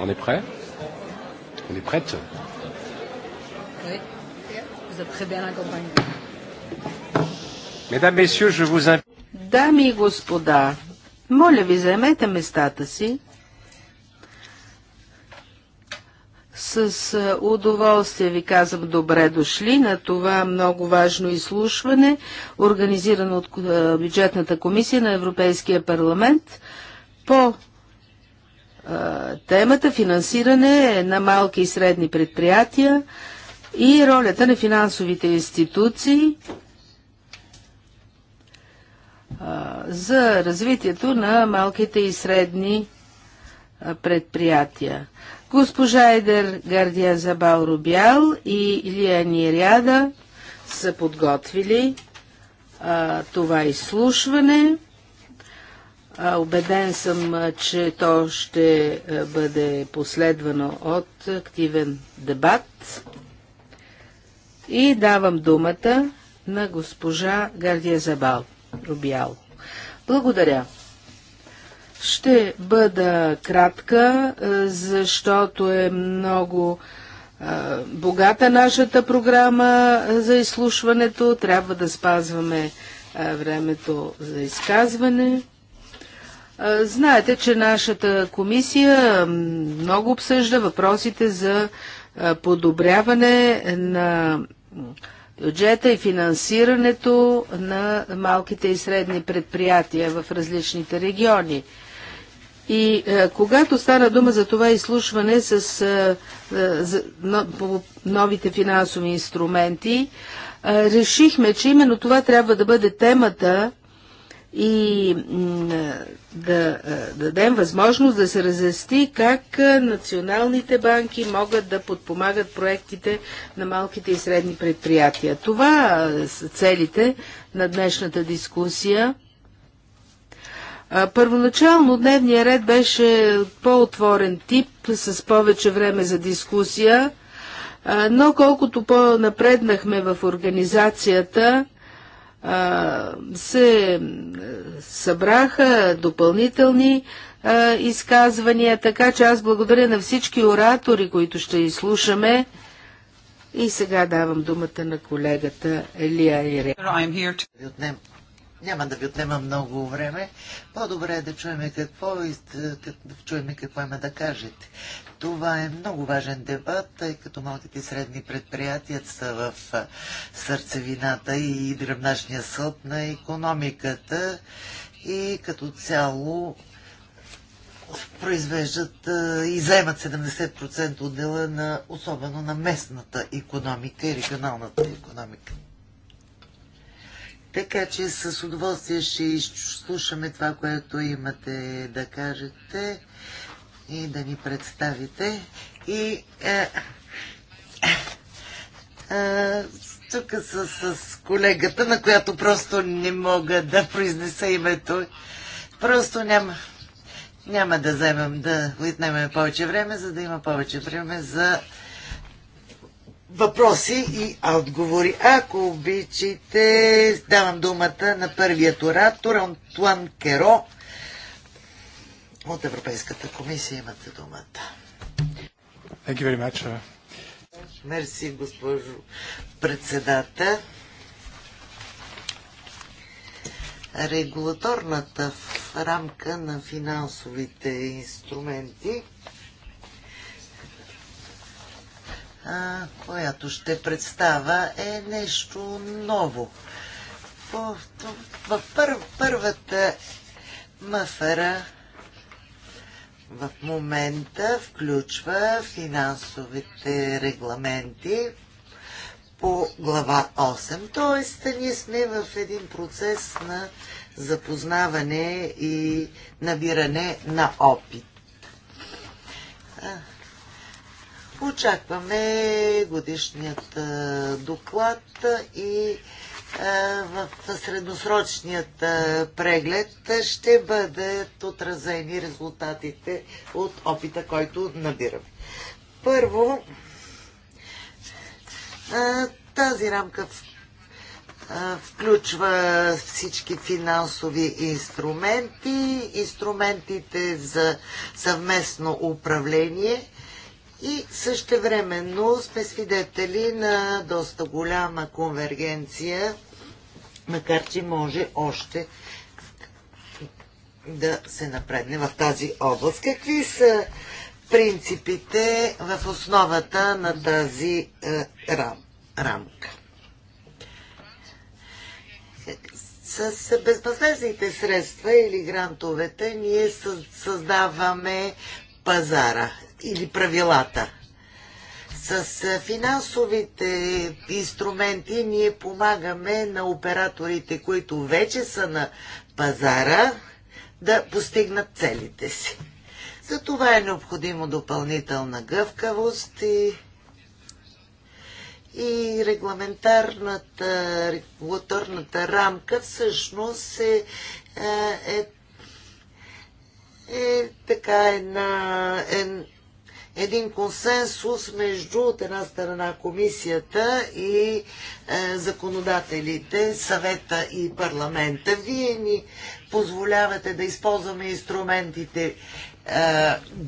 On est prêt On est prête Oui, vous êtes très bien accompagné. Mesdames, Messieurs, je vous invite. Дами et господа, моля ви, заемете местата си. С е, удоволствие ви казвам добре дошли на това много важно изслушване, организирано от е, бюджетната комисия на Европейския парламент по темата финансиране е на малки и средни предприятия и ролята на финансовите институции за развитието на малките и средни предприятия. Госпожа Едер Гардия Забал Рубял и Илия Ниряда са подготвили а, това изслушване. Обеден съм, че то ще бъде последвано от активен дебат. И давам думата на госпожа Гардия Забал, Рубиал. Благодаря. Ще бъда кратка, защото е много богата нашата програма за изслушването. Трябва да спазваме времето за изказване. Знаете, че нашата комисия много обсъжда въпросите за подобряване на бюджета и финансирането на малките и средни предприятия в различните региони. И е, когато стана дума за това изслушване с е, за, но, по новите финансови инструменти, е, решихме, че именно това трябва да бъде темата и да дадем възможност да се разясти как националните банки могат да подпомагат проектите на малките и средни предприятия. Това са целите на днешната дискусия. Първоначално дневния ред беше по-отворен тип, с повече време за дискусия, но колкото по-напреднахме в организацията, се събраха допълнителни изказвания, така че аз благодаря на всички оратори, които ще изслушаме. И сега давам думата на колегата Елия Ире. Няма да ви отнема много време. По-добре е да чуем какво, да чуеме какво има да кажете. Това е много важен дебат, тъй като малките и средни предприятия са в сърцевината и дръбначния съд на економиката и като цяло произвеждат и заемат 70% от дела на, особено на местната економика и регионалната економика. Така че с удоволствие ще изслушаме това, което имате да кажете и да ни представите. И е, е, тук са с колегата, на която просто не мога да произнеса името. Просто няма, няма да вземем, да отнемем повече време, за да има повече време за въпроси и отговори. Ако обичате, давам думата на първият оратор, Антуан Керо от Европейската комисия. Имате думата. Thank you very much. Uh, Мерси, госпожо председател. Регулаторната рамка на финансовите инструменти която ще представя, е нещо ново. Във първата мафера в момента включва финансовите регламенти по глава 8. Тоест, ние сме в един процес на запознаване и набиране на опит. Очакваме годишният доклад и в средносрочният преглед ще бъдат отразени резултатите от опита, който набираме. Първо, тази рамка включва всички финансови инструменти, инструментите за съвместно управление и същевременно сме свидетели на доста голяма конвергенция, макар че може още да се напредне в тази област. Какви са принципите в основата на тази е, рам, рамка? С, с средства или грантовете ние създаваме пазара или правилата. С финансовите инструменти ние помагаме на операторите, които вече са на пазара, да постигнат целите си. За това е необходимо допълнителна гъвкавост и, и регламентарната, регулаторната рамка всъщност е, е, е, е така една е, един консенсус между от една страна комисията и е, законодателите, съвета и парламента. Вие ни позволявате да използваме инструментите е,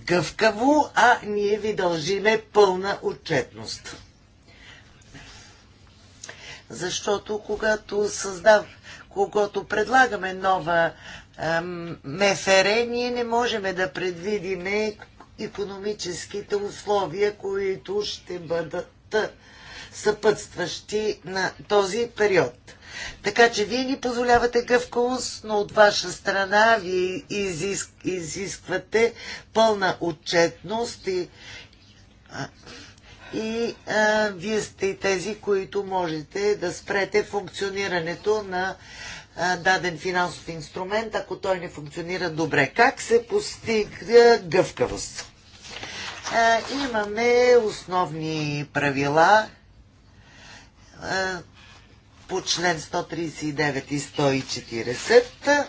гъвкаво, а ние ви дължиме пълна отчетност. Защото когато създав, когато предлагаме нова МФР, ние не можем да предвидиме економическите условия, които ще бъдат съпътстващи на този период. Така че вие ни позволявате гъвкавост, но от ваша страна вие изиск, изисквате пълна отчетност и, и а, вие сте и тези, които можете да спрете функционирането на а, даден финансов инструмент, ако той не функционира добре. Как се постига гъвкавост? имаме основни правила по член 139 и 140.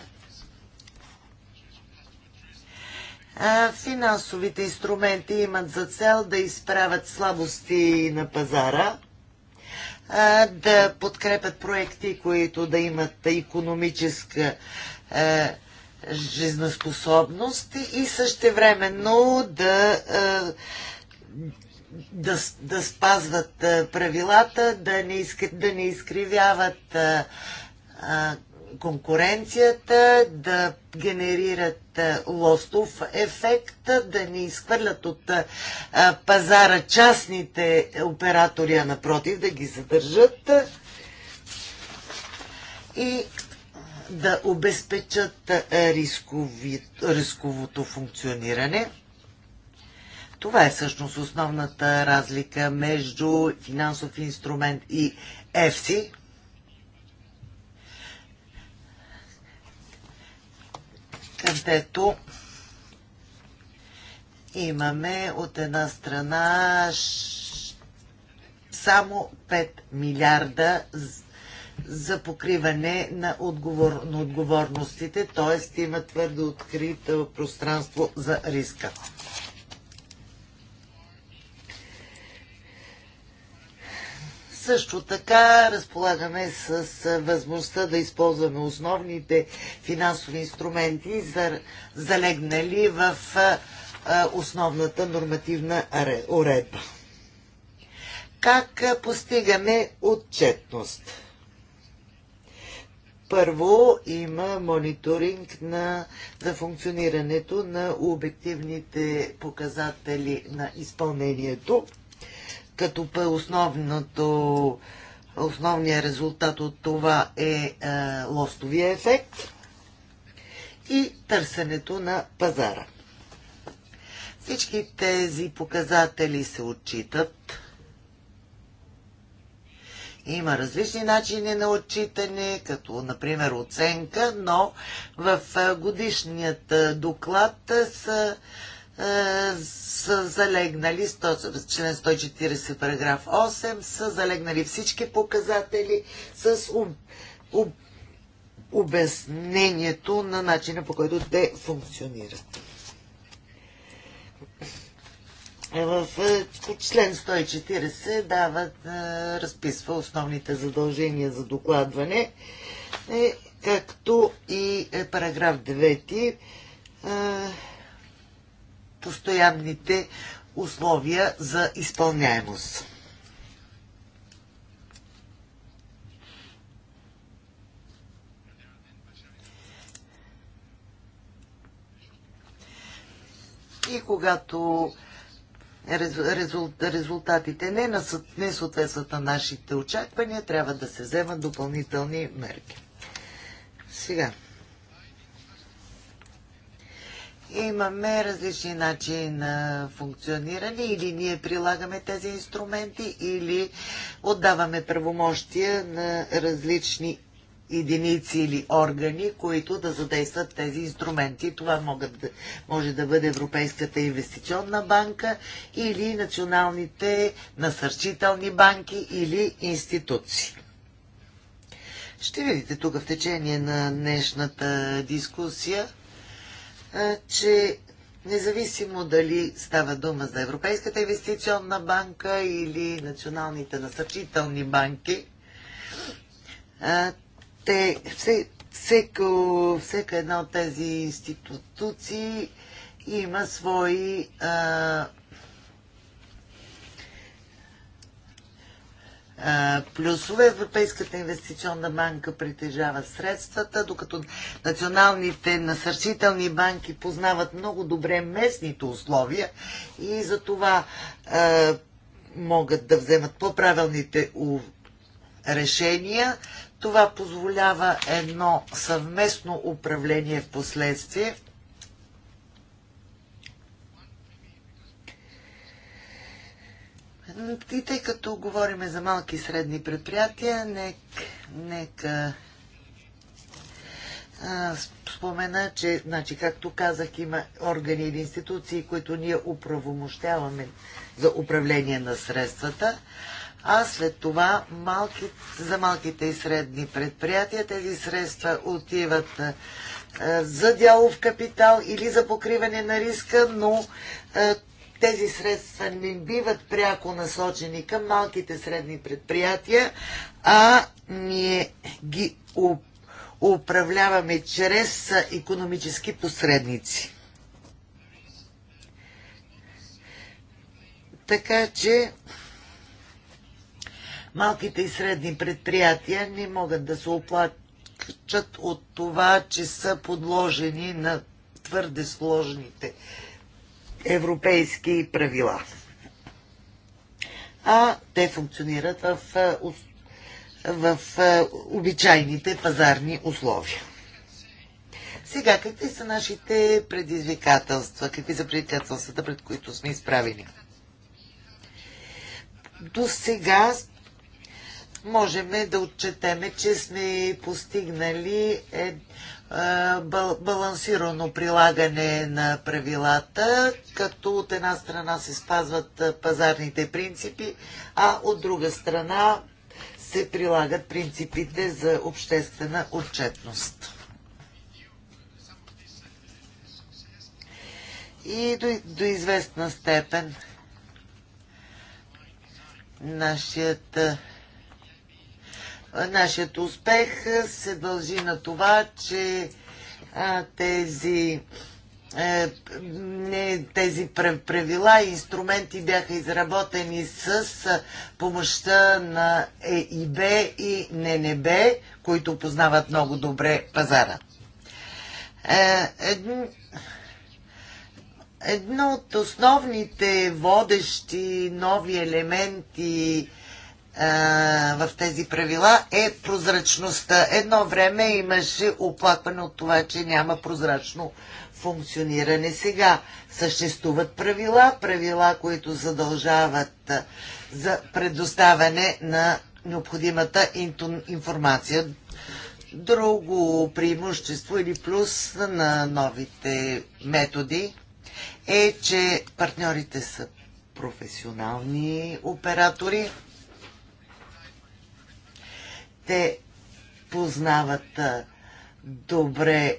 Финансовите инструменти имат за цел да изправят слабости на пазара, да подкрепят проекти, които да имат економическа жизнеспособност и същевременно да, да, да спазват правилата, да не, искат, да не изкривяват конкуренцията, да генерират лостов ефект, да не изхвърлят от пазара частните оператори, а напротив да ги задържат. И да обезпечат е, рискови, рисковото функциониране. Това е всъщност основната разлика между финансов инструмент и EFSI. Където имаме от една страна само 5 милиарда за за покриване на, отговор, на отговорностите, т.е. има твърдо открито пространство за риска. Също така разполагаме с възможността да използваме основните финансови инструменти, залегнали в основната нормативна уредба. Как постигаме отчетност? Първо има мониторинг на, за функционирането на обективните показатели на изпълнението, като основното, основният резултат от това е е лостовия ефект и търсенето на пазара. Всички тези показатели се отчитат има различни начини на отчитане, като например оценка, но в годишният доклад са, са залегнали, член 140 параграф 8, са залегнали всички показатели с обяснението на начина по който те функционират. Е, в е, член 140 дават, е, разписва основните задължения за докладване, както и параграф 9 постоянните условия за изпълняемост. И когато резултатите не, на, не съответстват на нашите очаквания, трябва да се вземат допълнителни мерки. Сега. Имаме различни начини на функциониране. Или ние прилагаме тези инструменти, или отдаваме правомощия на различни единици или органи, които да задействат тези инструменти. Това могат може да бъде Европейската инвестиционна банка или националните насърчителни банки или институции. Ще видите тук в течение на днешната дискусия, че независимо дали става дума за Европейската инвестиционна банка или националните насърчителни банки, те, всеко, всека една от тези институции има свои а, плюсове. Европейската инвестиционна банка притежава средствата, докато националните насърчителни банки познават много добре местните условия и за това е, могат да вземат по-правилните решения, това позволява едно съвместно управление в последствие. И тъй като говорим за малки и средни предприятия, нека, нека спомена, че, значи, както казах, има органи или институции, които ние управомощаваме за управление на средствата, а след това малки, за малките и средни предприятия тези средства отиват е, за дялов капитал или за покриване на риска, но е, тези средства не биват пряко насочени към малките средни предприятия, а ние ги управляваме чрез економически посредници. Така че Малките и средни предприятия не могат да се оплачат от това, че са подложени на твърде сложните европейски правила. А те функционират в, в, в обичайните пазарни условия. Сега, какви са нашите предизвикателства? Какви са предизвикателствата, пред които сме изправени? До сега можем да отчетеме, че сме постигнали е, е балансирано прилагане на правилата, като от една страна се спазват е, пазарните принципи, а от друга страна се прилагат принципите за обществена отчетност. И до, до известна степен нашият е, Нашият успех се дължи на това, че тези е, не, тези правила и инструменти бяха изработени с помощта на ЕИБ и ННБ, които познават много добре пазара. Е, едно от основните водещи нови елементи е, в тези правила е прозрачността. Едно време имаше оплакване от това, че няма прозрачно функциониране. Сега съществуват правила, правила, които задължават е, за предоставяне на необходимата информация. Друго преимущество или плюс на новите методи е, че партньорите са професионални оператори те познават добре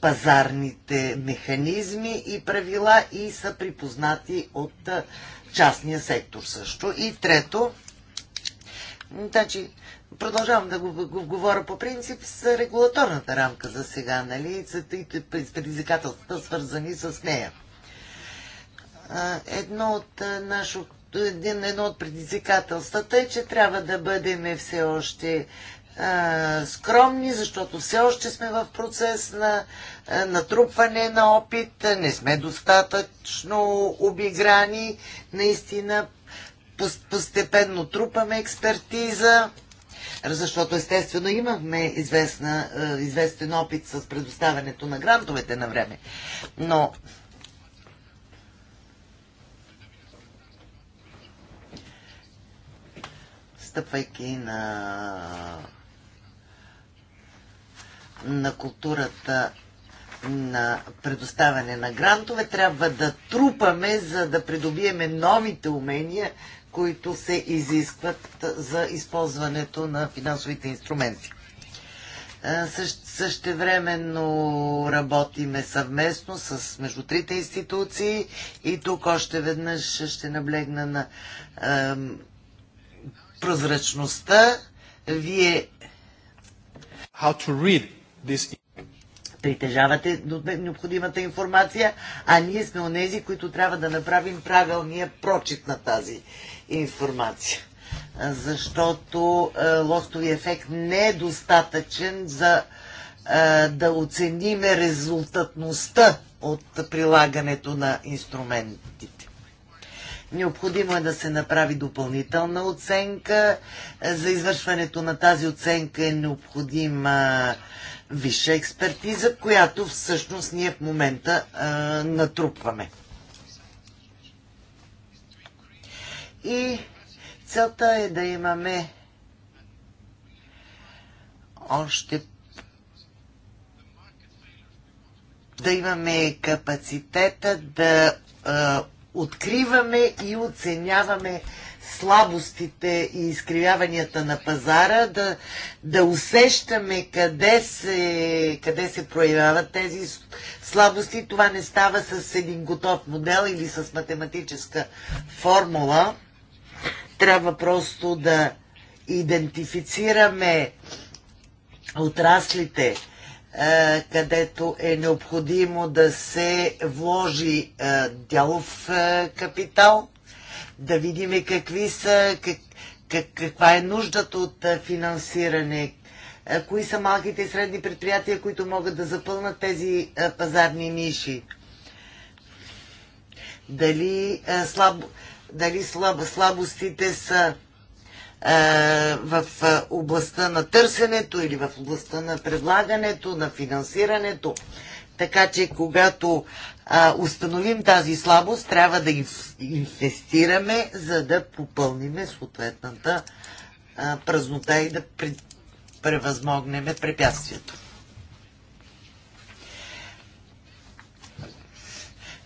пазарните механизми и правила и са припознати от частния сектор също. И трето, значи, продължавам да го, го говоря по принцип с регулаторната рамка за сега, нали, и предизвикателствата свързани с нея. Едно от нашото един, едно от предизвикателствата е, че трябва да бъдем все още а, скромни, защото все още сме в процес на а, натрупване на опит, не сме достатъчно обиграни, наистина постепенно трупаме експертиза, защото естествено имахме известна, известен опит с предоставянето на грантовете на време. Но стъпвайки на на културата на предоставяне на грантове, трябва да трупаме, за да придобиеме новите умения, които се изискват за използването на финансовите инструменти. Е, същевременно работиме съвместно с между трите институции и тук още веднъж ще наблегна на прозрачността, вие How to read this... притежавате необходимата информация, а ние сме онези, които трябва да направим правилния прочит на тази информация. Защото е, лостови ефект не е достатъчен за е, да оцениме резултатността от прилагането на инструментите. Необходимо е да се направи допълнителна оценка. За извършването на тази оценка е необходима висша експертиза, която всъщност ние в момента а, натрупваме. И целта е да имаме още да имаме капацитета да а, откриваме и оценяваме слабостите и изкривяванията на пазара, да, да усещаме къде се, къде се проявяват тези слабости. Това не става с един готов модел или с математическа формула. Трябва просто да идентифицираме отраслите, е, където е необходимо да се вложи е, дялов е, капитал, да видим какви са, как, каква е нуждата от финансиране, кои са малките и средни предприятия, които могат да запълнат тези пазарни ниши. Дали, слаб, дали слаб, слабостите са в областта на търсенето или в областта на предлагането, на финансирането. Така че когато а, установим тази слабост, трябва да инвестираме, за да попълниме съответната а, празнота и да превъзмогнем препятствието.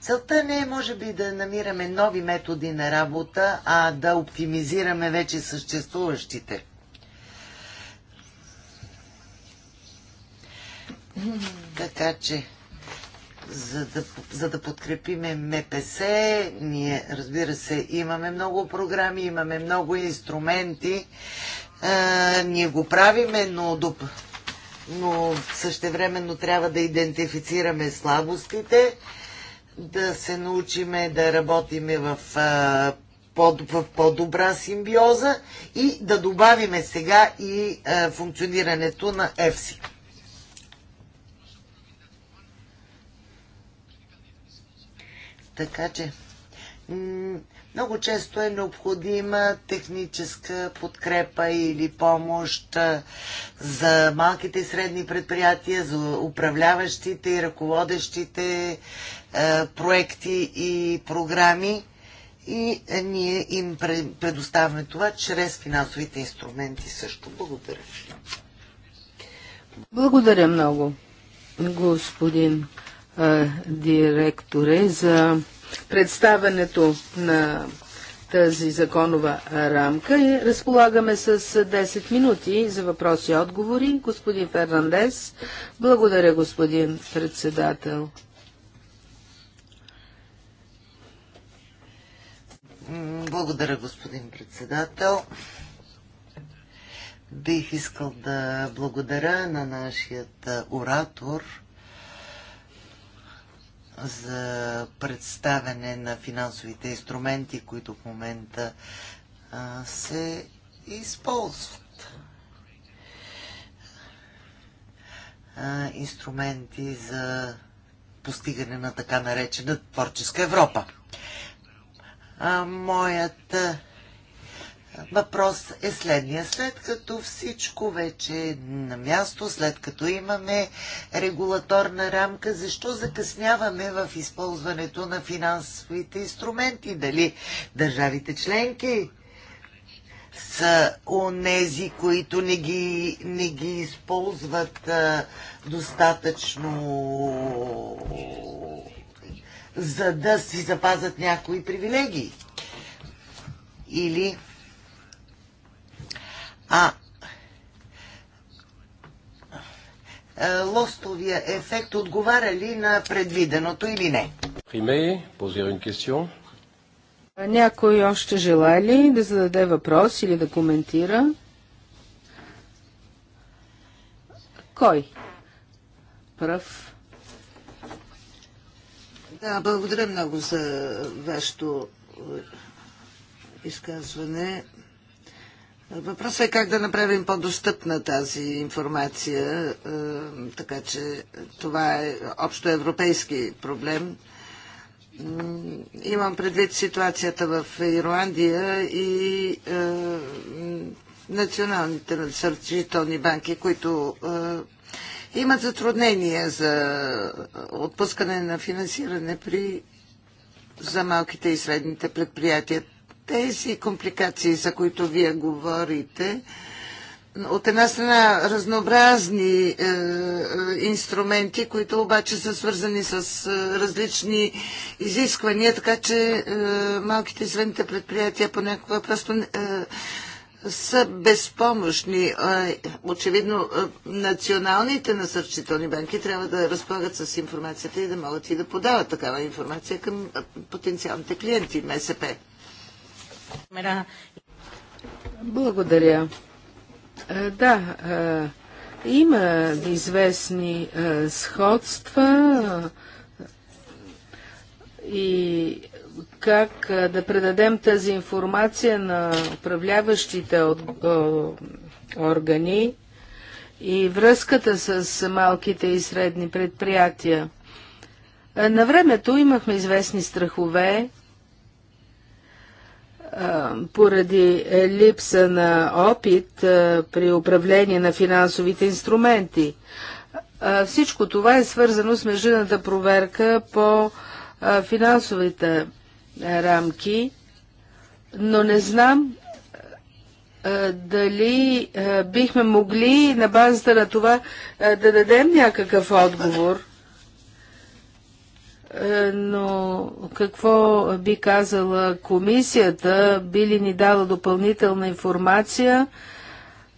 Целта не е, може би, да намираме нови методи на работа, а да оптимизираме вече съществуващите. Така че, за да, за да подкрепиме МПС, ние, разбира се, имаме много програми, имаме много инструменти. А, ние го правиме, но доп но същевременно трябва да идентифицираме слабостите да се научиме да работиме в, по, в по-добра симбиоза и да добавиме сега и а, функционирането на ЕФСИ. Така че много често е необходима техническа подкрепа или помощ за малките и средни предприятия, за управляващите и ръководещите проекти и програми. И ние им предоставяме това чрез финансовите инструменти също. Благодаря. Благодаря много, господин директоре, за представенето на тази законова рамка. и Разполагаме с 10 минути за въпроси и отговори. Господин Фернандес, благодаря, господин председател. Благодаря, господин председател. Бих искал да благодаря на нашият оратор за представяне на финансовите инструменти, които в момента а, се използват. А, инструменти за постигане на така наречена творческа Европа. А, моят въпрос е следния. След като всичко вече е на място, след като имаме регулаторна рамка, защо закъсняваме в използването на финансовите инструменти? Дали държавите членки са онези, които не ги, не ги използват а, достатъчно за да си запазят някои привилегии? Или а лостовия ефект отговаря ли на предвиденото или не? Приме, Някой още желая ли да зададе въпрос или да коментира? Кой? Пръв. Да, благодаря много за вашето е, изказване. Въпросът е как да направим по-достъпна тази информация, е, така че това е общо европейски проблем. Имам предвид ситуацията в Ирландия и е, националните насърчителни банки, които е, имат затруднения за отпускане на финансиране при, за малките и средните предприятия тези компликации, за които вие говорите, от една страна разнообразни е, е, инструменти, които обаче са свързани с е, различни изисквания, така че е, малките и средните предприятия понякога просто е, са безпомощни. Е, очевидно, е, националните насърчителни банки трябва да разполагат с информацията и да могат и да подават такава информация към потенциалните клиенти МСП. Благодаря. Е, да, е, има известни е, сходства и как да предадем тази информация на управляващите органи и връзката с малките и средни предприятия. На времето имахме известни страхове поради липса на опит при управление на финансовите инструменти. Всичко това е свързано с междуната проверка по финансовите рамки, но не знам дали бихме могли на базата на това да дадем някакъв отговор е, но какво би казала комисията? Би ли ни дала допълнителна информация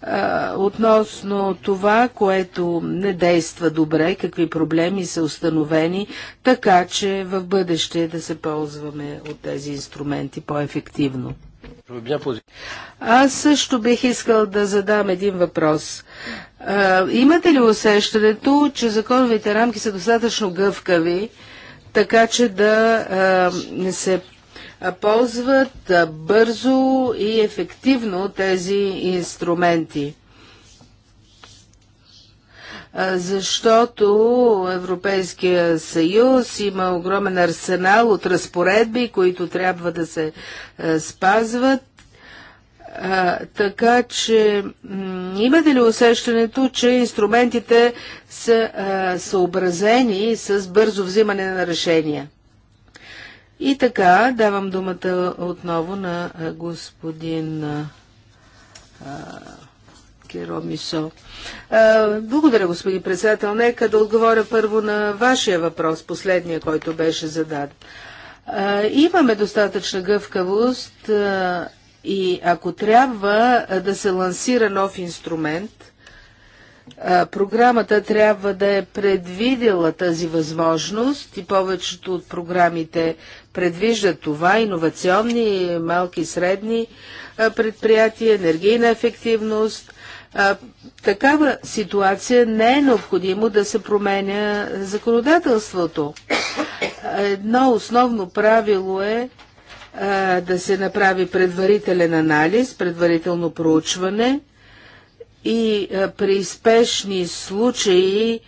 е, относно това, което не действа добре, какви проблеми са установени, така че в бъдеще да се ползваме от тези инструменти по-ефективно? Аз също бих искал да задам един въпрос. Е, имате ли усещането, че законовите рамки са достатъчно гъвкави, така че да не се ползват бързо и ефективно тези инструменти. Защото Европейския съюз има огромен арсенал от разпоредби, които трябва да се спазват а, така че имате ли усещането, че инструментите са а, съобразени с бързо взимане на решения? И така, давам думата отново на господин а, Керо Мисо. Благодаря, господин председател. Нека да отговоря първо на вашия въпрос, последния, който беше зададен. Имаме достатъчна гъвкавост и ако трябва да се лансира нов инструмент, програмата трябва да е предвидела тази възможност и повечето от програмите предвиждат това, иновационни, малки и средни предприятия, енергийна ефективност. Такава ситуация не е необходимо да се променя законодателството. Едно основно правило е да се направи предварителен анализ, предварително проучване и при спешни случаи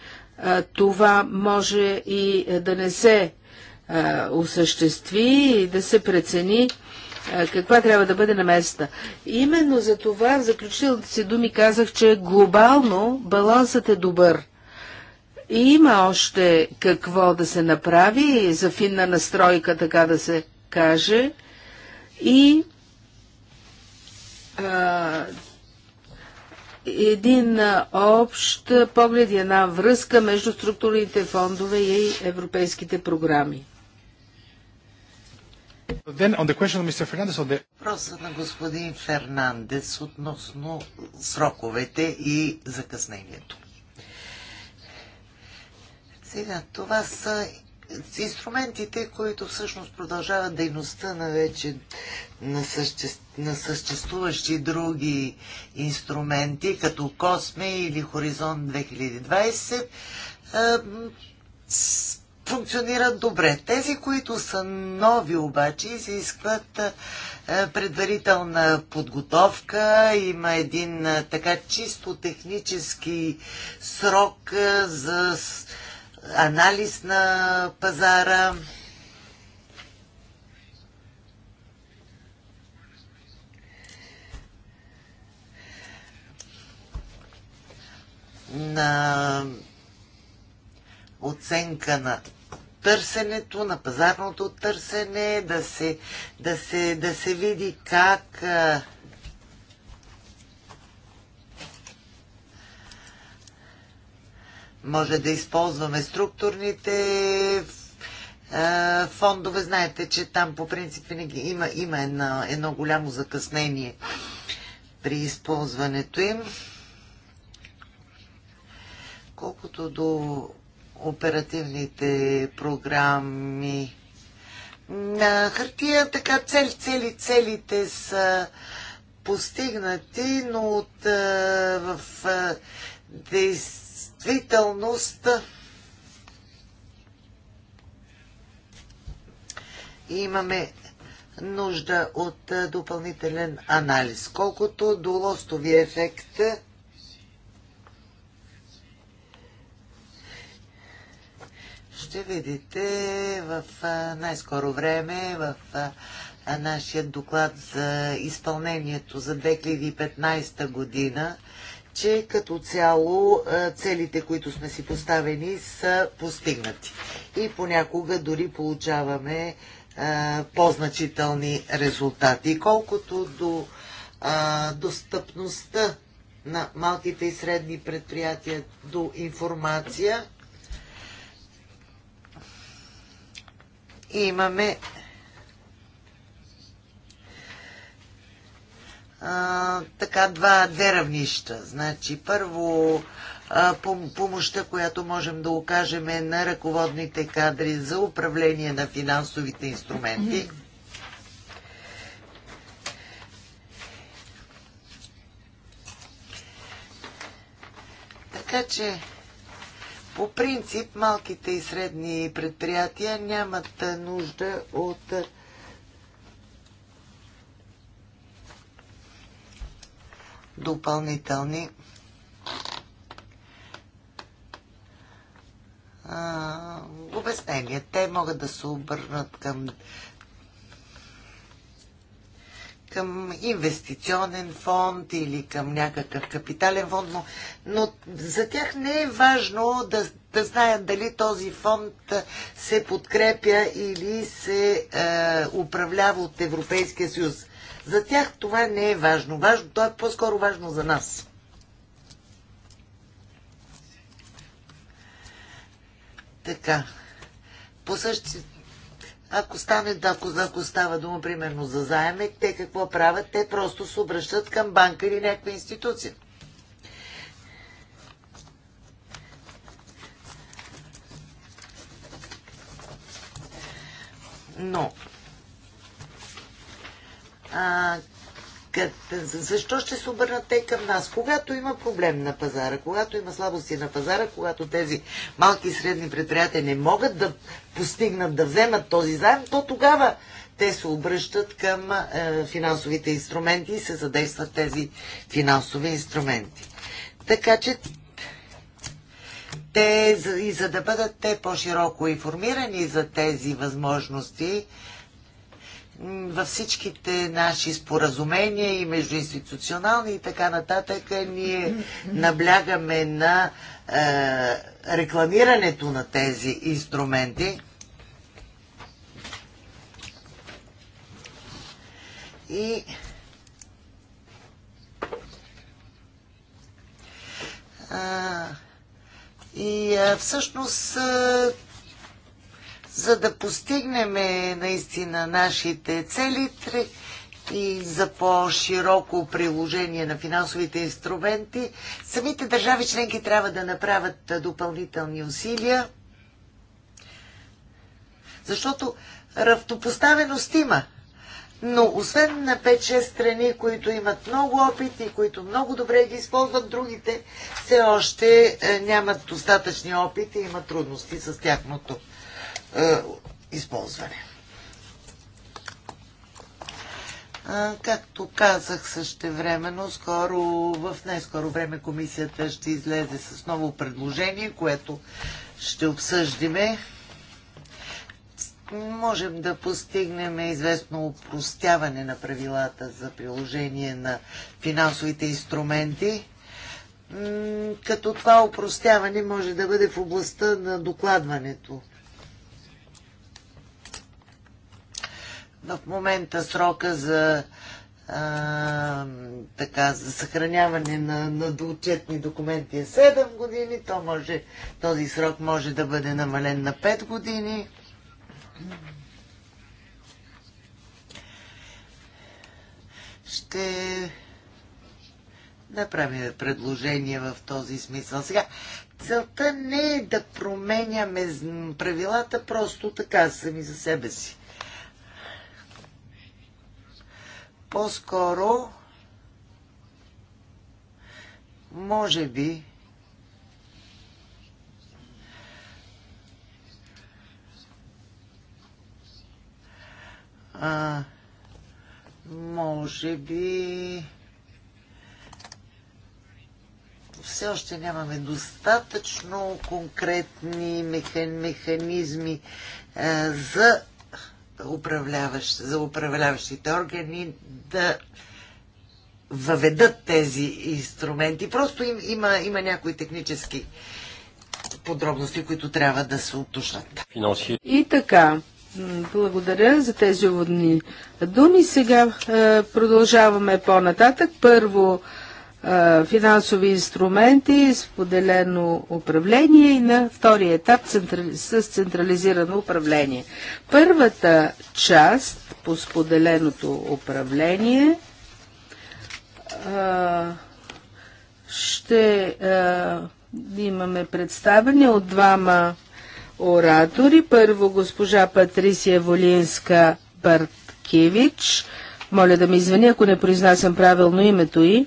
това може и да не се осъществи и да се прецени каква трябва да бъде на места. Именно за това в заключителните си думи казах, че глобално балансът е добър. И има още какво да се направи за финна настройка, така да се каже и а, един общ поглед и една връзка между структурните фондове и европейските програми. Въпросът на господин Фернандес относно сроковете и закъснението. Сега, това са инструментите, които всъщност продължават дейността на вече на, съществ, на съществуващи други инструменти, като Косме или Хоризонт 2020, е, функционират добре. Тези, които са нови обаче, изискват е, предварителна подготовка, има един е, така чисто технически срок за анализ на пазара. на оценка на търсенето, на пазарното търсене, да се, да се, да се види как а, може да използваме структурните е, фондове. Знаете, че там по принцип винаги има, има едно, едно голямо закъснение при използването им. Колкото до оперативните програми на хартия, така цели, цели, целите са постигнати, но от, е, в е, действие действителността. Имаме нужда от допълнителен анализ. Колкото до лостовия ефект, ще видите в най-скоро време в нашия доклад за изпълнението за 2015 година че като цяло е, целите, които сме си поставени, са постигнати. И понякога дори получаваме е, по-значителни резултати. Колкото до е, достъпността на малките и средни предприятия до информация, имаме а, така два, две равнища. Значи, първо а, помощта, която можем да окажем е на ръководните кадри за управление на финансовите инструменти. Така че, по принцип, малките и средни предприятия нямат нужда от допълнителни обяснения. Те могат да се обърнат към към инвестиционен фонд или към някакъв капитален фонд, но, но за тях не е важно да, да знаят дали този фонд се подкрепя или се е, управлява от Европейския съюз. За тях това не е важно. важно то е по-скоро важно за нас. Така. По същи... Ако стане, ако, ако става дума, примерно, за заеме, те какво правят? Те просто се обръщат към банка или някаква институция. Но а, защо ще се обърнат те към нас? Когато има проблем на пазара, когато има слабости на пазара, когато тези малки и средни предприятия не могат да постигнат, да вземат този заем, то тогава те се обръщат към е, финансовите инструменти и се задействат тези финансови инструменти. Така че те, и за да бъдат те по-широко информирани за тези възможности, във всичките наши споразумения и междуинституционални и така нататък ние наблягаме на е, рекламирането на тези инструменти. И а, е, и а, е, всъщност а, е, за да постигнем е, наистина нашите цели и за по-широко приложение на финансовите инструменти, самите държави членки трябва да направят е, допълнителни усилия, защото равнопоставеност има. Но освен на 5-6 страни, които имат много опит и които много добре ги използват, другите все още е, нямат достатъчни опит и имат трудности с тяхното използване. Както казах също но скоро, в най-скоро време комисията ще излезе с ново предложение, което ще обсъждиме. Можем да постигнем известно упростяване на правилата за приложение на финансовите инструменти, като това упростяване може да бъде в областта на докладването в момента срока за а, така, за съхраняване на, на доучетни документи е 7 години. То може, този срок може да бъде намален на 5 години. Ще направим предложение в този смисъл. Сега, целта не е да променяме правилата просто така сами за себе си. По-скоро, може би, а, може би все още нямаме достатъчно конкретни механизми а, за управляващ, за управляващите органи да въведат тези инструменти. Просто им, има, има някои технически подробности, които трябва да се уточнат. И така, благодаря за тези уводни думи. Сега е, продължаваме по-нататък. Първо финансови инструменти, споделено управление и на втория етап с централизирано управление. Първата част по споделеното управление ще имаме представене от двама оратори. Първо госпожа Патрисия Волинска Барткевич. Моля да ми извини, ако не произнасям правилно името й.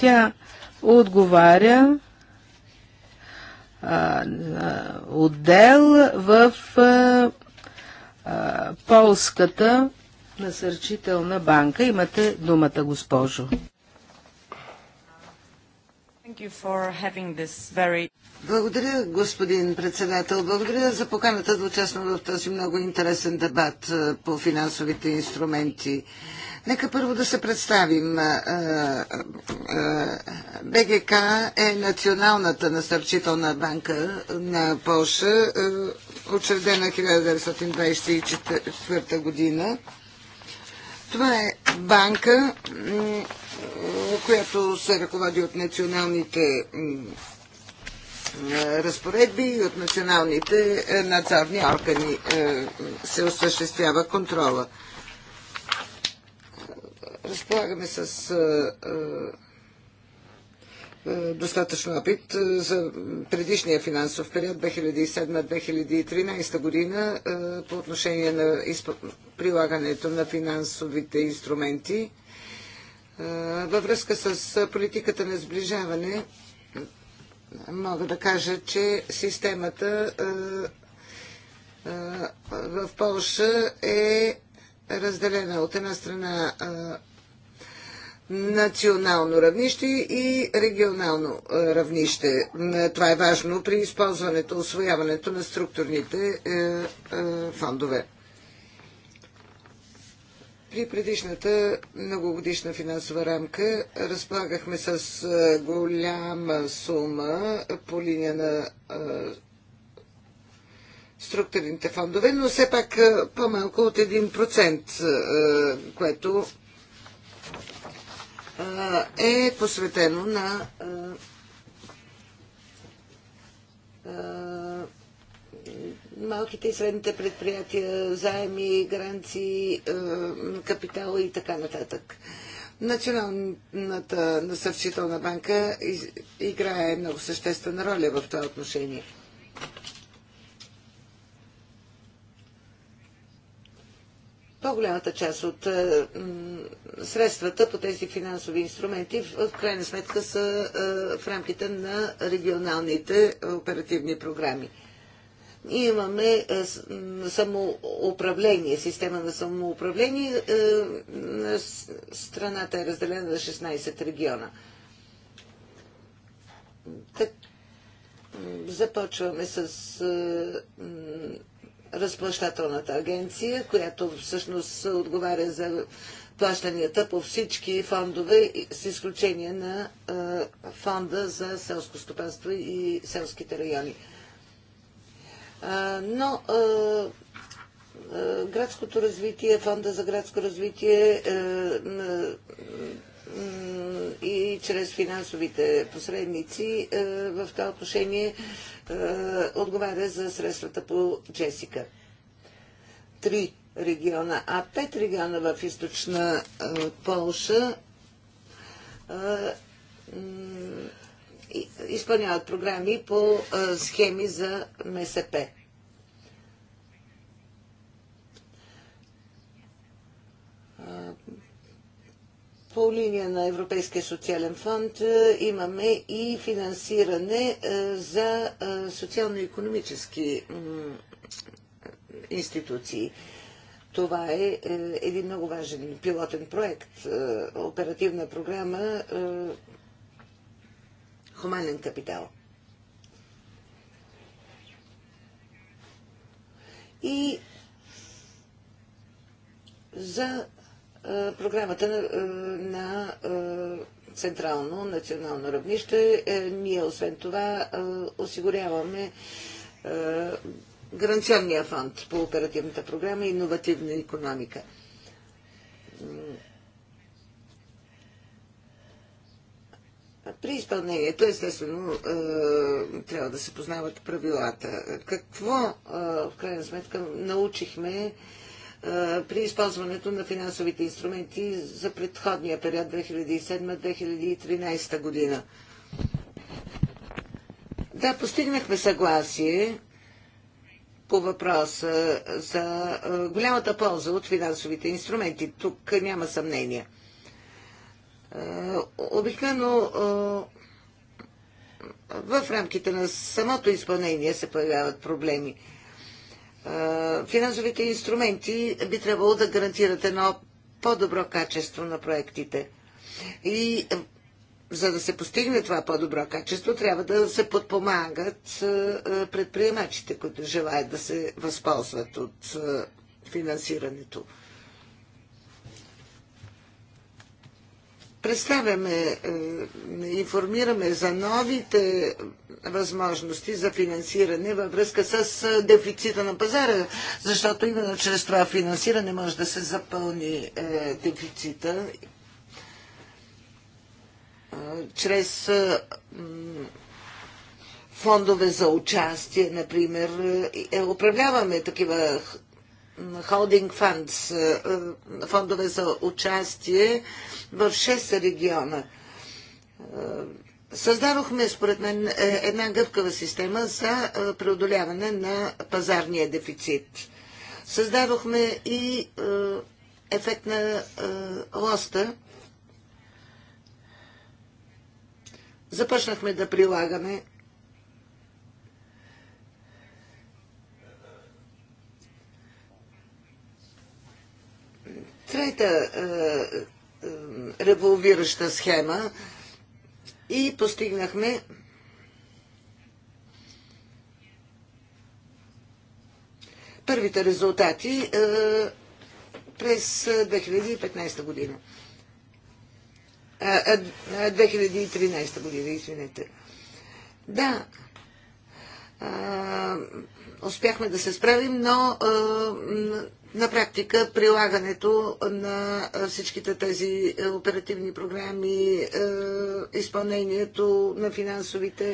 Тя отговаря а, отдел в а, а, полската насърчителна банка. Имате думата, госпожо. Благодаря, господин председател. Благодаря за поканата да участвам в този много интересен дебат по финансовите инструменти. Нека първо да се представим. БГК е националната насърчителна банка на Польша, учредена 1924 година. Това е банка, която се ръководи от националните разпоредби и от националните надзорни органи се осъществява контрола разполагаме с достатъчно опит за предишния финансов период 2007-2013 година по отношение на прилагането на финансовите инструменти. Във връзка с политиката на сближаване мога да кажа, че системата в Польша е разделена от една страна национално равнище и регионално е, равнище. Е, това е важно при използването, освояването на структурните е, фондове. При предишната многогодишна финансова рамка разполагахме с голяма сума по линия на структурните фондове, но все пак по-малко от 1%, което е посветено на малките и средните предприятия, заеми, гаранции, капитал и така нататък. Националната насърчителна банка играе много съществена роля в това отношение. по-голямата част от е, средствата по тези финансови инструменти в крайна сметка са е, в рамките на регионалните оперативни програми. Ние имаме е, самоуправление, система на самоуправление. Страната е разделена на 16 региона. Так, започваме с разплащателната агенция, която всъщност отговаря за плащанията по всички фондове, с изключение на фонда за селско стопанство и селските райони. Но градското развитие, фонда за градско развитие е, и чрез финансовите посредници е, в това отношение е, отговаря за средствата по Джесика. Три региона, а пет региона в източна е, Полша изпълняват програми по схеми за МСП. по линия на Европейския социален фонд е, имаме и финансиране е, за е, социално-економически институции. Това е един много важен пилотен проект, оперативна програма Хуманен капитал. И за е, програмата на е, е, централно национално равнище. Ние освен това осигуряваме гаранционния фонд по оперативната програма и Инновативна економика. При изпълнението, естествено, трябва да се познават правилата. Какво, в крайна сметка, научихме при използването на финансовите инструменти за предходния период 2007-2013 година. Да, постигнахме съгласие по въпроса за голямата полза от финансовите инструменти. Тук няма съмнение. Обикновено в рамките на самото изпълнение се появяват проблеми финансовите инструменти би трябвало да гарантират едно по-добро качество на проектите. И е, за да се постигне това по-добро качество, трябва да се подпомагат е, е, предприемачите, които желаят да се възползват от финансирането. представяме, е, информираме за новите възможности за финансиране във връзка с е, дефицита на пазара, защото именно чрез това финансиране може да се запълни е, дефицита чрез фондове за участие, например, управляваме такива холдинг фандс, е, е, фондове за участие в 6 региона. Е, създадохме, според мен, една гъвкава система за преодоляване на пазарния дефицит. Създадохме и ефект на лоста. Започнахме да прилагаме трета е, е, револвираща схема и постигнахме първите резултати е, през 2015 година. 2013 година, извинете. Да, успяхме да се справим, но на практика прилагането на всичките тези е, оперативни програми, е, изпълнението на финансовите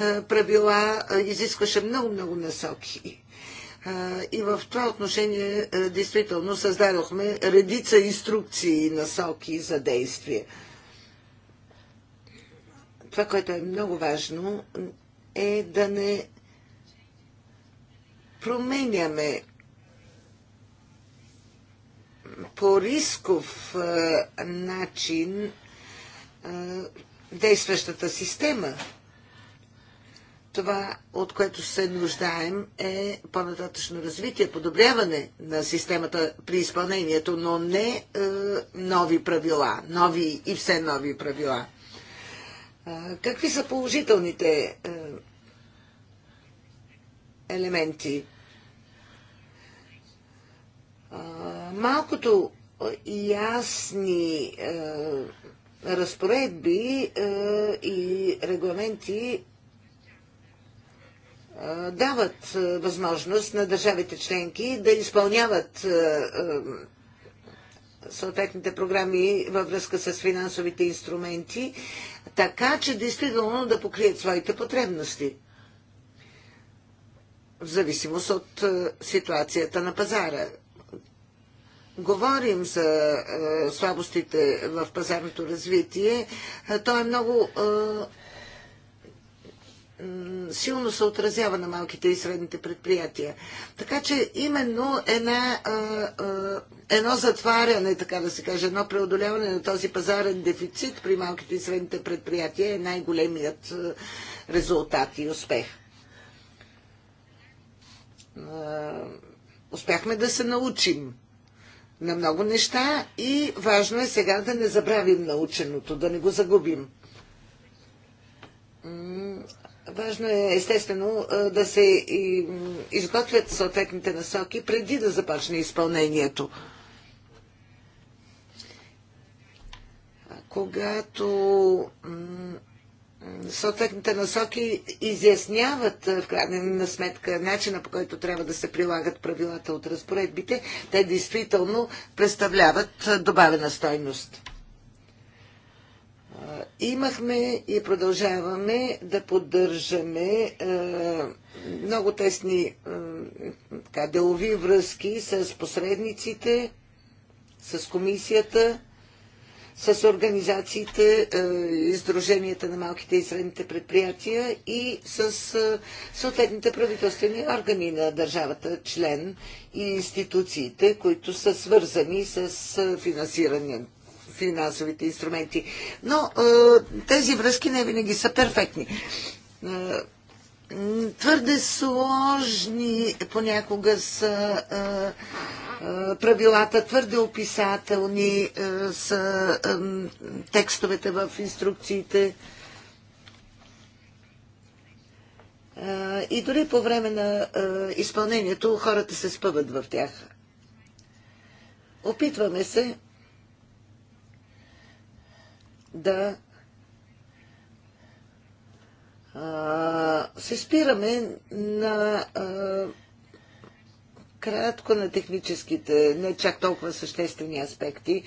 е, правила изискваше много-много насоки. И в това отношение действително създадохме редица инструкции и насоки за действие. Това, което е много важно, е да не променяме по рисков начин действащата система. Това, от което се нуждаем, е по-нататъчно развитие, подобряване на системата при изпълнението, но не нови правила, нови и все нови правила. какви са положителните елементи? малкото ясни е, разпоредби е, и регламенти е, дават възможност на държавите членки да изпълняват съответните програми във връзка с финансовите инструменти, така че действително да покрият своите потребности в зависимост от ситуацията на пазара говорим за е, слабостите в пазарното развитие, е, то е много е, силно се отразява на малките и средните предприятия. Така че именно една, едно затваряне, така да се каже, едно преодоляване на този пазарен дефицит при малките и средните предприятия е най-големият резултат и успех. Успяхме да се научим на много неща и важно е сега да не забравим наученото, да не го загубим. Важно е, естествено, да се изготвят съответните насоки преди да започне изпълнението. Когато съответните насоки изясняват в крайна сметка начина по който трябва да се прилагат правилата от разпоредбите, те действително представляват добавена стойност. Имахме и продължаваме да поддържаме много тесни така, делови връзки с посредниците, с комисията, с организациите, е, издруженията на малките и средните предприятия и с е, съответните правителствени органи на държавата, член и институциите, които са свързани с е, финансиране финансовите инструменти. Но тези връзки не винаги са перфектни Твърде сложни понякога са правилата, твърде описателни са текстовете в инструкциите. И дори по време на изпълнението хората се спъват в тях. Опитваме се да се спираме на кратко на техническите, не чак толкова съществени аспекти.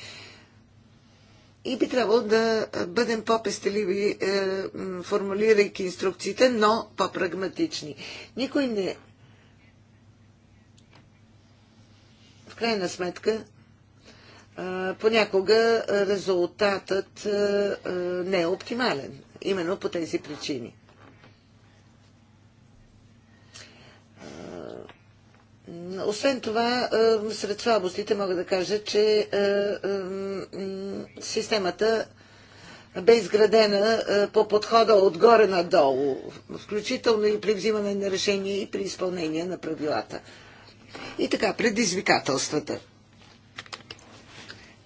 И би трябвало да бъдем по-пестеливи, е, формулирайки инструкциите, но по-прагматични. Никой не. В крайна сметка, е, понякога резултатът е, е, не е оптимален. Именно по тези причини. Освен това, е, сред слабостите мога да кажа, че е, е, системата бе изградена по подхода отгоре надолу, включително и при взимане на решения и при изпълнение на правилата. И така, предизвикателствата.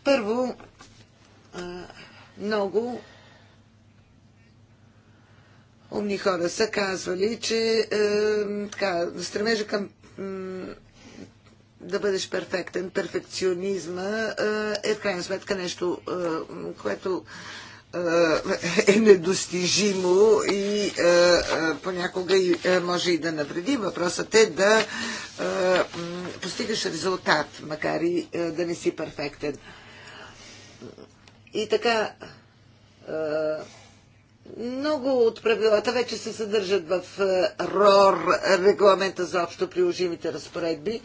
Първо, много умни хора са казвали, че така, стремежа към да бъдеш перфектен. Перфекционизма е, е в крайна сметка нещо, е, което е, е недостижимо и понякога може и да навреди. Въпросът е да постигаш резултат, макар и да не си перфектен. И така, много от правилата вече се съдържат в РОР, регламента за общо приложимите разпоредби.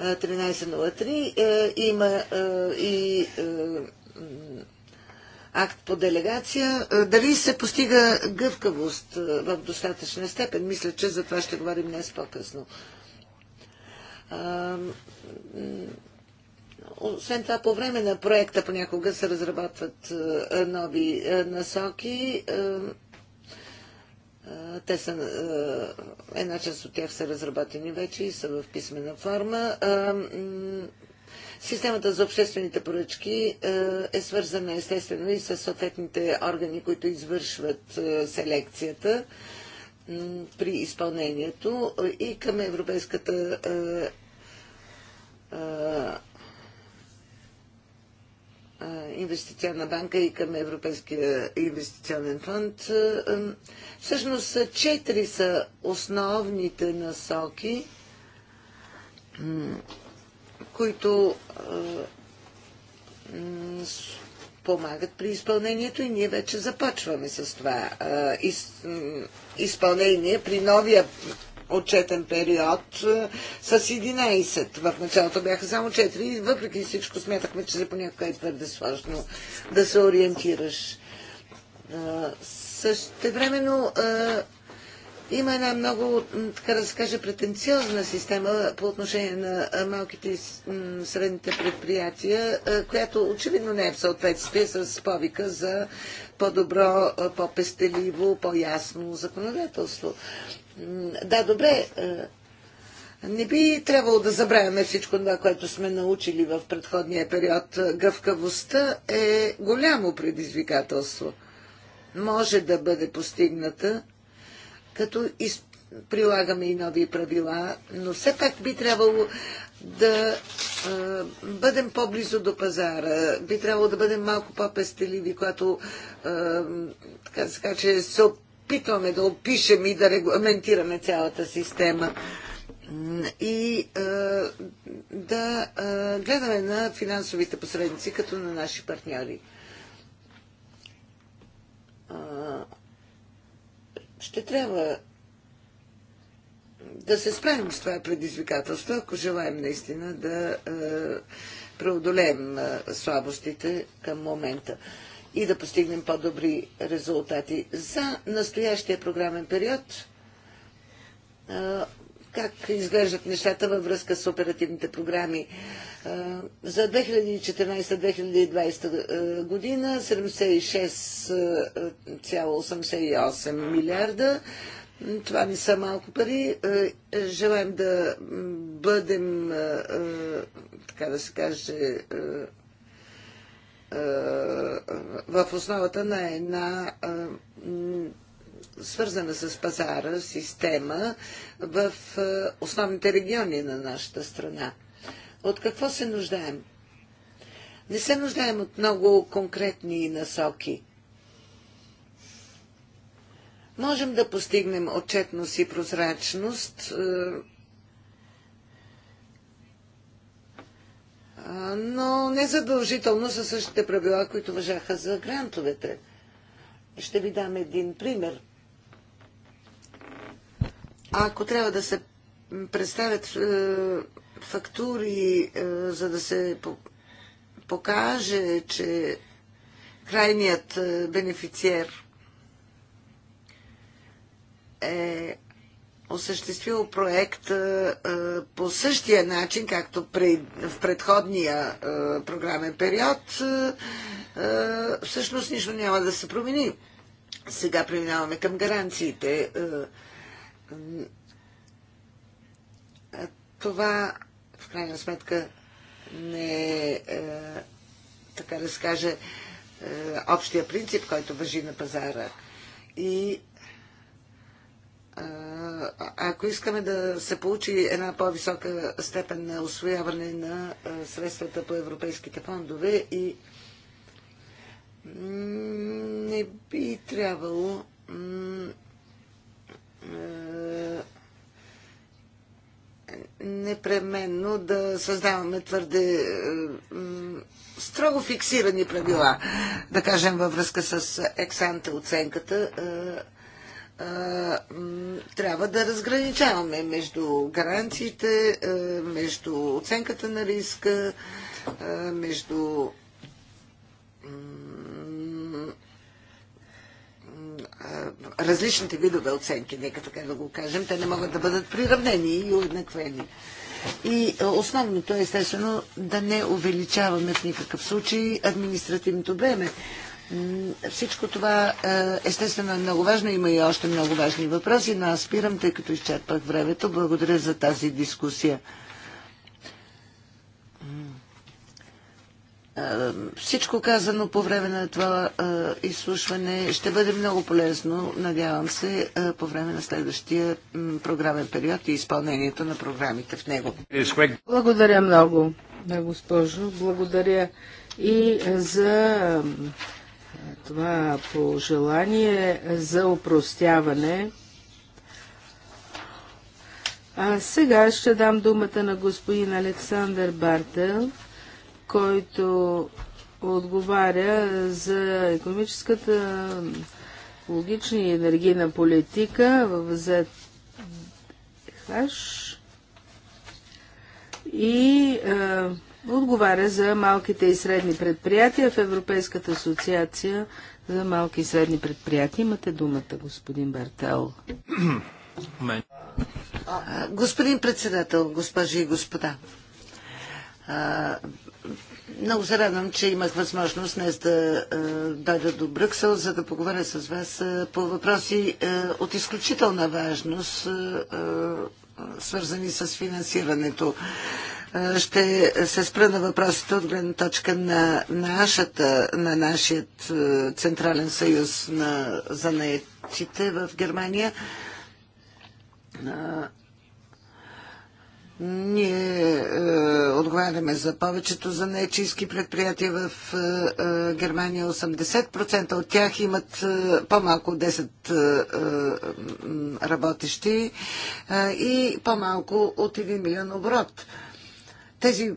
1303 е, има е, и е, акт по делегация. Дали се постига гъвкавост в достатъчна степен? Мисля, че за това ще говорим днес по-късно. Освен това, по време на проекта понякога се разработват нови насоки. Те са, една част от тях са разработени вече и са в писмена форма. Системата за обществените поръчки е свързана естествено и с съответните органи, които извършват селекцията при изпълнението и към Европейската е, инвестиционна банка и към Европейския инвестиционен фонд. Е, е, всъщност четири са основните насоки, които помагат при изпълнението и ние вече започваме с това изпълнение при новия отчетен период е, с 11. В началото бяха само 4 и въпреки всичко смятахме, че понякога е твърде сложно да се ориентираш. Е, същевременно е, има една много, така да се каже, претенциозна система по отношение на малките и средните предприятия, която очевидно не е в съответствие с повика за по-добро, по-пестеливо, по-ясно законодателство. Да, добре. Е, не би трябвало да забравяме всичко това, което сме научили в предходния период. Гъвкавостта е голямо предизвикателство. Може да бъде постигната, като из... прилагаме и нови правила, но все пак би трябвало да е, бъдем по-близо до пазара, би трябвало да бъдем малко по-пестеливи, когато е, така така, че се опитваме да опишем и да регламентираме цялата система и а, да а, гледаме на финансовите посредници като на наши партньори. А, ще трябва да се справим с това предизвикателство, ако желаем наистина да преодолеем слабостите към момента и да постигнем по-добри резултати. За настоящия програмен период, как изглеждат нещата във връзка с оперативните програми? За 2014-2020 година 76,88 милиарда. Това не са малко пари. Желаем да бъдем, така да се каже, е, в основата на една е, свързана с пазара система в е, основните региони на нашата страна. От какво се нуждаем? Не се нуждаем от много конкретни насоки. Можем да постигнем отчетност и прозрачност но не задължително са същите правила, които въжаха за грантовете. Ще ви дам един пример. Ако трябва да се представят е, фактури, е, за да се покаже, че крайният е, бенефициер е осъществил проект по същия начин, както в предходния програмен период, всъщност нищо няма да се промени. Сега преминаваме към гаранциите. Това, в крайна сметка, не е, така да се каже, общия принцип, който въжи на пазара. И ако искаме да се получи една по-висока степен на освояване на средствата по европейските фондове и не би трябвало непременно да създаваме твърде строго фиксирани правила, да кажем във връзка с ексанта оценката трябва да разграничаваме между гаранциите, между оценката на риска, между различните видове оценки, нека така да го кажем, те не могат да бъдат приравнени и уеднаквени. И основното е, естествено, да не увеличаваме в никакъв случай административното бреме всичко това е, естествено е много важно. Има и още много важни въпроси, но аз спирам, тъй като изчерпах времето. Благодаря за тази дискусия. Е, всичко казано по време на това е, изслушване ще бъде много полезно, надявам се, по време на следващия програмен период и изпълнението на програмите в него. Благодаря много, госпожо. Благодаря и за това пожелание за упростяване. А сега ще дам думата на господин Александър Бартел, който отговаря за економическата логична и енергийна политика в ЗХ и а, Отговаря за малките и средни предприятия в Европейската асоциация за малки и средни предприятия. Имате думата, господин Бартел. Господин председател, госпожи и господа, много се радвам, че имах възможност днес да дойда до Брюксел, за да поговоря с вас по въпроси от изключителна важност, свързани с финансирането ще се спра на въпросите от гледна точка на нашата, на нашият е, Централен съюз на занаетите в Германия. Ние е, отговаряме за повечето за нечийски предприятия в е, е, Германия. 80% от тях имат е, по-малко 10 е, е, работещи е, и по-малко от 1 милион оборот. Е, тези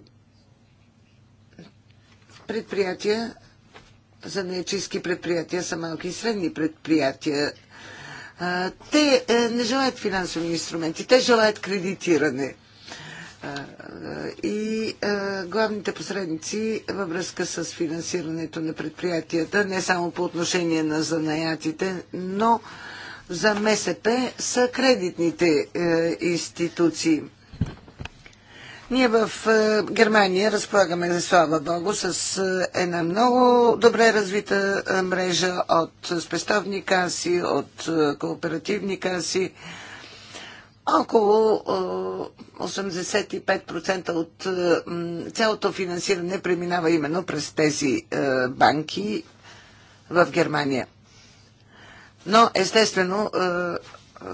предприятия, за занаячийски предприятия, са малки и средни предприятия. Те е, не желаят финансови инструменти, те желаят кредитиране. Е, и е, главните посредници във връзка с финансирането на предприятията, не само по отношение на занаятите, но за МСП са кредитните институции. Ние в е, Германия разполагаме, за слава Богу, с е, една много добре развита е, мрежа от спестовни каси, от кооперативни каси. Около 85% от цялото финансиране преминава именно през тези банки в Германия. Но естествено е,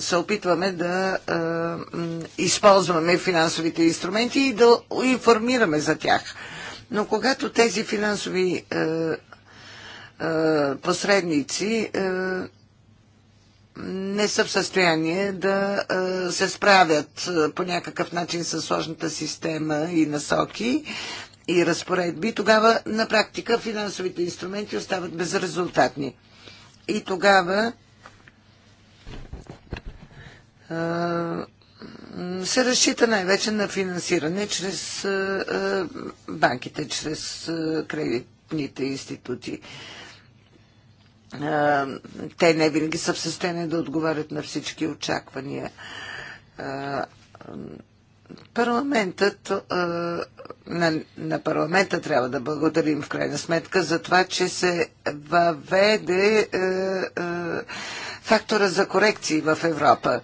се опитваме да е, използваме финансовите инструменти и да информираме за тях. Но когато тези финансови е, посредници не са в състояние да се справят по някакъв начин с сложната система и насоки и разпоредби, тогава на практика финансовите инструменти остават безрезултатни. И тогава е, се разчита най-вече на финансиране чрез е, е, банките, чрез кредитните институции. Те не винаги са в състояние да отговарят на всички очаквания. Парламентът, на, на парламента трябва да благодарим в крайна сметка за това, че се въведе фактора за корекции в Европа.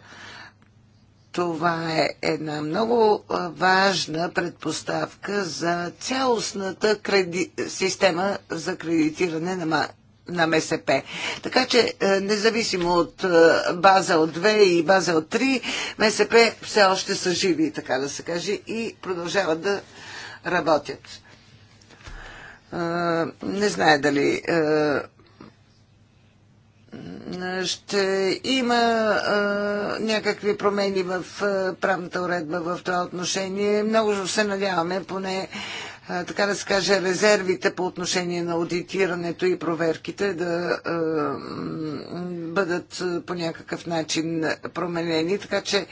Това е една много важна предпоставка за цялостната креди... система за кредитиране на на МСП. Така че, независимо от база от 2 и база от 3, МСП все още са живи, така да се каже, и продължават да работят. Не знае дали ще има а, някакви промени в а, правната уредба в това отношение. Много се надяваме, поне а, така да се каже, резервите по отношение на аудитирането и проверките да а, бъдат по някакъв начин променени, така че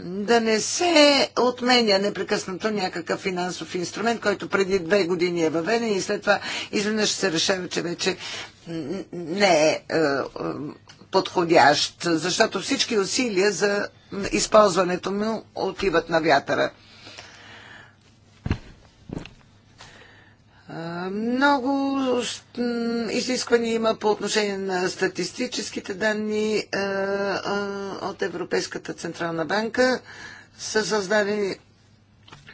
да не се отменя непрекъснато някакъв финансов инструмент, който преди две години е въведен и след това изведнъж се решава, че вече не е, е подходящ, защото всички усилия за използването му отиват на вятъра. Е, много изисквания има по отношение на статистическите данни е, от Европейската Централна банка. Са създадени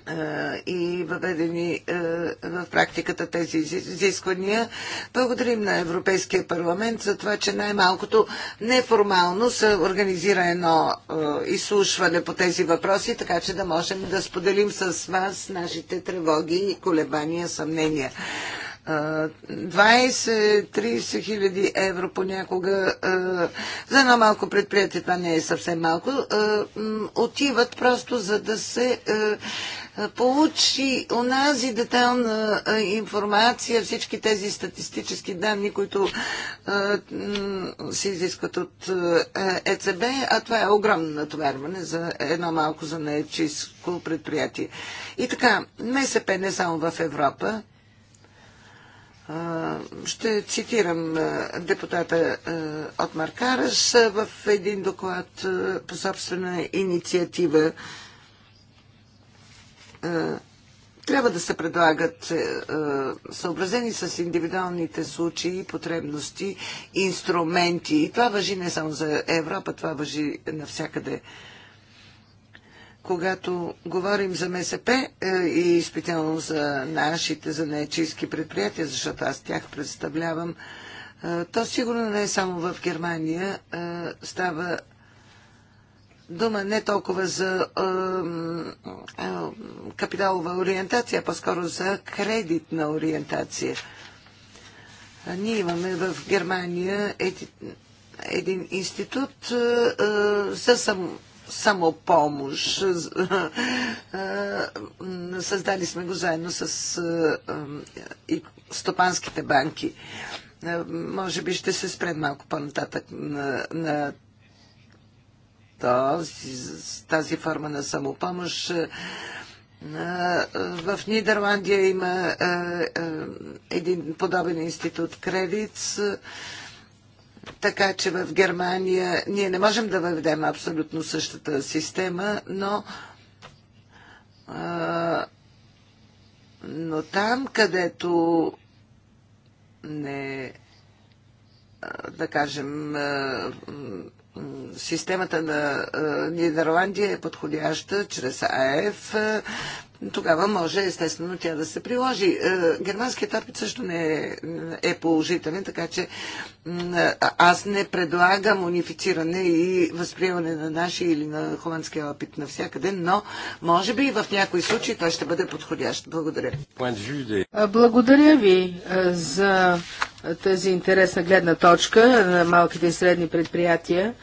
е, и въведени е, в практиката тези изисквания. Благодарим на Европейския парламент за това, че най-малкото неформално се организира едно е, изслушване по тези въпроси, така че да можем да споделим с вас нашите тревоги и колебания, съмнения. 20-30 хиляди евро понякога за едно малко предприятие, това не е съвсем малко, отиват просто за да се е, получи онази детална е, информация, всички тези статистически данни, които е, се изискват от ЕЦБ, а това е огромно натоварване за едно малко за нечистко предприятие. И така, МСП не само в Европа, ще цитирам депутата от Маркараш в един доклад по собствена инициатива е, трябва да се предлагат е, е, съобразени с индивидуалните случаи потребности инструменти. И това въжи не само за Европа, това въжи навсякъде. Когато говорим за МСП и специално за нашите за нечистки предприятия, защото аз тях представлявам, то сигурно не е само в Германия. Става дума не толкова за е, капиталова ориентация, по-скоро за кредитна ориентация. Ние имаме в Германия еди, един институт е, за сам, самопомощ. Създали сме го заедно с стопанските банки. Може би ще се спрем малко по-нататък на, на този, тази форма на самопомощ. Е, е, в Нидерландия има е, един подобен институт Кредиц, така че в Германия ние не можем да въведем абсолютно същата система, но но там, където не да кажем системата на Нидерландия е подходяща чрез АЕФ, тогава може естествено тя да се приложи. Германският опит също не е, е положителен, така че аз не предлагам унифициране и възприемане на нашия или на холандския опит навсякъде, но може би и в някои случаи той ще бъде подходящ. Благодаря. Благодаря ви за тази интересна гледна точка на малките и средни предприятия.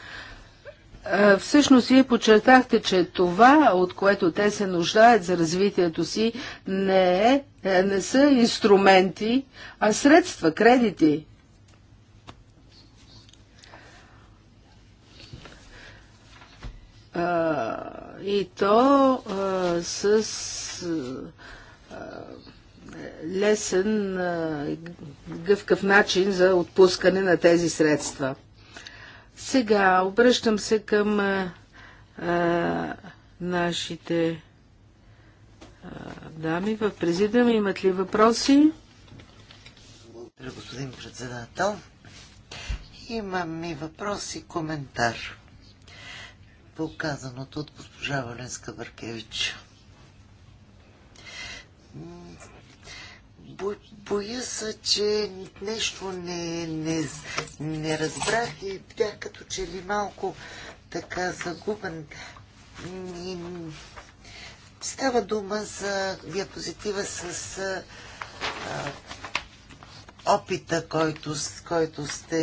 Всъщност, вие подчертахте, че това, от което те се нуждаят за развитието си, не, е, е не са инструменти, а средства, кредити. И то с лесен, гъвкав начин за отпускане на тези средства. Сега обръщам се към а, нашите а, дами в президиум. Имат ли въпроси? Благодаря, господин председател. Имам и въпрос и коментар по казаното от госпожа Валенска Баркевича. бо, боя се, че нещо не, не, не разбрах и бях като че ли малко така загубен. И, става дума за диапозитива с а, опита, който, който сте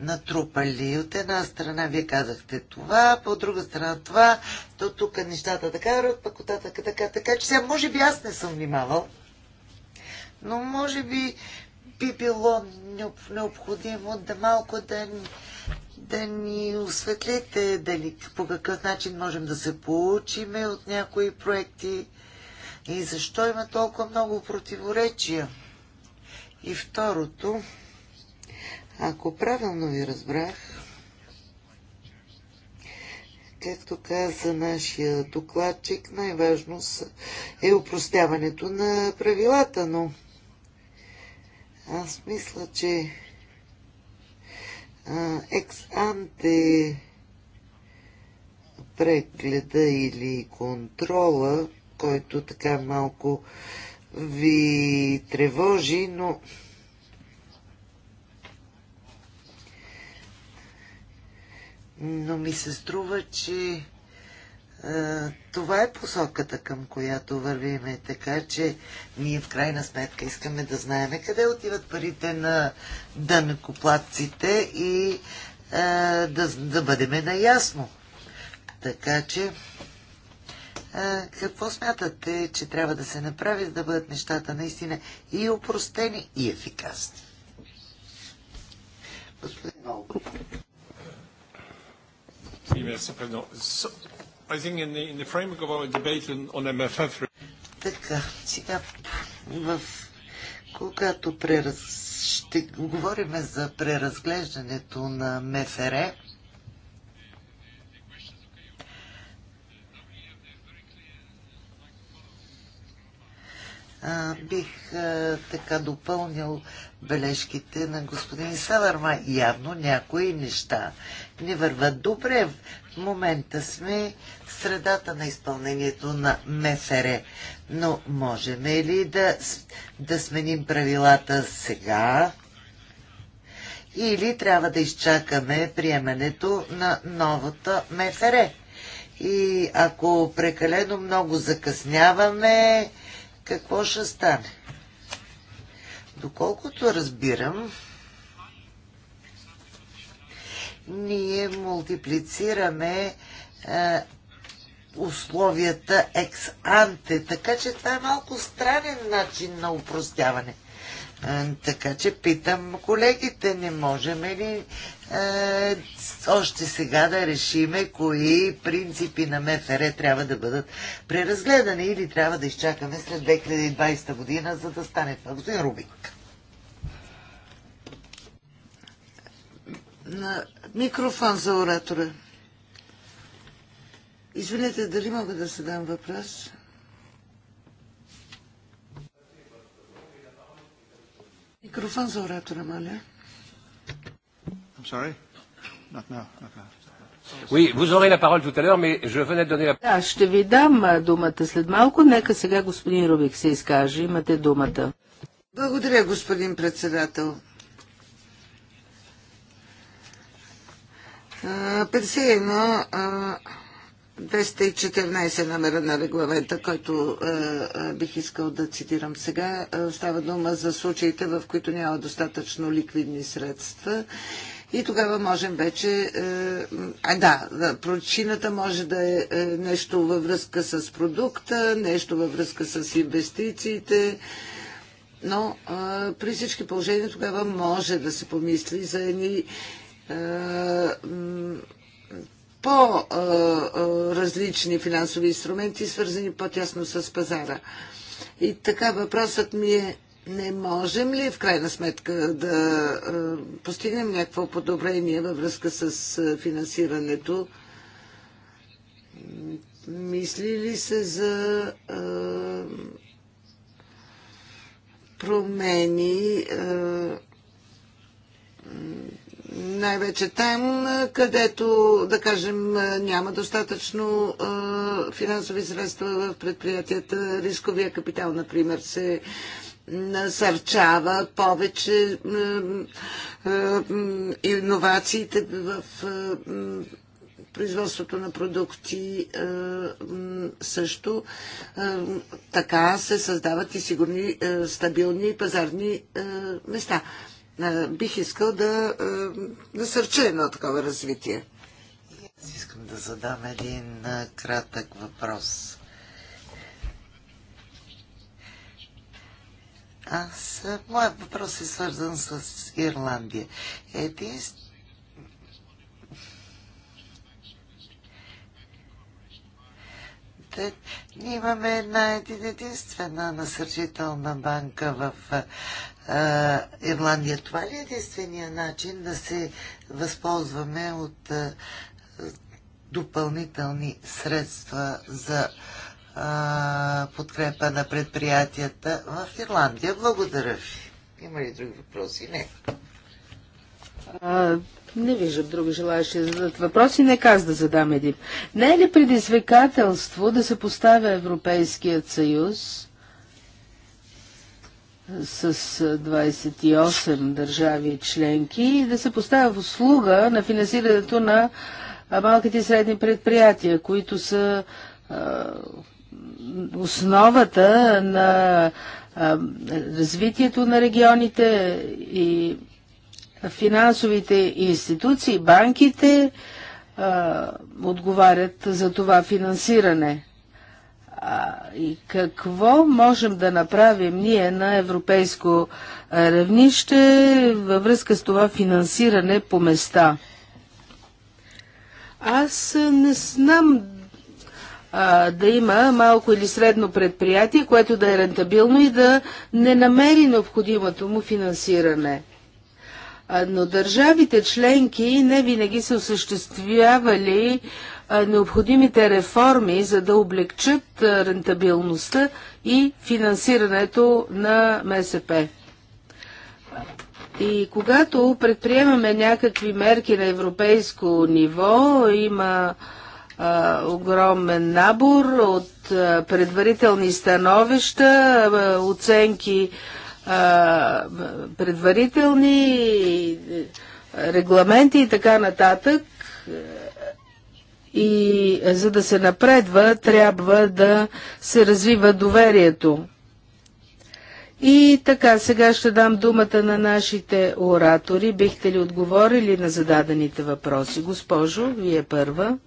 натрупали. От една страна вие казахте това, по друга страна това, то тук нещата така, род, пък оттатък така, така, че сега може би аз не съм внимавал, но може би би било необходимо да малко да, да ни осветлите дали по какъв начин можем да се получиме от някои проекти и защо има толкова много противоречия. И второто, ако правилно ви разбрах, както каза нашия докладчик, най-важно е упростяването на правилата, но аз мисля, че екс-анте прегледа или контрола, който така малко ви тревожи, но но ми се струва, че това е посоката, към която вървиме. Така че ние в крайна сметка искаме да знаем къде отиват парите на дънакоплатците и а, да, да бъдем наясно. Така че, а, какво смятате, че трябва да се направи, за да бъдат нещата наистина и опростени, и ефикасни? Господин Олбрик. Така, сега в когато прераз... ще говорим за преразглеждането на МФР, бих а, така допълнил бележките на господин Саварма. Явно някои неща не върват добре. В момента сме в средата на изпълнението на МСР. Но можем ли да, да сменим правилата сега? Или трябва да изчакаме приемането на новата МСР? И ако прекалено много закъсняваме, какво ще стане? Доколкото разбирам, ние мултиплицираме е, условията екс-анте. Така че това е малко странен начин на упростяване. Е, така че питам колегите, не можем ли е, още сега да решиме кои принципи на МФР трябва да бъдат преразгледани или трябва да изчакаме след 2020 година, за да стане това. Господин Рубик. на микрофон за оратора. Извинете, дали мога да задам въпрос? Микрофон за оратора, моля. I'm sorry. Not now. Not now. Oui, vous aurez la parole tout à l'heure, mais je venais de donner la... Да, ще ви дам думата след малко. Нека сега господин Рубик се изкаже. Имате думата. Благодаря, господин председател. 51 214 номера на регламента, който бих искал да цитирам сега. Става дума за случаите, в които няма достатъчно ликвидни средства. И тогава можем вече. А да, причината може да е, е нещо във връзка с продукта, нещо във връзка с инвестициите. Но при всички положения тогава може да се помисли за едни е, по-различни финансови инструменти, свързани по-тясно с пазара. И така въпросът ми е, не можем ли в крайна сметка да е, постигнем някакво подобрение във връзка с е, финансирането? Мисли ли се за промени? най-вече там, където, да кажем, няма достатъчно финансови средства в предприятията. Рисковия капитал, например, се насърчава повече иновациите в производството на продукти също. Така се създават и сигурни, стабилни пазарни места бих искал да насърча едно такова развитие. Аз искам да задам един кратък въпрос. Аз, моят въпрос е свързан с Ирландия. Единствено още ние имаме една единствена насърчителна банка в а, Ирландия. Това ли е единствения начин да се възползваме от а, допълнителни средства за а, подкрепа на предприятията в Ирландия? Благодаря ви. Има ли други въпроси? Не. А, не виждам други желаящи да зададат въпроси. Нека аз да задам един. Не е ли предизвикателство да се поставя Европейският съюз с 28 държави членки и да се поставя в услуга на финансирането на малките и средни предприятия, които са а, основата на а, развитието на регионите и финансовите институции, банките а, отговарят за това финансиране. А, и какво можем да направим ние на европейско равнище във връзка с това финансиране по места? Аз не знам а, да има малко или средно предприятие, което да е рентабилно и да не намери необходимото му финансиране. Но държавите членки не винаги са осъществявали необходимите реформи, за да облегчат рентабилността и финансирането на МСП. И когато предприемаме някакви мерки на европейско ниво, има а, огромен набор от а, предварителни становища, а, оценки предварителни регламенти и така нататък. И за да се напредва, трябва да се развива доверието. И така, сега ще дам думата на нашите оратори. Бихте ли отговорили на зададените въпроси? Госпожо, вие първа.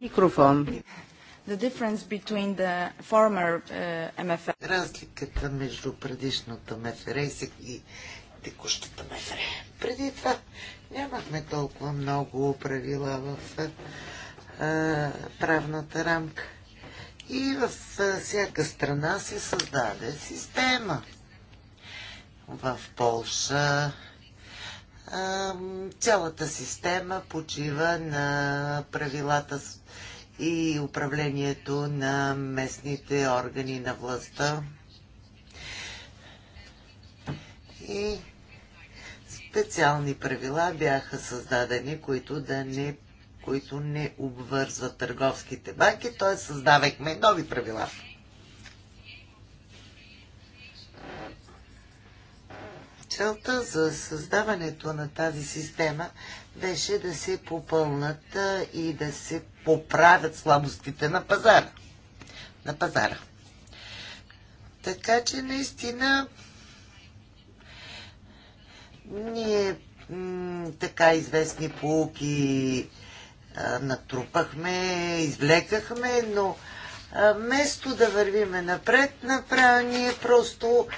Микрофон the difference between the former uh, MFR. Разликата между предишната МФР и текущата МФР. Преди това нямахме толкова много правила в uh, правната рамка. И в всяка страна се създаде система. В Полша цялата система почива на правилата с и управлението на местните органи на властта. И специални правила бяха създадени, които да не които не обвързват търговските банки, т.е. създавахме нови правила. Целта за създаването на тази система беше да се попълнат и да се поправят слабостите на пазара. На пазара. Така че наистина ние така известни полуки натрупахме, извлекахме, но вместо да вървиме напред, направо ние просто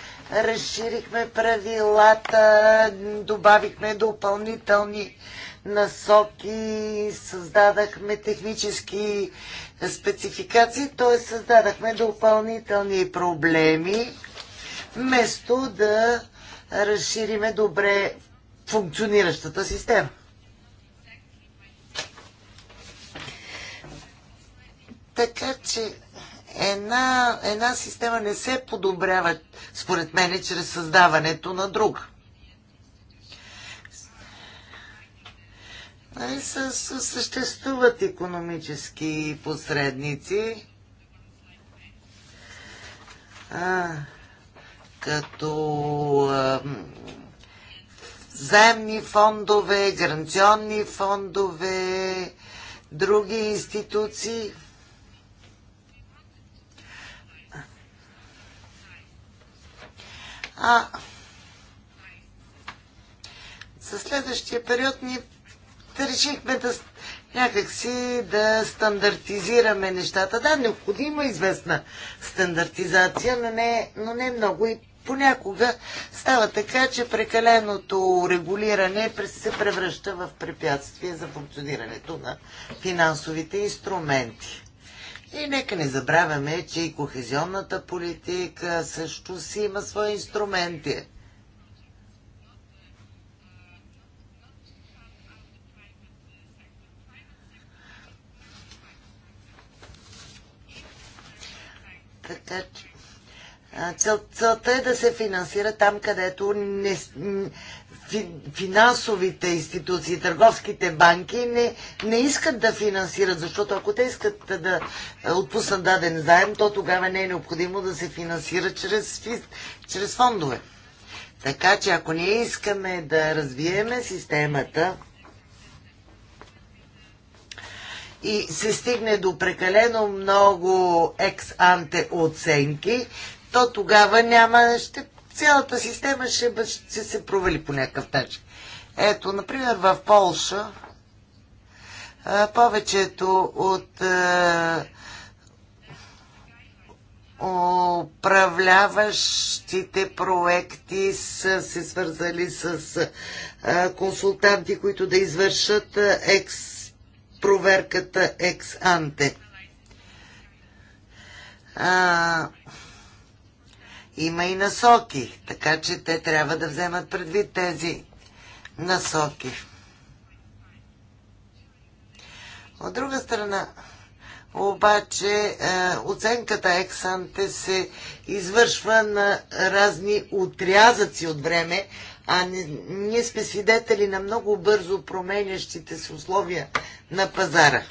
разширихме правилата, добавихме допълнителни насоки, създадахме технически спецификации, т.е. създадахме допълнителни проблеми, вместо да разшириме добре функциониращата система. Така че една, една система не се подобрява, според мен, чрез създаването на друга. Е, съществуват економически посредници, а, като а, заемни фондове, гаранционни фондове, други институции. А за следващия период ние решихме да някакси да стандартизираме нещата. Да, необходима известна стандартизация, но не, но не много и понякога става така, че прекаленото регулиране се превръща в препятствие за функционирането на финансовите инструменти. И нека не забравяме, че и кохезионната политика също си има свои инструменти. Така че цел, целта е да се финансира там, където не, финансовите институции, търговските банки не, не искат да финансират, защото ако те искат да отпуснат даден заем, то тогава не е необходимо да се финансира чрез, чрез фондове. Така че ако ние искаме да развиеме системата, и се стигне до прекалено много екс-анте оценки, то тогава няма, ще, цялата система ще, ще се провали по някакъв начин. Ето, например, в Полша повечето от управляващите проекти са се свързали с консултанти, които да извършат екс проверката екс-анте. А, има и насоки, така че те трябва да вземат предвид тези насоки. От друга страна, обаче е, оценката ексанте се извършва на разни отрязъци от време, а ние сме свидетели на много бързо променящите се условия на пазара.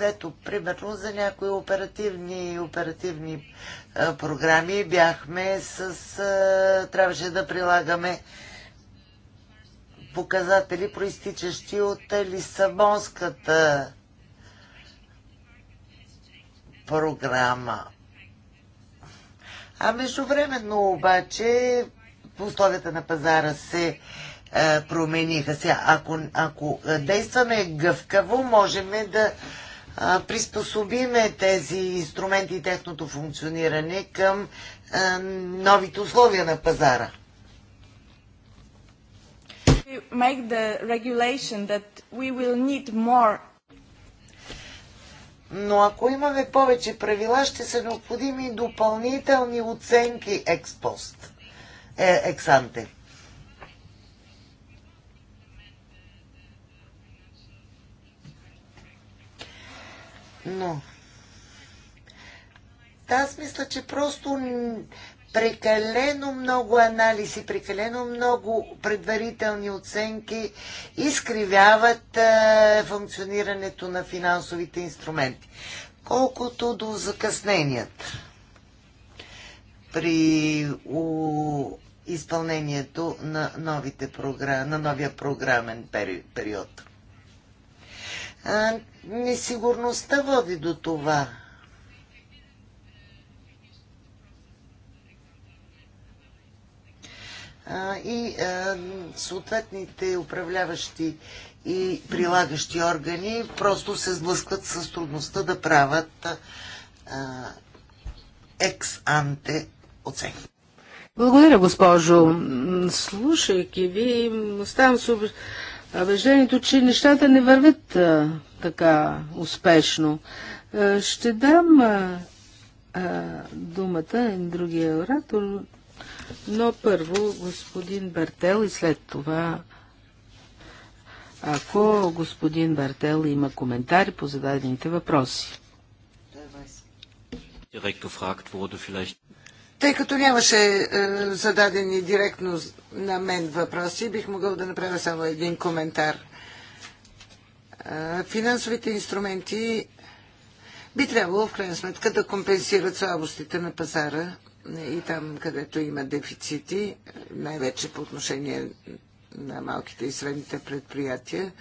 Ето, примерно за някои оперативни, оперативни а, програми бяхме с... А, трябваше да прилагаме показатели, проистичащи от Лисабонската програма. А междувременно обаче условията на пазара се е, промениха. Сега, ако, ако действаме гъвкаво, можем да е, приспособиме тези инструменти и техното функциониране към а, е, новите условия на пазара. Make the regulation that we will need more но ако имаме повече правила, ще са необходими допълнителни оценки експост, е, ексанте. Но аз мисля, че просто прекалено много анализи, прекалено много предварителни оценки изкривяват а, функционирането на финансовите инструменти. Колкото до закъсненията при у, изпълнението на, новите програ... на новия програмен пери... период. А, несигурността води до това, и съответните управляващи и прилагащи органи просто се сблъскват с трудността да правят екс-анте оценки. Благодаря, госпожо. Слушайки ви, оставам с убеждението, че нещата не вървят а, така успешно. А, ще дам а, думата на другия оратор, но първо господин Бартел и след това, ако господин Бартел има коментари по зададените въпроси. Тъй като нямаше е, зададени директно на мен въпроси, бих могъл да направя само един коментар. Е, финансовите инструменти би трябвало в крайна сметка да компенсират слабостите на пазара и там, където има дефицити, най-вече по отношение на малките и средните предприятия,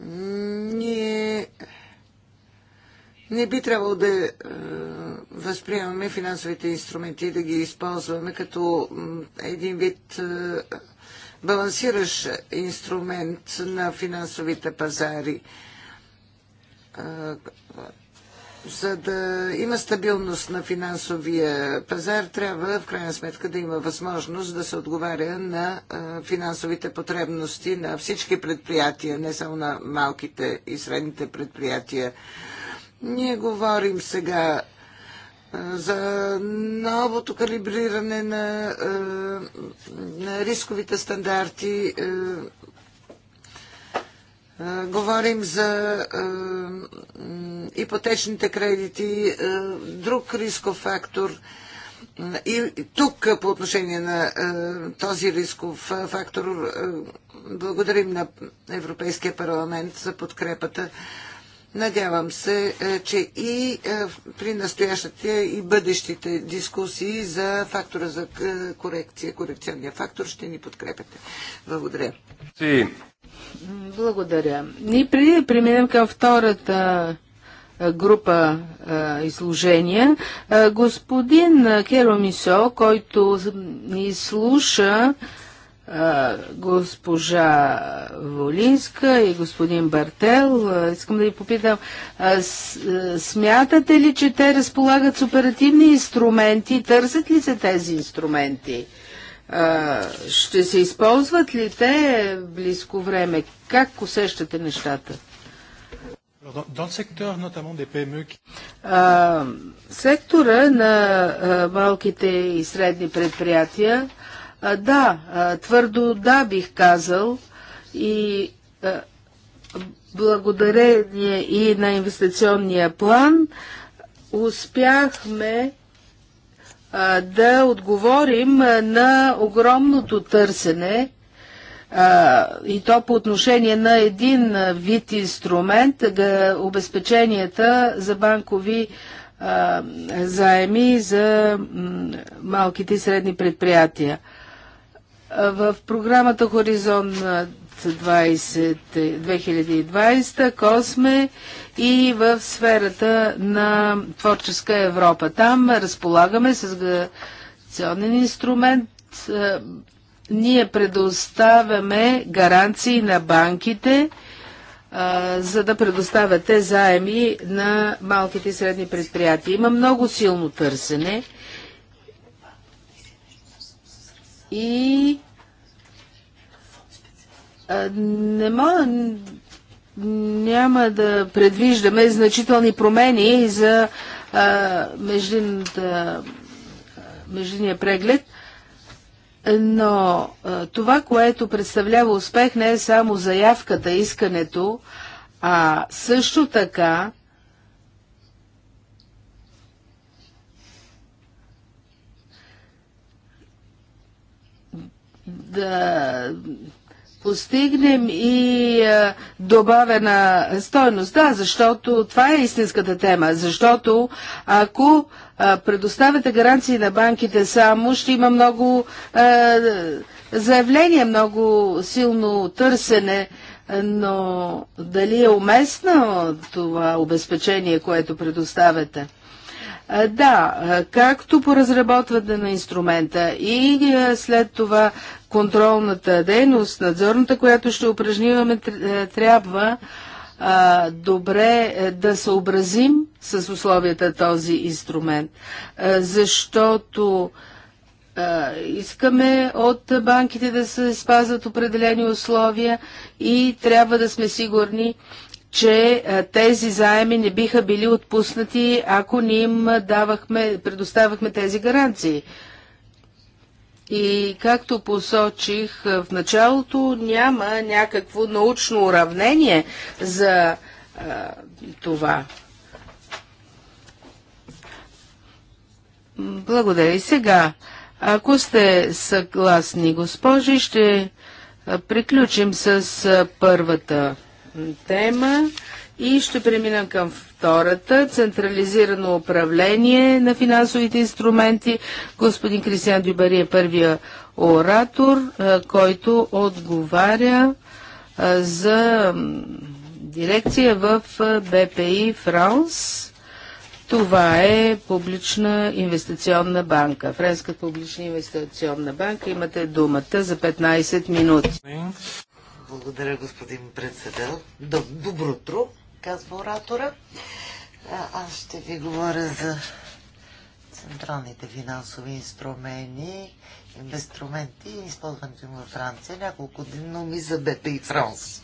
ние не би трябвало да е, възприемаме финансовите инструменти и да ги използваме като един вид е, балансиращ инструмент на финансовите пазари. Е, за да има стабилност на финансовия пазар, трябва в крайна сметка да има възможност да се отговаря на финансовите потребности на всички предприятия, не само на малките и средните предприятия. Ние говорим сега за новото калибриране на, на рисковите стандарти говорим за ипотечните кредити, друг рисков фактор. И тук по отношение на този рисков фактор благодарим на Европейския парламент за подкрепата. Надявам се, че и при настоящите и бъдещите дискусии за фактора за корекция, корекционния фактор ще ни подкрепяте. Благодаря. Благодаря. И преди да преминем към втората група а, изложения. А, господин Керо Мисо, който ни слуша госпожа Волинска и господин Бартел, искам да ви попитам, смятате ли, че те разполагат с оперативни инструменти? Търсят ли се тези инструменти? ще се използват ли те близко време? Как усещате нещата? E а, сектора на малките и средни предприятия, а, да, твърдо да бих казал и а, благодарение и на инвестиционния план успяхме да отговорим на огромното търсене и то по отношение на един вид инструмент, да обезпеченията за банкови заеми за малките и средни предприятия. В програмата Хоризон 2020, Косме и в сферата на творческа Европа. Там разполагаме с гаранционен инструмент. Е, ние предоставяме гаранции на банките, е, за да предоставят те заеми на малките и средни предприятия. Има много силно търсене и не няма да предвиждаме значителни промени за междинния преглед, но това, което представлява успех, не е само заявката, искането, а също така да постигнем и добавена стойност. Да, защото това е истинската тема. Защото ако предоставяте гаранции на банките само, ще има много заявления, много силно търсене, но дали е уместно това обезпечение, което предоставяте? Да, както по разработване на инструмента и след това контролната дейност, надзорната, която ще упражниваме, трябва добре е, да съобразим с условията този инструмент, защото искаме от банките да се спазват определени условия и трябва да сме сигурни, че тези заеми не биха били отпуснати, ако ни им давахме, предоставахме тези гаранции. И както посочих в началото, няма някакво научно уравнение за а, това. Благодаря. И сега, ако сте съгласни, госпожи, ще приключим с първата тема. И ще преминам към втората – централизирано управление на финансовите инструменти. Господин Кристиан Дюбари е първия оратор, който отговаря за дирекция в БПИ Франс. Това е публична инвестиционна банка. Френска публична инвестиционна банка. Имате думата за 15 минути. Благодаря, господин председател. Добро утро, казва оратора. Аз ще ви говоря за централните финансови инструменти, инструменти и използването им във Франция. Няколко ми за БП и Франс.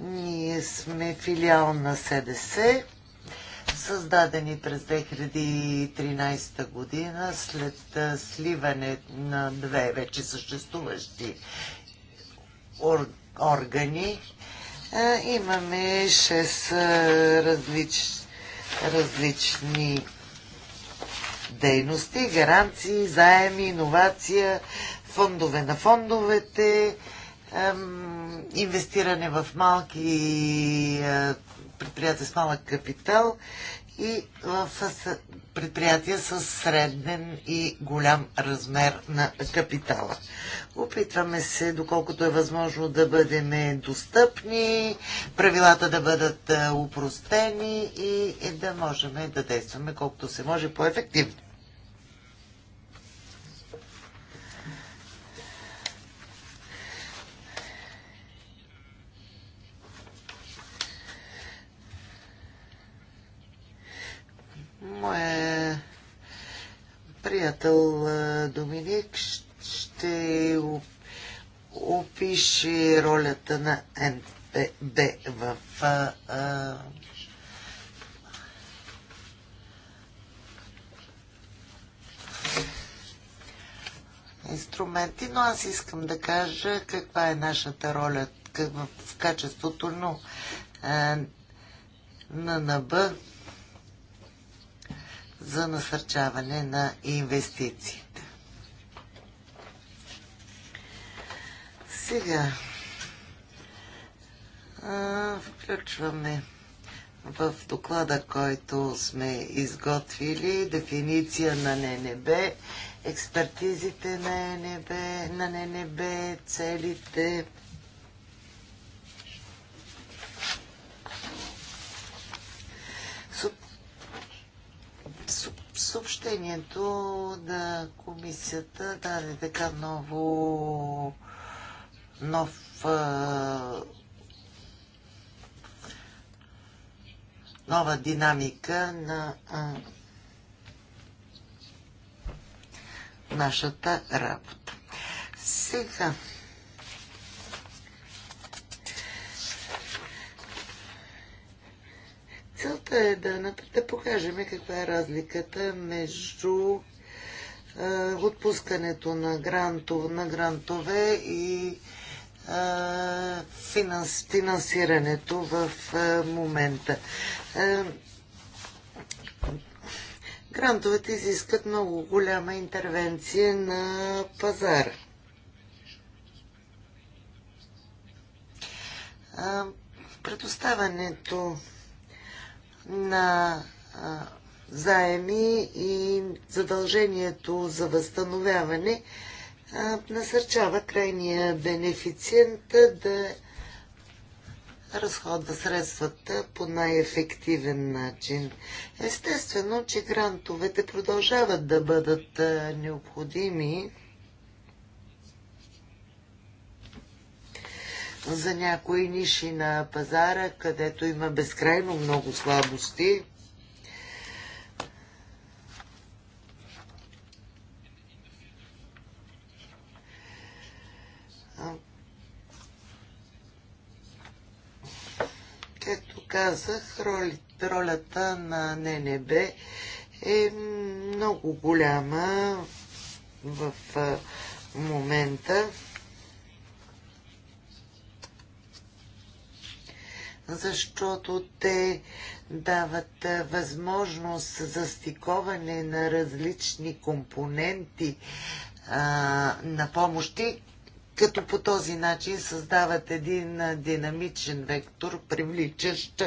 Ние сме филиал на СДС създадени през 2013 година след сливане на две вече съществуващи органи. Имаме 6 различ, различни дейности, гаранции, заеми, иновация, фондове на фондовете, инвестиране в малки предприятия с малък капитал и с предприятия с среден и голям размер на капитала. Опитваме се, доколкото е възможно, да бъдем достъпни, правилата да бъдат упростени и да можем да действаме колкото се може по-ефективно. Моя приятел Доминик ще опише ролята на НПД в а, а, инструменти, но аз искам да кажа каква е нашата роля в качеството но, а, на НБ за насърчаване на инвестициите. Сега включваме в доклада, който сме изготвили, дефиниция на ННБ, експертизите на ННБ, на ННБ целите, съобщението на комисията даде така ново нов нова динамика на а, нашата работа. Сега Целта е да, да покажем каква е разликата между е, отпускането на, грантов, на грантове и финанс, финансирането в момента. Грантовете изискат много голяма интервенция на пазара. Предоставането на заеми и задължението за възстановяване насърчава крайния бенефициент да разходва средствата по най-ефективен начин. Естествено, че грантовете продължават да бъдат необходими за някои ниши на пазара, където има безкрайно много слабости. Както казах, ролята на ННБ е много голяма в момента. защото те дават възможност за стиковане на различни компоненти а, на помощи, като по този начин създават един динамичен вектор, привличащ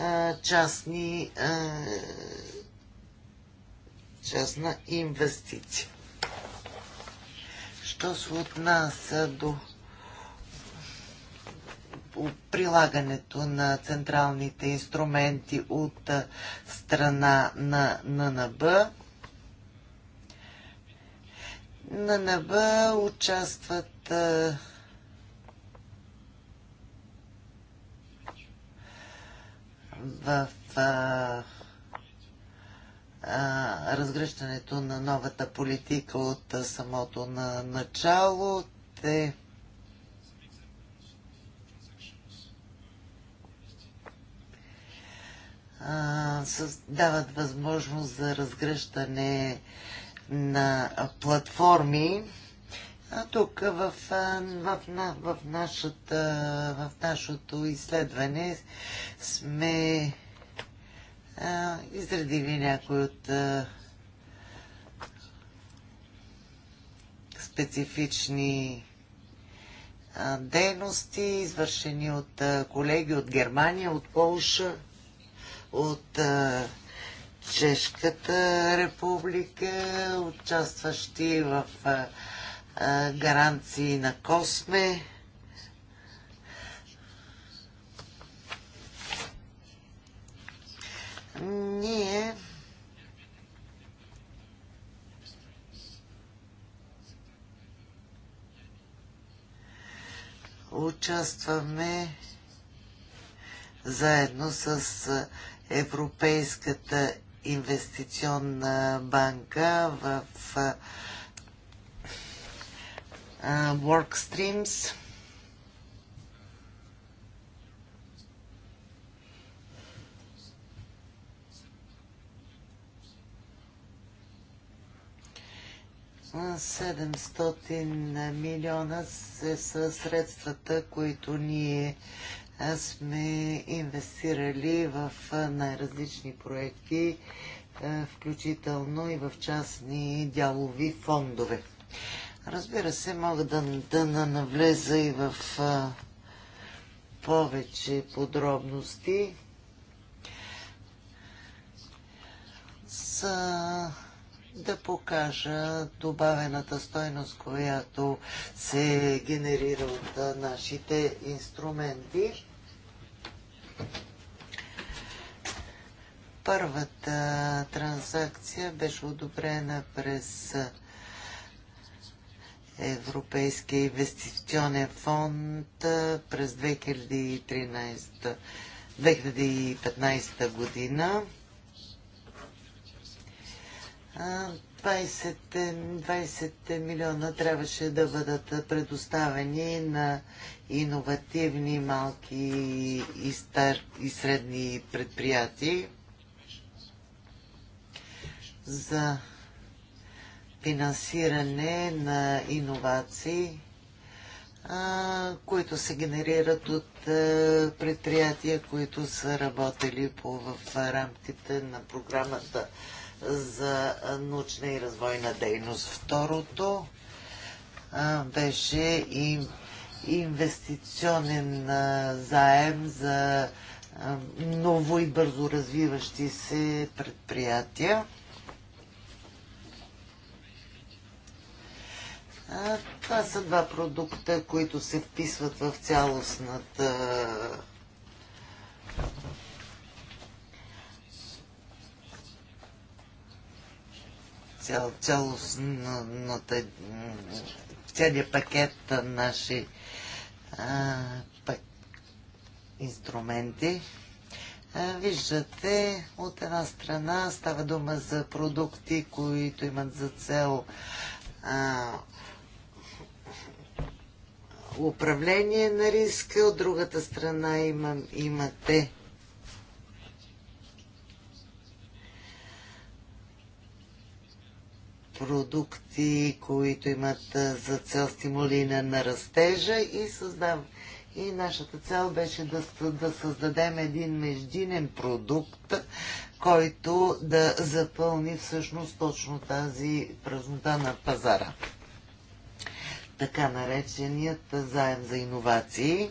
а, частни, а, частна инвестиция. Що се отнася до прилагането на централните инструменти от страна на ННБ. НБ участват в а, а, разгръщането на новата политика от самото на начало. Те дават възможност за разгръщане на платформи. А тук в, в, в, в, нашата, в нашето изследване сме а, изредили някои от а, специфични а, дейности, извършени от а, колеги от Германия, от Полша от а, Чешката република, участващи в а, а, гаранции на Косме. Ние участваме заедно с Европейската инвестиционна банка в WorkStreams. Седемстотин 700 милиона са средствата, които ние сме инвестирали в най-различни проекти, включително и в частни дялови фондове. Разбира се, мога да, да навлеза и в а, повече подробности а, да покажа добавената стойност, която се генерира от нашите инструменти. Първата транзакция беше одобрена през Европейския инвестиционен фонд през 2013, 2015 година. 20, милиона трябваше да бъдат предоставени на иновативни малки и, стар, и средни предприятия за финансиране на иновации, които се генерират от е, предприятия, които са работили по, в рамките на програмата за научна и развойна дейност. Второто беше и инвестиционен заем за ново и бързо развиващи се предприятия. това са два продукта, които се вписват в цялостната цял, цялостната, целият пакет наши а, пак, инструменти. А, виждате, от една страна става дума за продукти, които имат за цел а, управление на риска, от другата страна има, имате продукти, които имат за цел стимулина на растежа и създав... И нашата цел беше да, да създадем един междинен продукт, който да запълни всъщност точно тази празнота на пазара. Така нареченият заем за иновации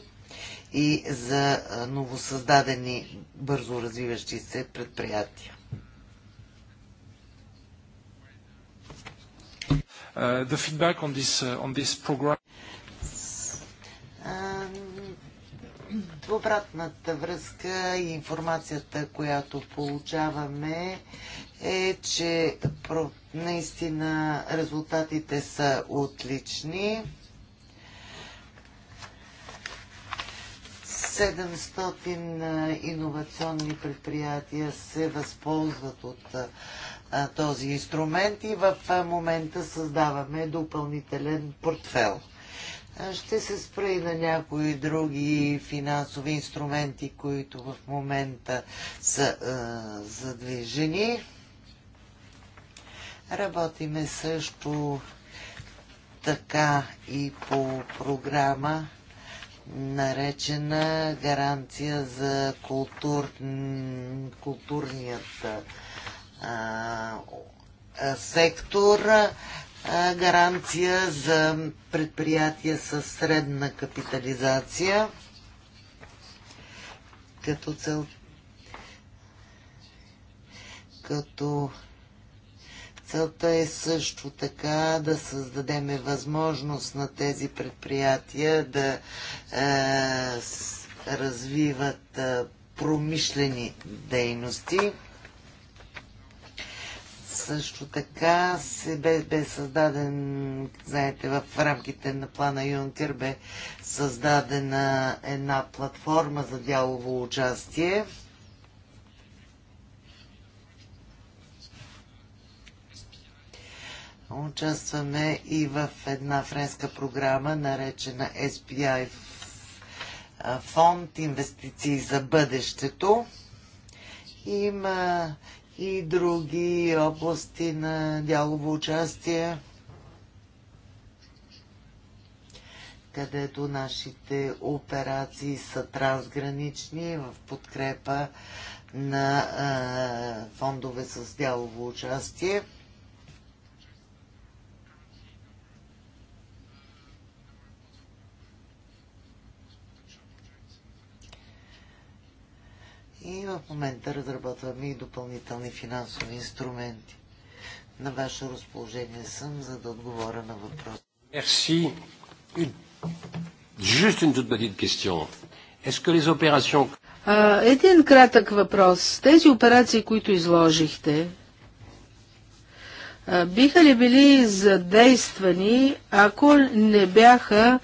и за новосъздадени бързо развиващи се предприятия. Uh, the feedback on this, uh, on this program. Обратната връзка и информацията, която получаваме, е, че наистина резултатите са отлични. 700 иновационни предприятия се възползват от този инструмент и в момента създаваме допълнителен портфел. Ще се спра и на някои други финансови инструменти, които в момента са а, задвижени. Работиме също така и по програма, наречена гаранция за култур... културният сектор, гаранция за предприятия със средна капитализация като цел като целта е също така да създадеме възможност на тези предприятия да е, развиват е, промишлени дейности. Също така се бе, бе създаден, знаете, в рамките на плана Юнкер бе създадена една платформа за дялово участие. Участваме и в една френска програма, наречена SPI фонд инвестиции за бъдещето. Има и други области на дялово участие, където нашите операции са трансгранични в подкрепа на а, фондове с дялово участие. И в момента разработваме и допълнителни финансови инструменти. На ваше разположение съм, за да отговоря на въпроса. Мерси. Juste une toute petite question. Est-ce que les opérations... един кратък въпрос. Тези операции, които изложихте, биха ли били задействани, ако не бяха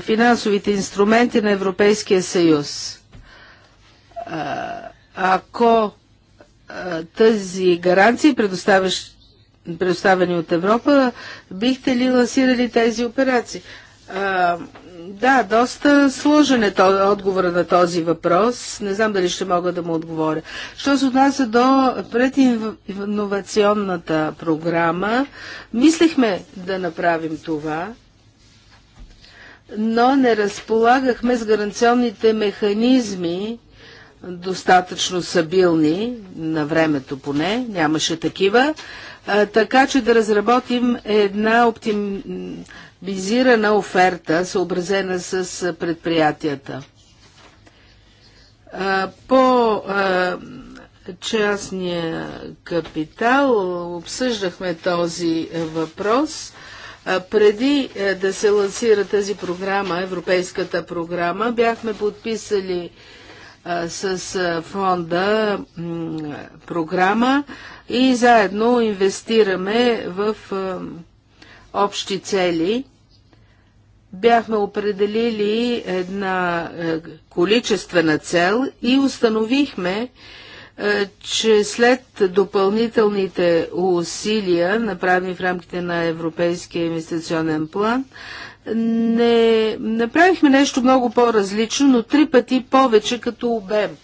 финансовите инструменти на Европейския съюз? ако тази гаранции, предоставени от Европа, бихте ли лансирали тези операции? А, да, доста сложен е то, отговора на този въпрос. Не знам дали ще мога да му отговоря. Що се отнася до прединновационната програма, мислехме да направим това, но не разполагахме с гаранционните механизми, достатъчно събилни, на времето поне, нямаше такива, така че да разработим една оптимизирана оферта, съобразена с предприятията. По частния капитал обсъждахме този въпрос. Преди е, да се лансира тази програма, европейската програма, бяхме подписали с фонда програма и заедно инвестираме в общи цели. Бяхме определили една количествена цел и установихме, че след допълнителните усилия, направени в рамките на Европейския инвестиционен план, не направихме нещо много по-различно, но три пъти повече като обем.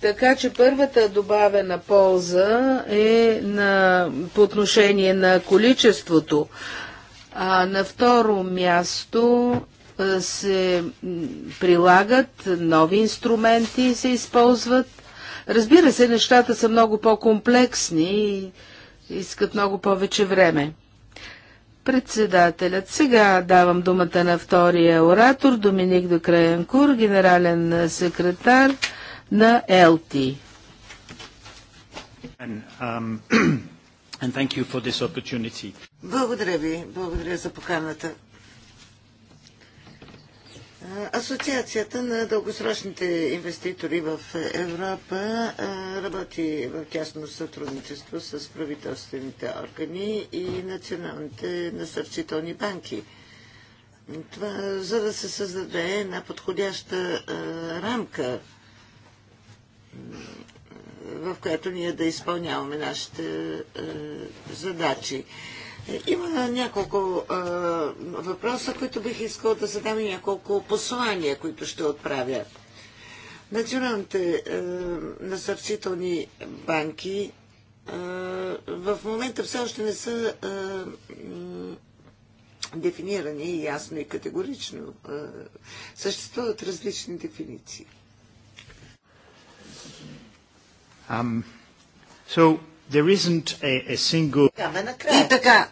Така че първата добавена полза е на, по отношение на количеството. А на второ място се прилагат нови инструменти, се използват. Разбира се, нещата са много по-комплексни и искат много повече време. Председателят. Сега давам думата на втория оратор, Доминик Докраянкур, генерален секретар на ЛТ. Um, Благодаря ви. Благодаря за поканата. Асоциацията на дългосрочните инвеститори в Европа работи в тясно сътрудничество с правителствените органи и националните насърчителни банки. Това, за да се създаде една подходяща рамка, в която ние да изпълняваме нашите задачи. Има няколко а, въпроса, които бих искал да задам и няколко послания, които ще отправя. Националните а, насърчителни банки а, в момента все още не са а, дефинирани ясно и категорично. А, съществуват различни дефиниции. Um, so There isn't a, a single... И така,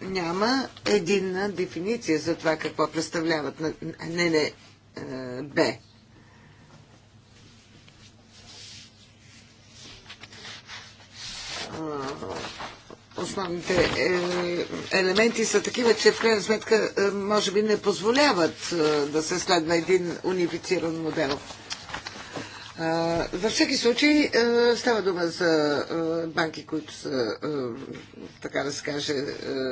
няма единна дефиниция за това какво представляват на не, не, е, Б. Основните е, елементи са такива, че в крайна сметка е, може би не позволяват да се следва един унифициран модел. Във всеки случай става дума за банки, които са, така да се каже,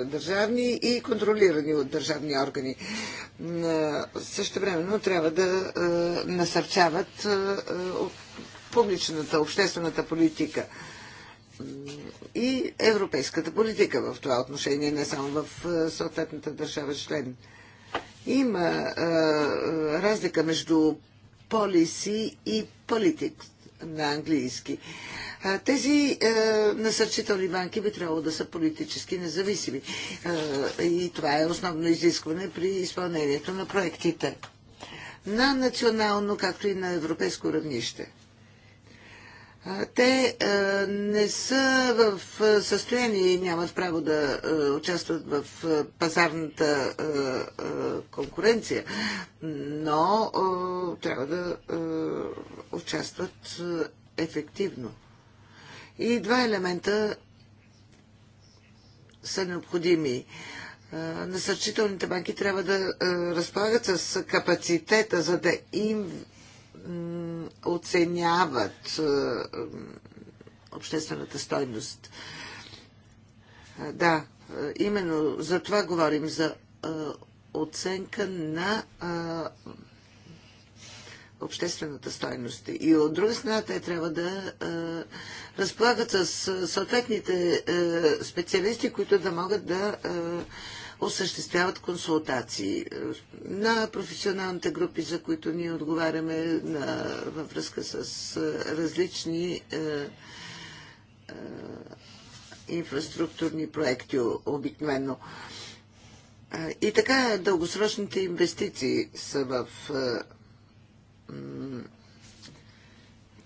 държавни и контролирани от държавни органи. Също времено трябва да насърчават публичната, обществената политика и европейската политика в това отношение, не само в съответната държава член. Има а, разлика между policy и politics на английски. Тези е, насърчителни банки би трябвало да са политически независими. Е, и това е основно изискване при изпълнението на проектите. На национално, както и на европейско равнище. Те не са в състояние и нямат право да участват в пазарната конкуренция, но трябва да участват ефективно. И два елемента са необходими. Насърчителните банки трябва да разполагат с капацитета, за да им оценяват обществената стойност. Да, именно за това говорим, за оценка на обществената стойност. И от друга страна, те трябва да разполагат с съответните специалисти, които да могат да осъществяват консултации е, на професионалните групи, за които ние отговаряме на, във връзка с е, различни е, е, инфраструктурни проекти обикновено. И така дългосрочните инвестиции са в е,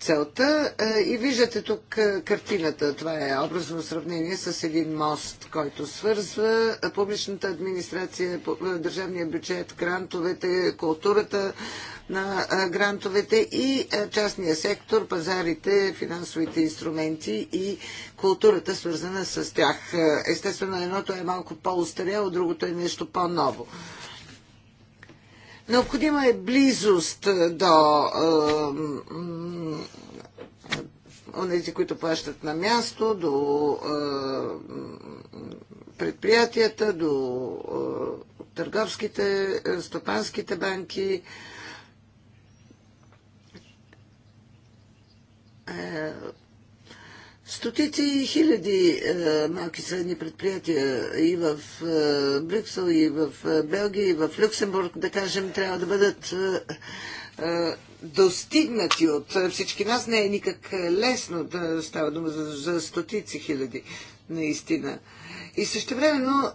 целта. Е, и виждате тук е, картината. Това е образно сравнение с един мост, който свързва публичната администрация, е, държавния бюджет, грантовете, културата на грантовете и частния сектор, пазарите, финансовите инструменти и културата, свързана с тях. Естествено, едното е малко по-устаряло, другото е нещо по-ново. Необходима е близост до онези, които плащат на място, до предприятията, до търговските, стопанските банки. Е, Стотици и хиляди а, е, малки средни предприятия и в а, е, Брюксел, и в а, е, Белгия, и в Люксембург, да кажем, трябва да бъдат достигнати от всички нас. Не е никак лесно да става дума за, за стотици хиляди, наистина. И също времено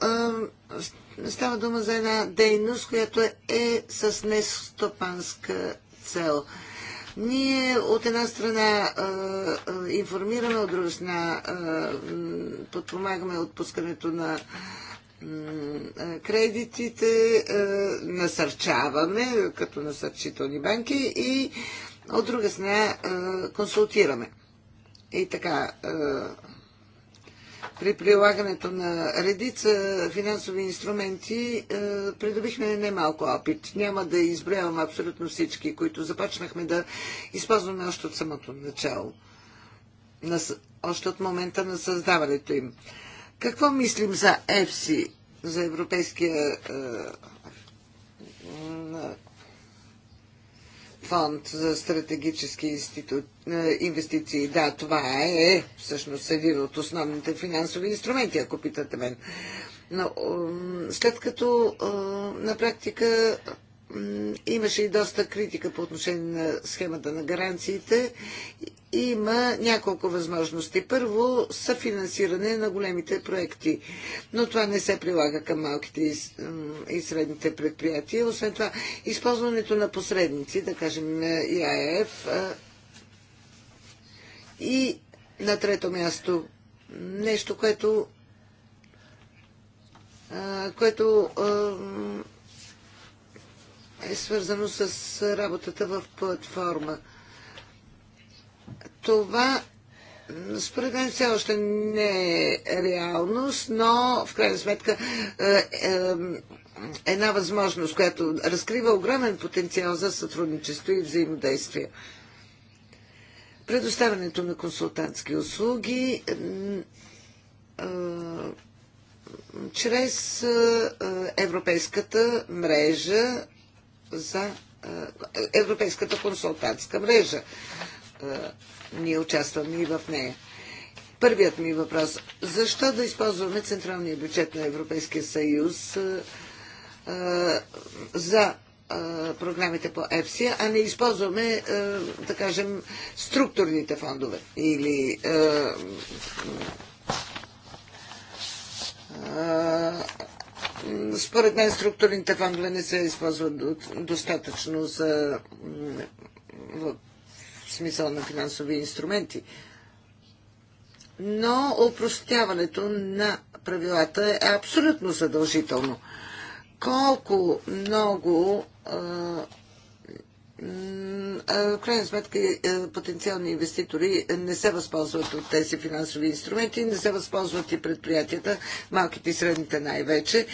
става дума за една дейност, която е с нестопанска цел – ние от една страна информираме, от друга страна подпомагаме отпускането на кредитите, насърчаваме като насърчителни банки и от друга страна консултираме. И така при прилагането на редица финансови инструменти придобихме придобихме немалко опит. Няма да изброявам абсолютно всички, които започнахме да използваме още от самото начало, още от момента на създаването им. Какво мислим за ЕФСИ, за Европейския е, фонд за стратегически институт, е, инвестиции. Да, това е, е всъщност един от основните финансови инструменти, ако питате мен. Но след като е, на практика Имаше и доста критика по отношение на схемата на гаранциите. Има няколко възможности. Първо, съфинансиране на големите проекти, но това не се прилага към малките и средните предприятия. Освен това, използването на посредници, да кажем ИАЕФ и на трето място нещо, което което е свързано с работата в платформа. Това според мен все още не е реалност, но в крайна сметка е, е, една възможност, която разкрива огромен потенциал за сътрудничество и взаимодействие. Предоставянето на консултантски услуги е, е, е, чрез Европейската мрежа за е, Европейската консултантска мрежа. Е, ние участваме и в нея. Първият ми въпрос. Защо да използваме централния бюджет на Европейския съюз е, за програмите по EFSI, а не използваме, да кажем, структурните фондове или според мен структурните фондове не се използват достатъчно за в смисъл на финансови инструменти. Но опростяването на правилата е абсолютно задължително. Колко много в крайна сметка е, потенциални инвеститори не се възползват от тези финансови инструменти, не се възползват и предприятията, малките и средните най-вече,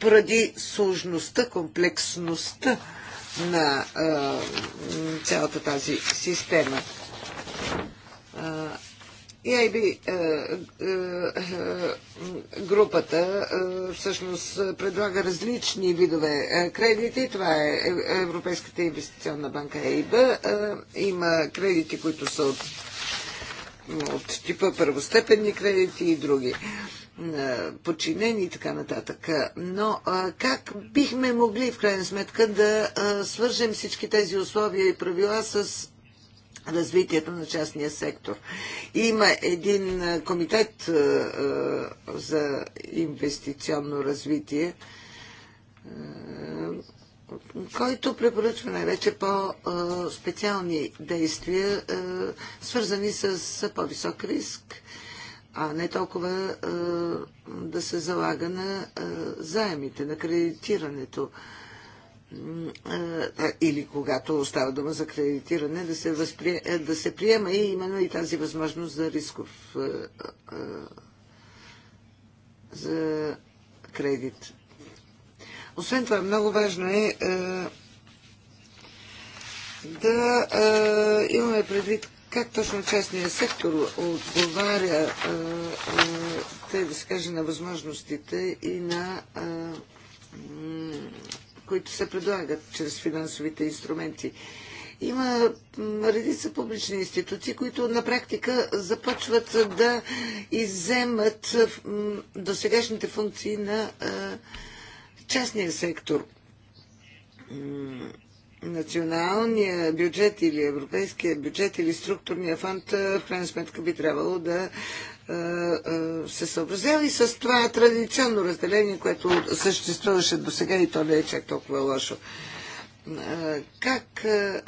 поради сложността, комплексността на цялата тази система. EIB е, е, е, групата всъщност предлага различни видове кредити. Това е Европейската инвестиционна банка EIB. Има кредити, които са от, от типа първостепенни кредити и други подчинени и така нататък. Но как бихме могли в крайна сметка да свържем всички тези условия и правила с развитието на частния сектор. Има един комитет за инвестиционно развитие, който препоръчва най-вече по-специални действия, свързани с по-висок риск, а не толкова да се залага на заемите, на кредитирането или когато става дума за кредитиране, да се, възпри... Е, да се приема и именно и тази възможност за рисков е, е, за кредит. Освен това, много важно е да имаме предвид как точно частния сектор отговаря, те да се каже, на възможностите и на които се предлагат чрез финансовите инструменти. Има редица публични институции, които на практика започват да иземат досегашните функции на частния сектор националния бюджет или европейския бюджет или структурния фонд в крайна сметка би трябвало да се съобразява и с това традиционно разделение, което съществуваше до сега и то не е чак толкова лошо. Как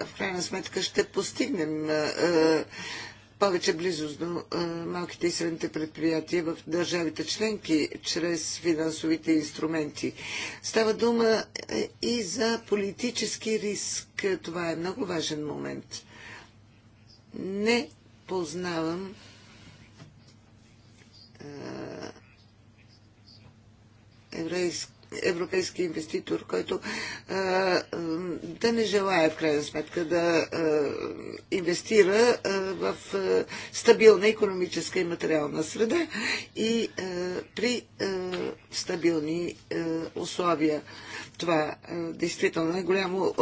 в крайна сметка ще постигнем повече близост до малките и средните предприятия в държавите членки чрез финансовите инструменти. Става дума е, и за политически риск. Това е много важен момент. Не познавам е, европейски инвеститор, който е, е, да не желая в крайна сметка да инвестира в стабилна економическа и материална среда и при стабилни условия. Това действително е голямо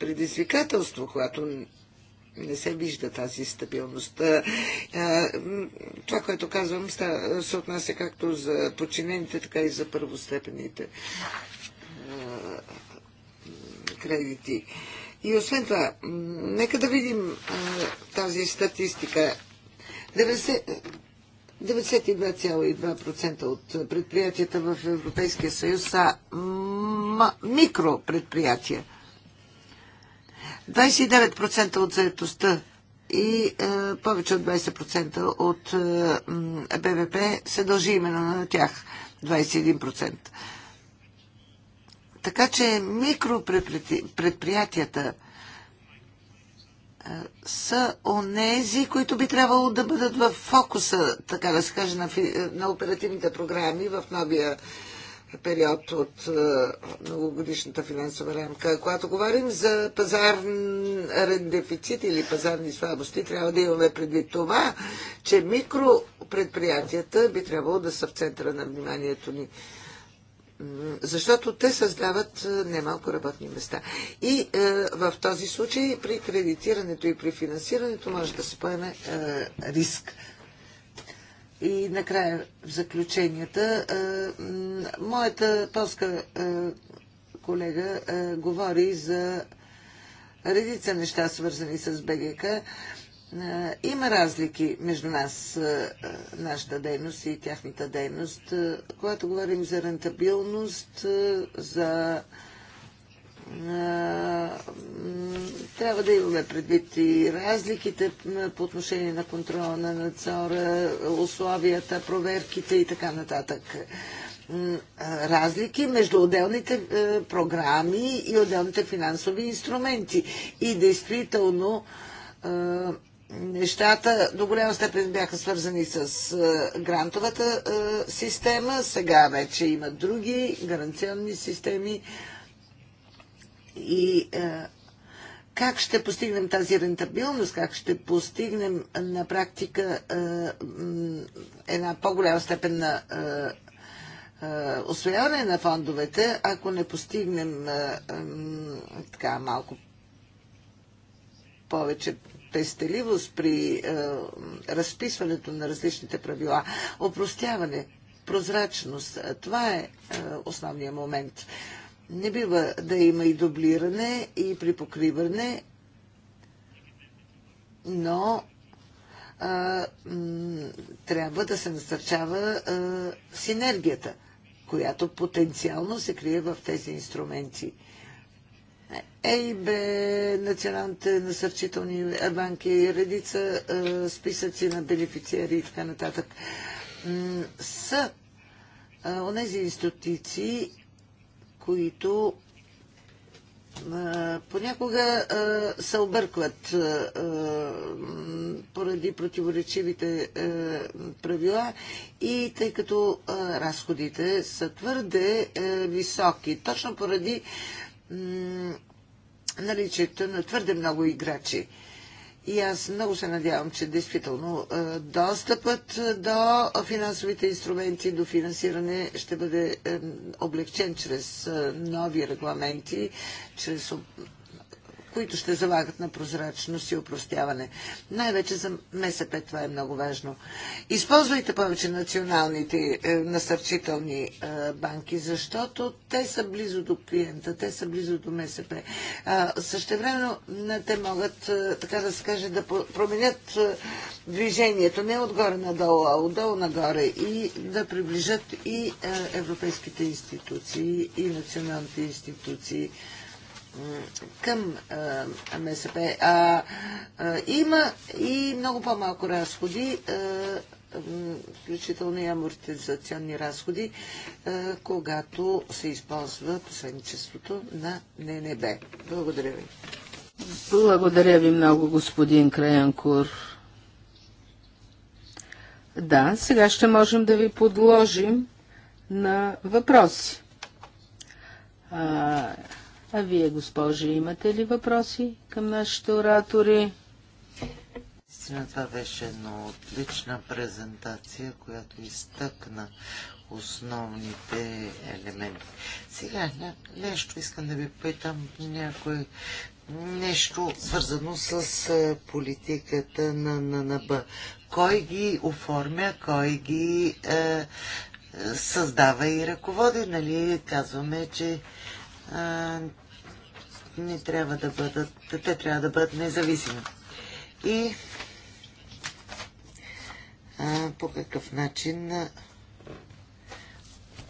предизвикателство, когато не се вижда тази стабилност. Това, което казвам, се отнася както за подчинените, така и за първостепените кредити. И освен това, нека да видим тази статистика. 92,2% от предприятията в Европейския съюз са микропредприятия. 29% от заетостта и е, повече от 20% от е, БВП се дължи именно на тях. 21%. Така че микропредприятията е, са онези, които би трябвало да бъдат в фокуса, така да се каже, на, на оперативните програми в новия период от е, многогодишната финансова рамка. Когато говорим за пазарен дефицит или пазарни слабости, трябва да имаме предвид това, че микропредприятията би трябвало да са в центъра на вниманието ни. Защото те създават е, немалко работни места. И е, в този случай при кредитирането и при финансирането може да се поеме е, риск и накрая в заключенията, моята полска колега говори за редица неща, свързани с БГК. Има разлики между нас, нашата дейност и тяхната дейност. Когато говорим за рентабилност, за трябва да имаме предвид и разликите по отношение на контрола на надзора, условията, проверките и така нататък. Разлики между отделните програми и отделните финансови инструменти. И действително нещата до голяма степен бяха свързани с грантовата система. Сега вече има други гаранционни системи и е, как ще постигнем тази рентабилност, как ще постигнем на практика е, една по-голяма степен на освояване е, на фондовете, ако не постигнем така малко повече пестеливост при разписването на различните правила, опростяване, прозрачност. Това е основният момент. Не бива да има и дублиране, и припокриване, но а, трябва да се насърчава а, синергията, която потенциално се крие в тези инструменти. ЕИБ, националните насърчителни банки, редица а, списъци на бенефициери и така нататък са онези институции, които понякога се объркват поради противоречивите правила и тъй като разходите са твърде високи, точно поради наличието на твърде много играчи. И аз много се надявам, че действително е, достъпът е, до финансовите инструменти, до финансиране ще бъде е, облегчен чрез нови регламенти, чрез които ще залагат на прозрачност и упростяване. Най-вече за МСП това е много важно. Използвайте повече националните е, насърчителни е, банки, защото те са близо до клиента, те са близо до МСП. А, същевременно те могат, е, така да се каже, да променят е, движението не отгоре надолу, а отдолу нагоре и да приближат и е, европейските институции, и националните институции към а, МСП. А, а, има и много по-малко разходи, а, включително и амортизационни разходи, а, когато се използва посредничеството на ННБ. Благодаря ви. Благодаря ви много, господин Краянкур. Да, сега ще можем да ви подложим на въпроси. А, а вие, госпожи, имате ли въпроси към нашите оратори? Истина, това беше една отлична презентация, която изтъкна основните елементи. Сега нещо искам да ви питам, някой нещо свързано с политиката на ННБ. Кой ги оформя, кой ги е, създава и ръководи, нали? Казваме, че не трябва да бъдат, те трябва да бъдат независими. И а, по какъв начин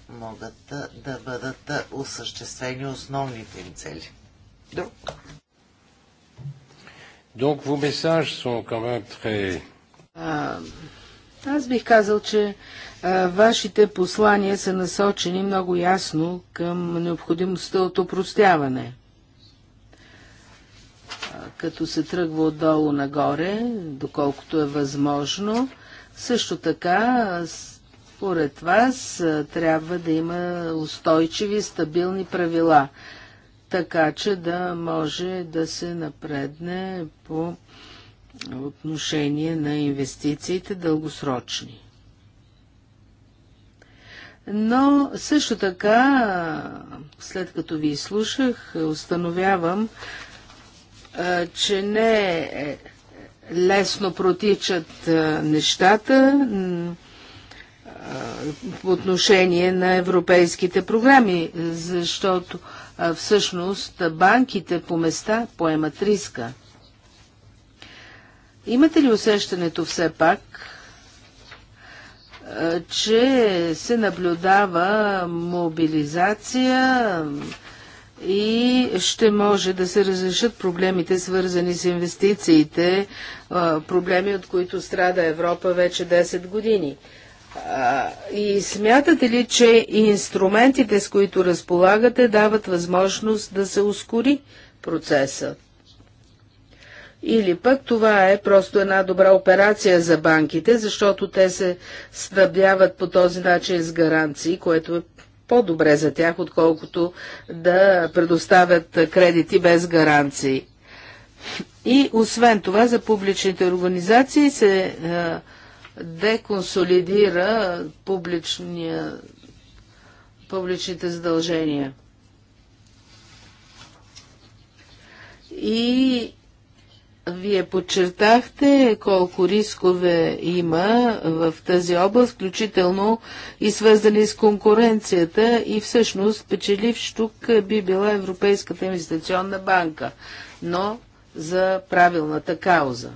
могат да бъдат осъществени основните им цели. Друг. Donc vos messages sont quand même très... Euh... Аз бих казал, че а, вашите послания са насочени много ясно към необходимостта от опростяване. А, като се тръгва отдолу нагоре, доколкото е възможно, също така, според вас, трябва да има устойчиви, стабилни правила, така че да може да се напредне по отношение на инвестициите дългосрочни. Но също така, след като ви изслушах, установявам, че не е лесно протичат нещата по отношение на европейските програми, защото всъщност банките по места поемат риска. Имате ли усещането все пак, че се наблюдава мобилизация и ще може да се разрешат проблемите, свързани с инвестициите, проблеми, от които страда Европа вече 10 години. И смятате ли, че инструментите, с които разполагате, дават възможност да се ускори процесът? Или пък това е просто една добра операция за банките, защото те се снабдяват по този начин с гаранции, което е по-добре за тях, отколкото да предоставят кредити без гаранции. И освен това за публичните организации се е, деконсолидира публичния, публичните задължения. И вие подчертахте колко рискове има в тази област, включително и свързани с конкуренцията и всъщност печеливш тук би била Европейската инвестиционна банка, но за правилната кауза.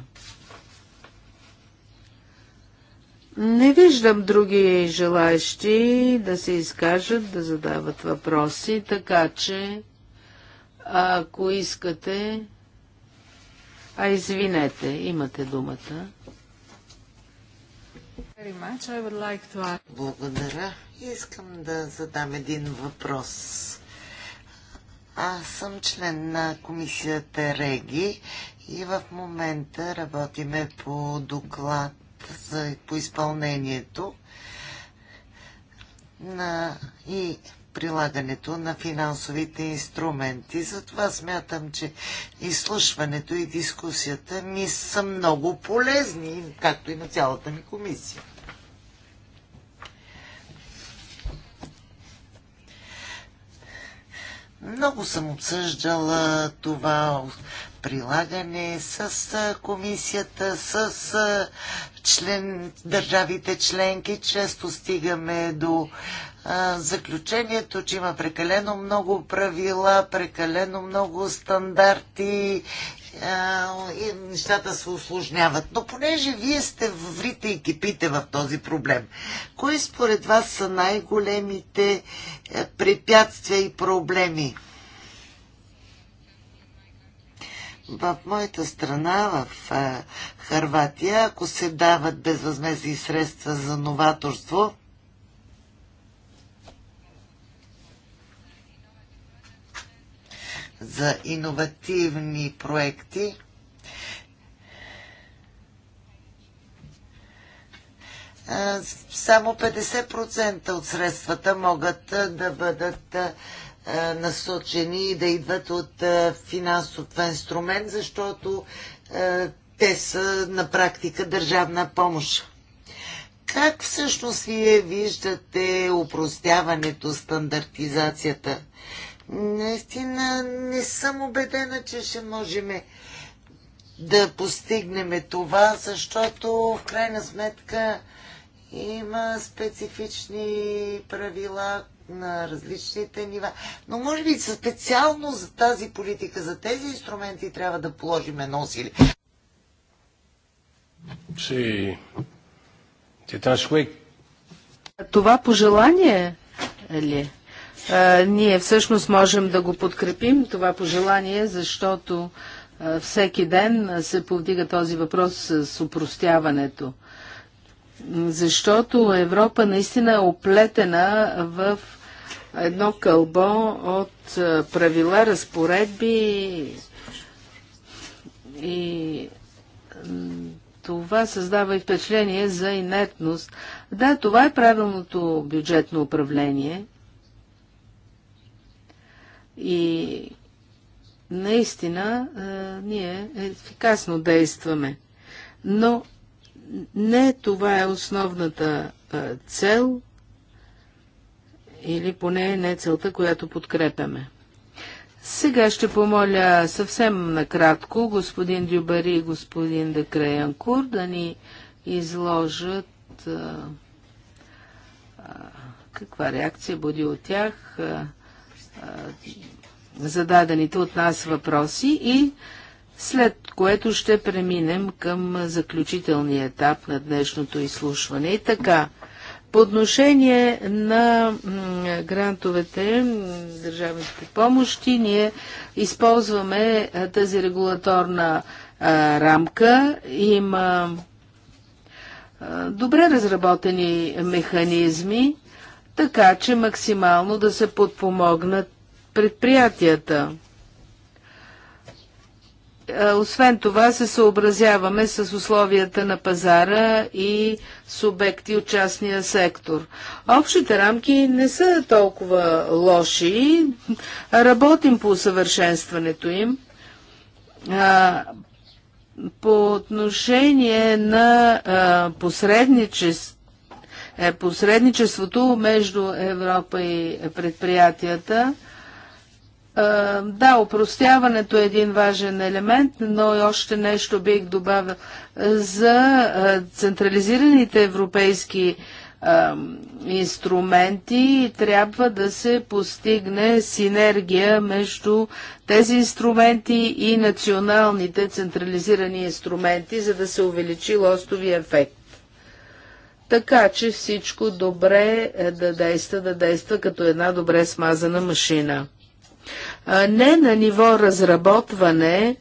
Не виждам други желаящи да се изкажат, да задават въпроси, така че ако искате а извинете, имате думата. Благодаря. Искам да задам един въпрос. Аз съм член на комисията Реги и в момента работиме по доклад за, по изпълнението на и прилагането на финансовите инструменти. Затова смятам, че изслушването и дискусията ми са много полезни, както и на цялата ми комисия. Много съм обсъждала това прилагане с комисията, с член, държавите членки. Често стигаме до заключението, че има прекалено много правила, прекалено много стандарти и нещата се усложняват. Но понеже вие сте врите и кипите в този проблем, кои според вас са най-големите е, препятствия и проблеми? в моята страна, в е, Харватия, ако се дават безвъзмезни средства за новаторство, за иновативни проекти. Само 50% от средствата могат да бъдат насочени и да идват от финансов инструмент, защото те са на практика държавна помощ. Как всъщност вие виждате упростяването, стандартизацията? Наистина не съм убедена, че ще можем да постигнем това, защото в крайна сметка има специфични правила на различните нива. Но може би специално за тази политика, за тези инструменти трябва да положим едно усилие. Това пожелание е ли? ние всъщност можем да го подкрепим това пожелание, защото всеки ден се повдига този въпрос с упростяването. Защото Европа наистина е оплетена в едно кълбо от правила, разпоредби и това създава и впечатление за инертност. Да, това е правилното бюджетно управление – и наистина а, ние ефикасно действаме. Но не това е основната а, цел или поне не целта, която подкрепяме. Сега ще помоля съвсем накратко господин Дюбари и господин Декреянкур да ни изложат а, а, каква реакция буди от тях а, зададените от нас въпроси и след което ще преминем към заключителния етап на днешното изслушване. И така, по отношение на грантовете, държавните помощи, ние използваме тази регулаторна рамка. Има добре разработени механизми, така че максимално да се подпомогнат предприятията. Е, освен това се съобразяваме с условията на пазара и субекти от частния сектор. Общите рамки не са толкова лоши. Работим по усъвършенстването им. По отношение на е, посредничеството между Европа и предприятията, е, да, опростяването е един важен елемент, но и още нещо бих добавил. За е, централизираните европейски е, инструменти трябва да се постигне синергия между тези инструменти и националните централизирани инструменти, за да се увеличи лостовия ефект. Така че всичко добре е да действа, да действа като една добре смазана машина не на ниво разработване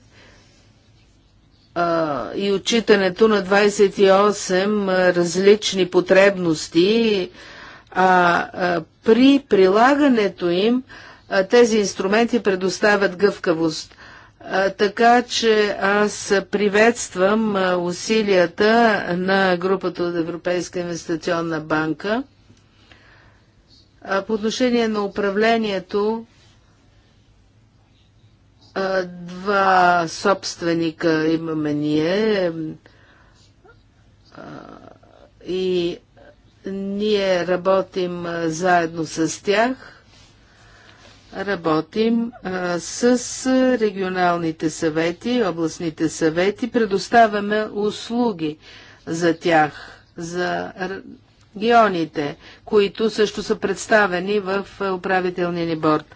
а, и отчитането на 28 различни потребности, а, а при прилагането им а, тези инструменти предоставят гъвкавост. А, така че аз приветствам усилията на групата от Европейска инвестиционна банка. По отношение на управлението, Два собственика имаме ние и ние работим заедно с тях. Работим с регионалните съвети, областните съвети, предоставяме услуги за тях, за регионите, които също са представени в управителния ни борт.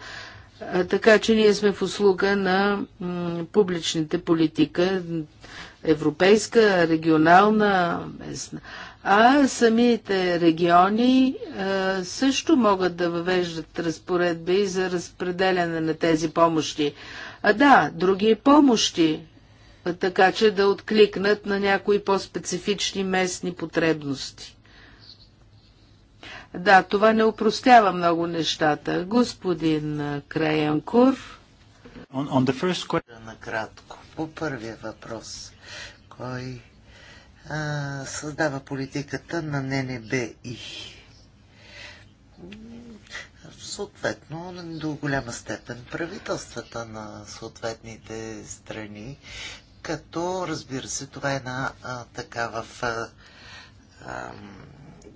Така че ние сме в услуга на публичните политика, европейска, регионална, местна. А самите региони също могат да въвеждат разпоредби за разпределяне на тези помощи. А да, други помощи, така че да откликнат на някои по-специфични местни потребности. Да, това не упростява много нещата. Господин Краянкур. On, on first... Накратко, по първия въпрос, кой а, създава политиката на ННБ и съответно до голяма степен правителствата на съответните страни, като разбира се това е една а, такава в а,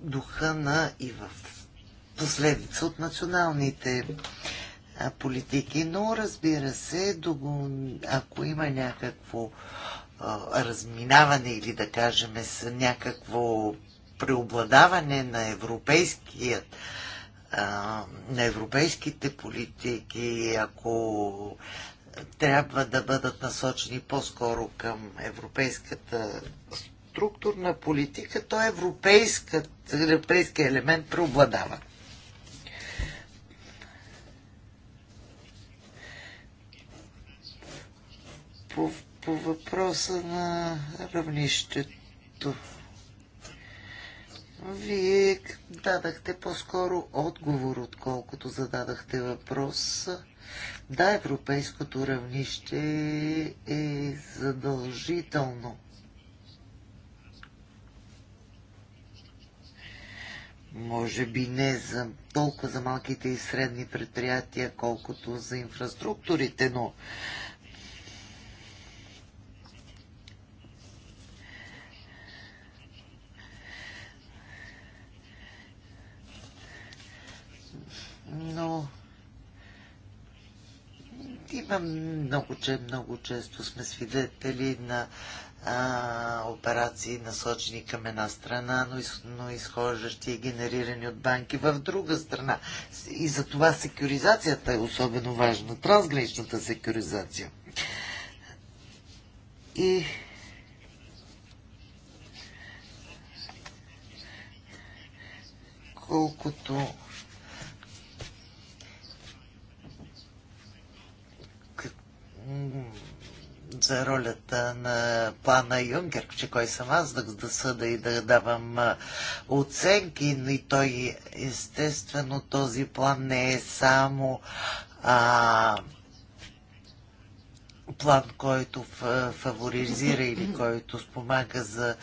духа на и в последица от националните политики, но разбира се, ако има някакво разминаване или да кажем с някакво преобладаване на европейският на европейските политики, ако трябва да бъдат насочени по-скоро към европейската структурна политика, то е европейския елемент преобладава. По, по въпроса на равнището. Вие дадахте по-скоро отговор, отколкото зададахте въпрос. Да, европейското равнище е задължително. може би не за толкова за малките и средни предприятия, колкото за инфраструктурите, но но има много, че много често сме свидетели на а, операции, насочени към една страна, но, из, но изхождащи и генерирани от банки в друга страна. И за това секюризацията е особено важна, трансграничната секюризация. И колкото за ролята на плана Юнгер, че кой съм аз да, да съда и да давам оценки, но и той естествено този план не е само а, план, който фаворизира или който спомага за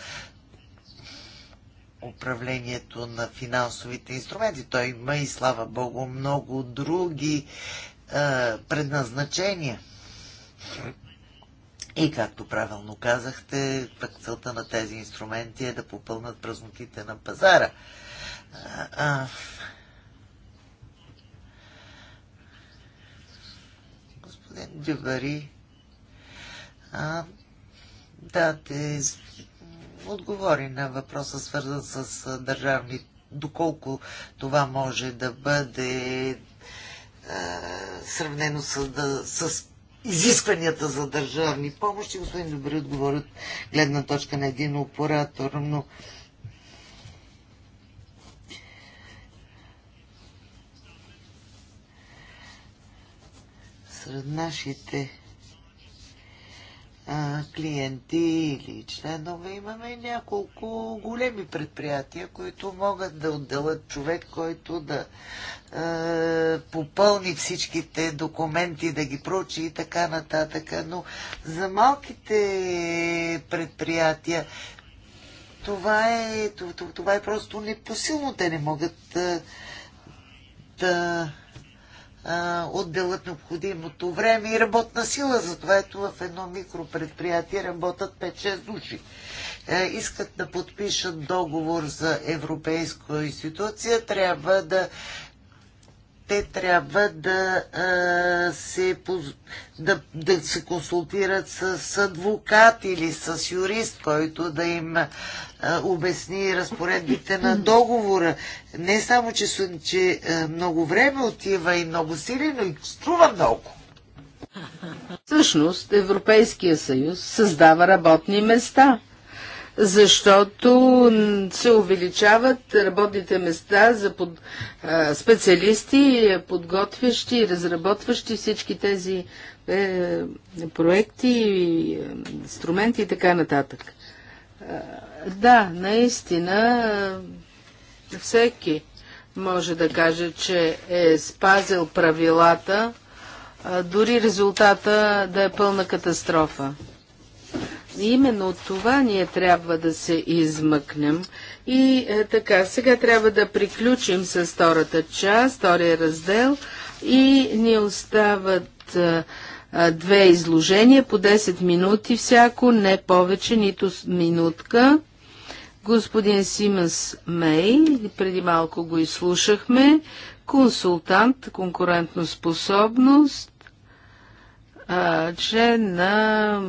управлението на финансовите инструменти. Той има и слава Богу много други предназначения. И както правилно казахте, пък целта на тези инструменти е да попълнат празнотите на пазара. А, а... Господин Дюбари, а, да, те отговори на въпроса, свързан с държавни, доколко това може да бъде сравнено с, да, с изискванията за държавни помощи. Господин Добри отговори от гледна точка на един оператор, но сред нашите а, клиенти или членове, имаме няколко големи предприятия, които могат да отделят човек, който да а, попълни всичките документи, да ги прочи и така нататък. Но за малките предприятия това е, това е просто непосилно. Те не могат да отделят необходимото време и работна сила. Затова ето в едно микропредприятие работят 5-6 души. Е, искат да подпишат договор за Европейска институция, трябва да те трябва да, се, да, да се консултират с адвокат или с юрист, който да им обясни разпоредбите на договора. Не само, че, че много време отива и много сили, но и струва много. Всъщност Европейския съюз създава работни места защото се увеличават работните места за под, а, специалисти, подготвящи и разработващи всички тези е, проекти, инструменти и така нататък. А, да, наистина всеки може да каже, че е спазил правилата, а, дори резултата да е пълна катастрофа. Именно от това ние трябва да се измъкнем. И е, така, сега трябва да приключим с втората част, втория раздел и ни остават е, е две изложения по 10 минути всяко, не повече, нито минутка. Господин Симас Мей, преди малко го изслушахме, консултант, конкурентно способност, член на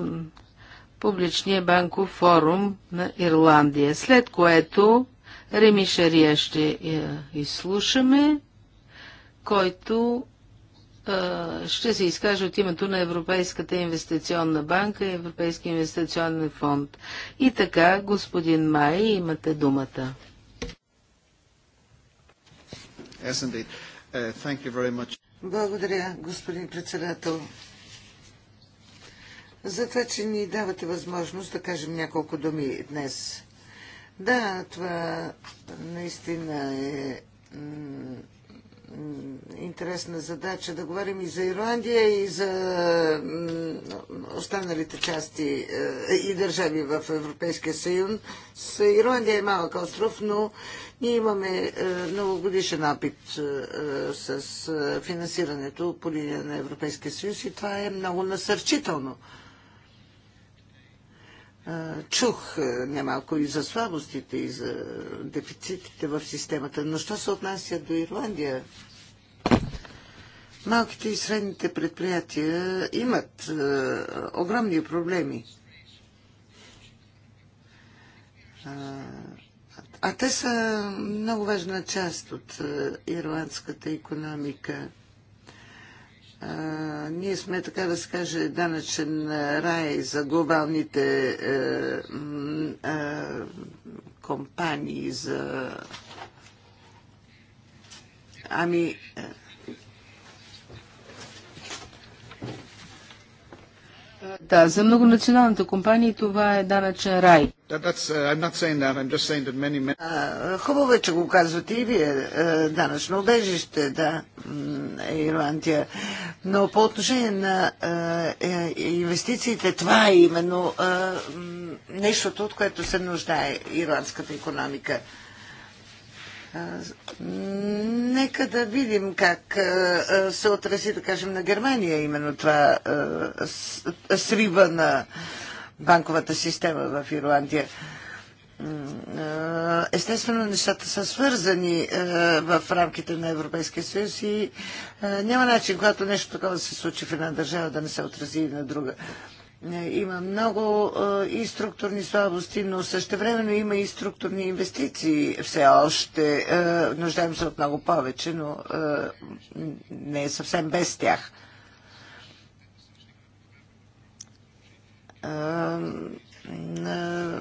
публичния банков форум на Ирландия, след което Реми Шария ще я е, изслушаме, който е, ще се изкаже от името на Европейската инвестиционна банка и Европейски инвестиционен фонд. И така, господин Май, имате думата. Yes, uh, Благодаря, господин председател за това, че ни давате възможност да кажем няколко думи днес. Да, това наистина е интересна задача да говорим и за Ирландия, и за останалите части е, и държави в Европейския съюз. С Ирландия е малък остров, но ние имаме е, многогодишен опит е, с финансирането по линия на Европейския съюз и това е много насърчително чух е, немалко и за слабостите, и за дефицитите в системата. Но що се отнася до Ирландия? Малките и средните предприятия имат е, огромни проблеми. А, а те са много важна част от е, ирландската економика ние сме, така да се каже, данъчен рай за глобалните е, е, компании, за... Ами... Е, Да, за многонационалните компании това е данъчен рай. Uh, хубаво е, че го казвате и вие. Е, данъчно убежище, да, е Ирландия. Но по отношение на е, е, инвестициите, това е именно е, нещото, от което се нуждае ирландската економика. Нека да видим как се отрази, да кажем, на Германия именно това срива на банковата система в Ирландия. Естествено, нещата са свързани в рамките на Европейския съюз и няма начин, когато нещо такова се случи в една държава, да не се отрази и на друга. Е, има много и структурни слабости, но същевременно има и структурни инвестиции. Все още нуждаем се от много повече, но не е съвсем без тях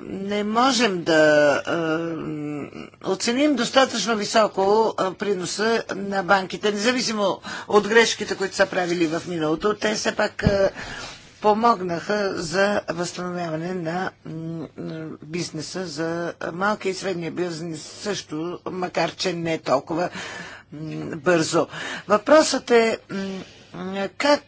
не можем да оценим достатъчно високо приноса на банките, независимо от грешките, които са правили в миналото. Те все пак помогнаха за възстановяване на бизнеса, за малки и средния бизнес също, макар че не толкова бързо. Въпросът е как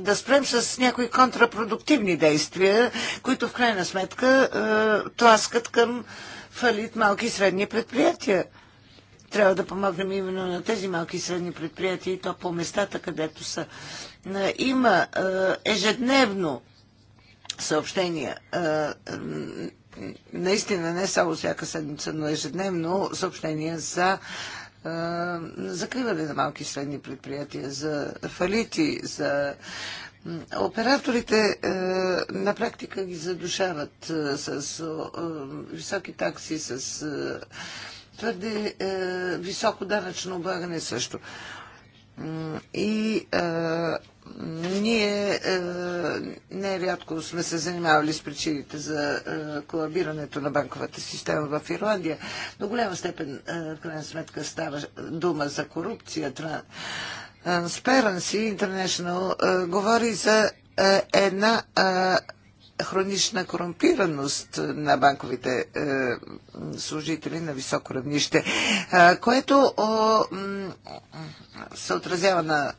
да спрем с някои контрапродуктивни действия, които в крайна сметка тласкат към фалит малки и средни предприятия? Трябва да помогнем именно на тези малки и средни предприятия и то по местата, където са. Има ежедневно съобщения наистина не само всяка седмица, но ежедневно съобщения за закриване на малки и средни предприятия, за фалити, за Операторите на практика ги задушават с високи такси, с твърде високо данъчно облагане също. И ние нерядко сме се занимавали с причините за колабирането на банковата система в Ирландия. До голяма степен, в крайна сметка, става дума за корупция. Transparency International говори за една хронична корумпираност на банковите е, служители на високо равнище, е, което о, се отразява на е,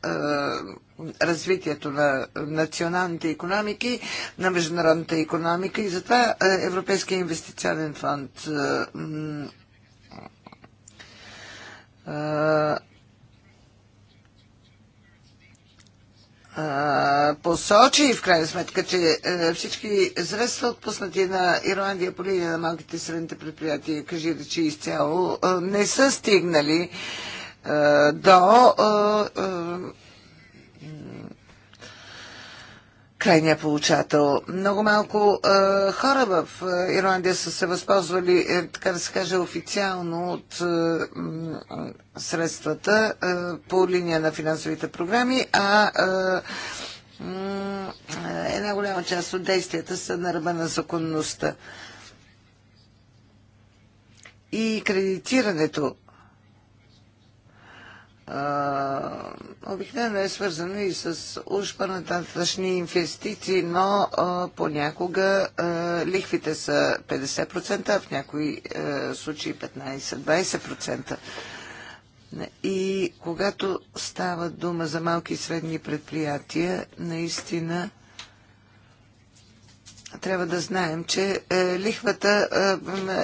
развитието на националните економики, на международната економика и затова е, Европейския инвестиционен фонд е, е посочи в крайна сметка, че е, всички средства отпуснати на Ирландия по линия на малките и средните предприятия, кажи да че изцяло, е, не са стигнали е, до крайния получател. Много малко е, хора в Ирландия са се възползвали, е, така да се каже, официално от е, средствата е, по линия на финансовите програми, а е, е, една голяма част от действията са на ръба на законността. И кредитирането обикновено е свързано и с уж по-нататъчни инвестиции, но а, понякога а, лихвите са 50%, а в някои а, случаи 15-20%. И когато става дума за малки и средни предприятия, наистина трябва да знаем, че е, лихвата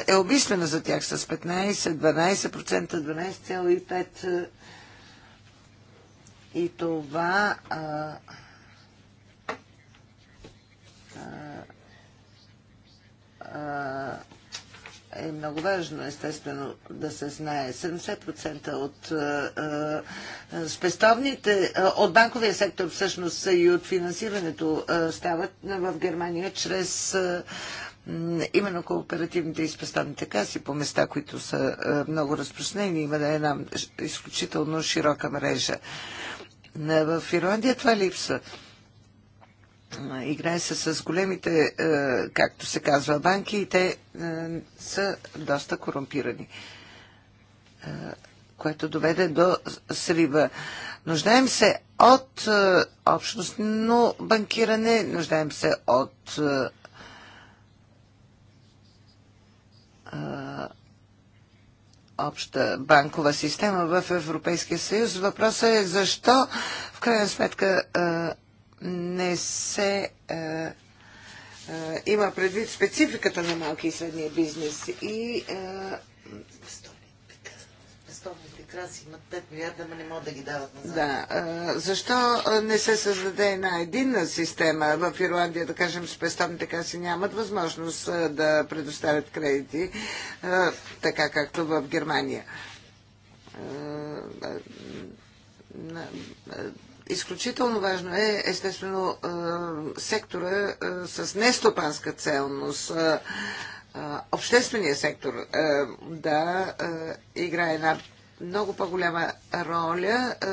е, е обислена за тях с 15, 12%, 12,5%. И това а, а, е много важно, естествено, да се знае. 70% от а, а, спестовните, а, от банковия сектор всъщност и от финансирането а, стават в Германия чрез а, именно кооперативните и спестовните каси по места, които са а, много разпространени. Има да е една изключително широка мрежа. А, в Ирландия това липсва. Играе се с големите, е, както се казва, банки и те е, са доста корумпирани, е, което доведе до срива. Нуждаем се от общностно банкиране, нуждаем се от обща банкова система в Европейския съюз. Въпросът е защо в крайна сметка не се има предвид спецификата на малки и средния бизнес и трябва да си имат 5 милиарда, но не могат да ги дават назад. Да. Защо не се създаде една единна система в Ирландия, да кажем, с спестовните каси нямат възможност да предоставят кредити, така както в Германия? Изключително важно е, естествено, сектора с нестопанска целност Общественият сектор да играе една много по-голяма роля. Е,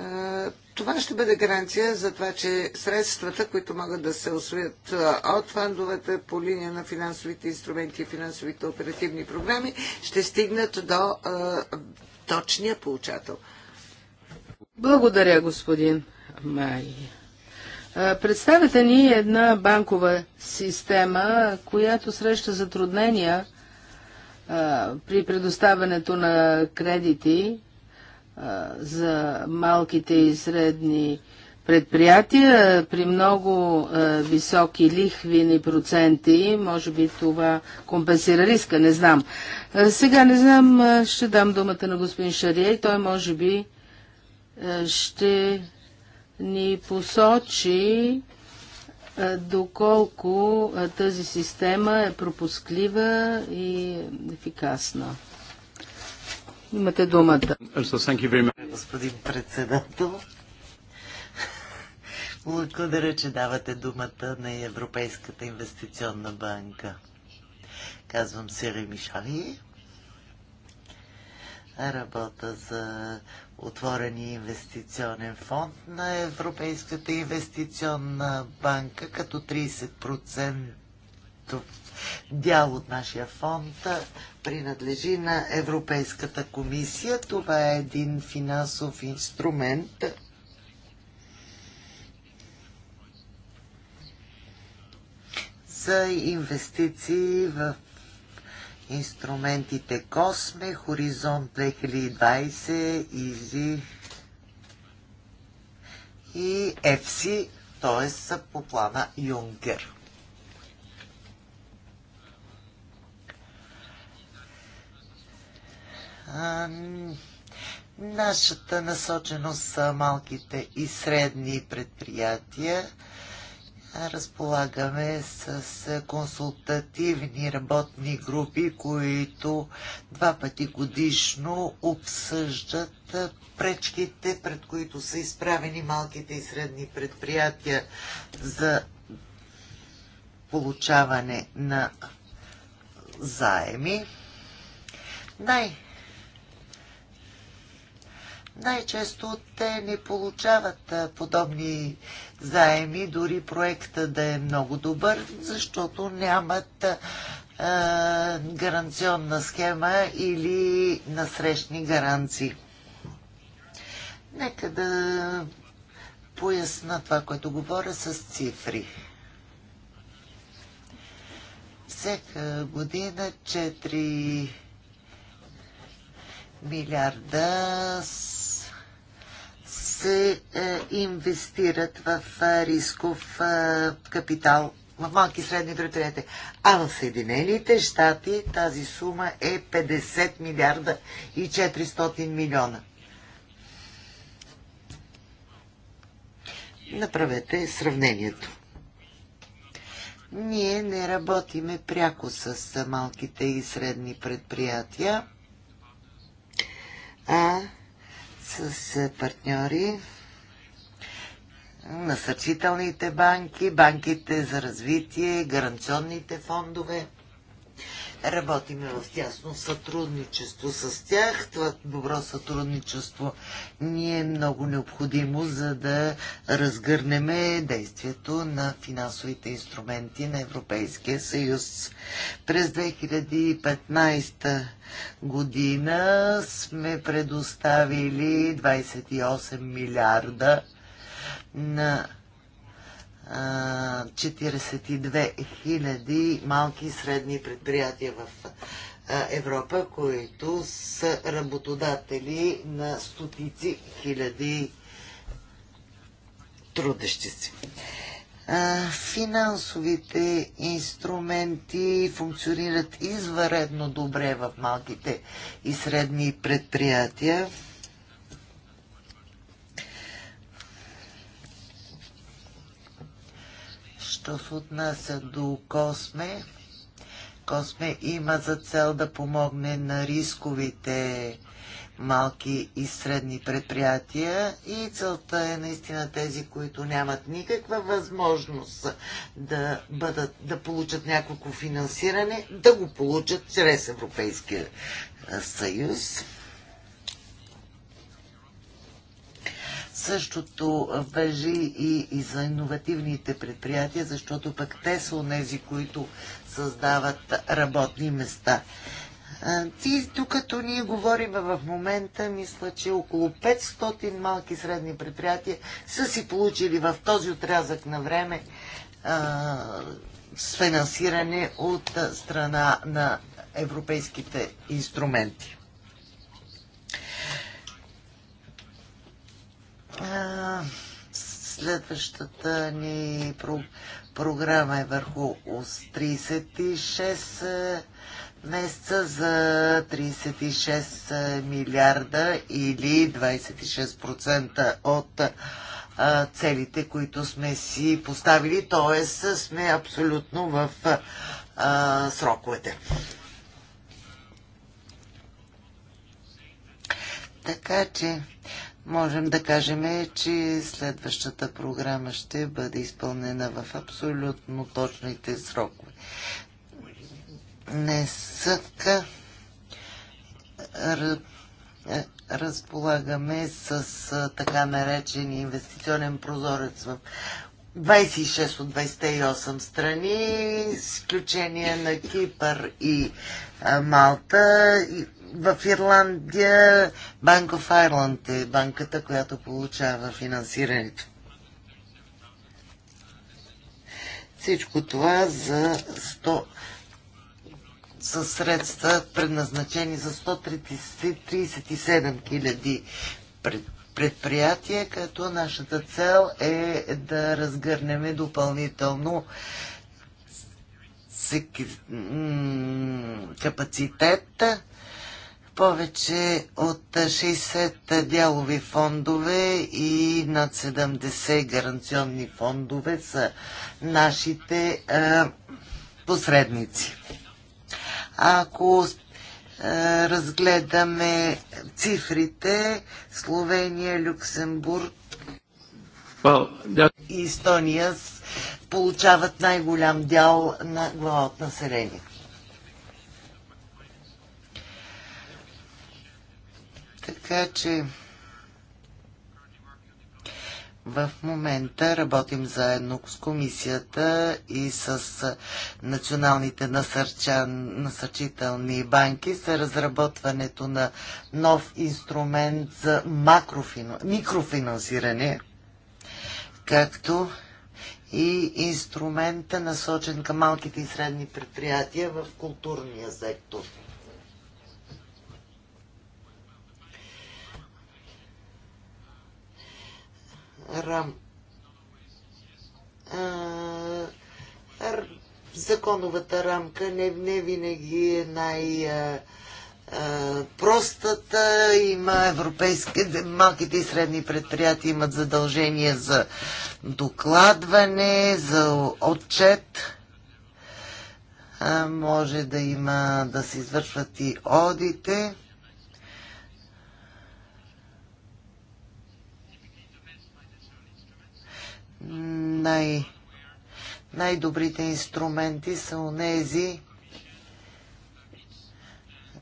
е, това ще бъде гаранция за това, че средствата, които могат да се освоят е, от фандовете по линия на финансовите инструменти и финансовите оперативни програми, ще стигнат до точния получател. Благодаря, господин Май. Представете ни една банкова система, която среща затруднения при предоставянето на кредити за малките и средни предприятия при много високи лихвини проценти, може би това компенсира риска, не знам. Сега не знам, ще дам думата на господин Шария и той може би ще ни посочи доколко тази система е пропусклива и ефикасна. Имате думата. Господин председател, благодаря, че давате думата на Европейската инвестиционна банка. Казвам се Реми Шави работа за отворени инвестиционен фонд на Европейската инвестиционна банка, като 30% дял от нашия фонд принадлежи на Европейската комисия. Това е един финансов инструмент, за инвестиции в инструментите Косме, Хоризонт 2020, Изи и ЕФСИ, т.е. са по плана Юнгер. нашата насоченост са малките и средни предприятия разполагаме с консултативни работни групи, които два пъти годишно обсъждат пречките, пред които са изправени малките и средни предприятия за получаване на заеми. Най- най-често те не получават подобни заеми, дори проекта да е много добър, защото нямат гаранционна схема или насрещни гаранции. Нека да поясна това, което говоря с цифри. Всека година 4 милиарда с се е, инвестират в е, рисков е, капитал в малки и средни предприятия. А в Съединените щати тази сума е 50 милиарда и 400 милиона. Направете сравнението. Ние не работиме пряко с малките и средни предприятия, а с е, партньори, насърчителните банки, банките за развитие, гаранционните фондове. Работиме в тясно сътрудничество с тях. Това добро сътрудничество ни е много необходимо, за да разгърнеме действието на финансовите инструменти на Европейския съюз. През 2015 година сме предоставили 28 милиарда на 42 000 малки и средни предприятия в Европа, които са работодатели на стотици хиляди трудещи се. Финансовите инструменти функционират изваредно добре в малките и средни предприятия. Що се отнася до Косме, Косме има за цел да помогне на рисковите малки и средни предприятия и целта е наистина тези, които нямат никаква възможност да, бъдат, да получат някакво финансиране, да го получат чрез Европейския съюз. Същото въжи и, и за иновативните предприятия, защото пък те са онези, които създават работни места. Ти, докато ние говорим в момента, мисля, че около 500 малки и средни предприятия са си получили в този отрязък на време а, с финансиране от страна на европейските инструменти. Следващата ни про програма е върху 36 месеца за 36 милиарда или 26% от целите, които сме си поставили, т.е. сме абсолютно в а, сроковете. Така че можем да кажем, че следващата програма ще бъде изпълнена в абсолютно точните срокове. Не съка е, разполагаме с е, така наречен инвестиционен прозорец в 26 от 28 страни, с изключение на Кипър и е, Малта в Ирландия Bank of Ireland е банката, която получава финансирането. Всичко това за 100 със средства, предназначени за 137 хиляди предприятия, като нашата цел е да разгърнеме допълнително капацитета повече от 60 дялови фондове и над 70 гаранционни фондове са нашите а, е, посредници. Ако а, е, разгледаме цифрите, Словения, Люксембург и Естония получават най-голям дял на глава от населението. Така че в момента работим заедно с комисията и с националните насърча... насърчителни банки за разработването на нов инструмент за макрофин... микрофинансиране, както и инструмента насочен към малките и средни предприятия в културния сектор. рам... А, законовата рамка не, не винаги е най- простата, има европейски, малките и средни предприятия имат задължения за докладване, за отчет. може да има, да се извършват и одите. най- най-добрите инструменти са онези,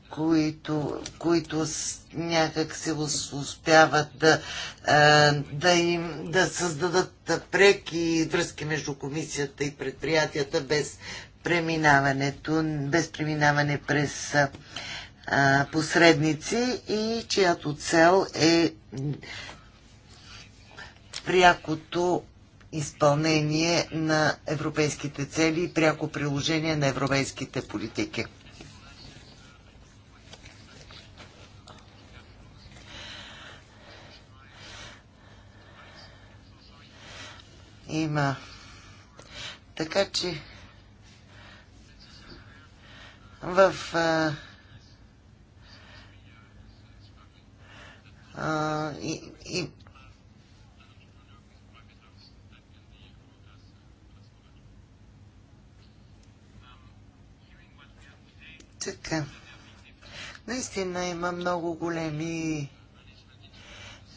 които, които някак се успяват да, да, им, да създадат преки връзки между комисията и предприятията без преминаването, без преминаване през а, посредници и чиято цел е прякото изпълнение на европейските цели и пряко приложение на европейските политики. Има. Така че в а, а, и, и Така. Наистина има много големи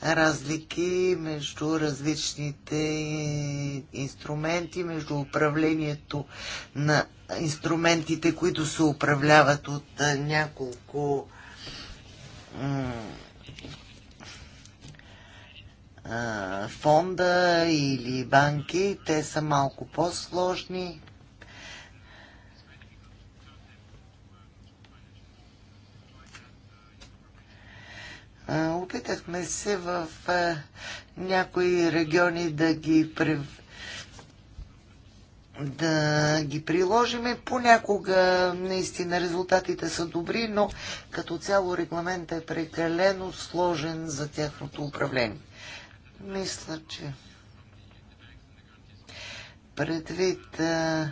разлики между различните инструменти, между управлението на инструментите, които се управляват от няколко фонда или банки. Те са малко по-сложни. Опитахме се в някои региони да ги превърнем да ги приложиме. Понякога наистина резултатите са добри, но като цяло регламент е прекалено сложен за тяхното управление. Мисля, че предвид а,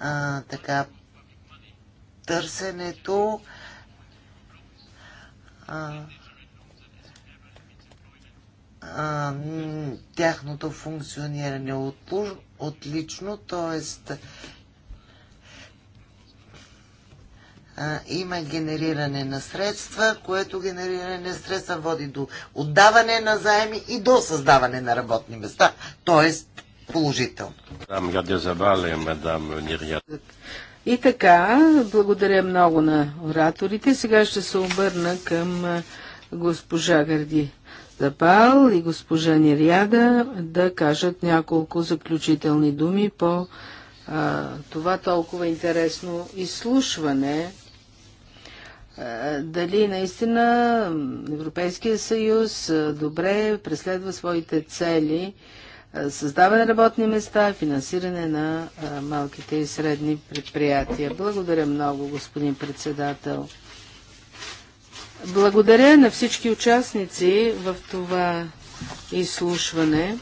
а, така търсенето, а, а, тяхното функциониране от, отлично, т.е. има генериране на средства, което генериране на средства води до отдаване на заеми и до създаване на работни места, т.е. положително. И така, благодаря много на ораторите. Сега ще се обърна към госпожа Гарди Запал и госпожа Ниряда да кажат няколко заключителни думи по а, това толкова интересно изслушване. А, дали наистина Европейския съюз добре преследва своите цели е, създаване работни места и финансиране на е, малките и средни предприятия. Благодаря много, господин председател. Благодаря на всички участници в това изслушване.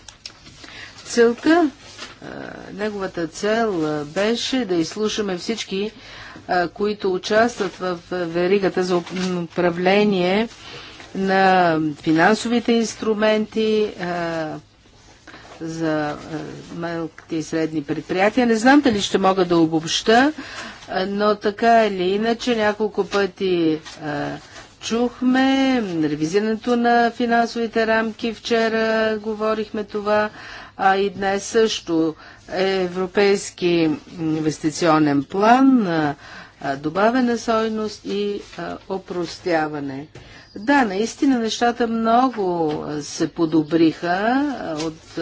Целта, е, неговата цел беше да изслушаме всички, които участват в веригата за управление на финансовите инструменти, за е, малките и средни предприятия. Не знам дали ще мога да обобща, е, но така или иначе няколко пъти е, чухме ревизирането на финансовите рамки. Вчера говорихме това, а и днес също Европейски инвестиционен план, добавена стойност и опростяване. Да, наистина нещата много се подобриха от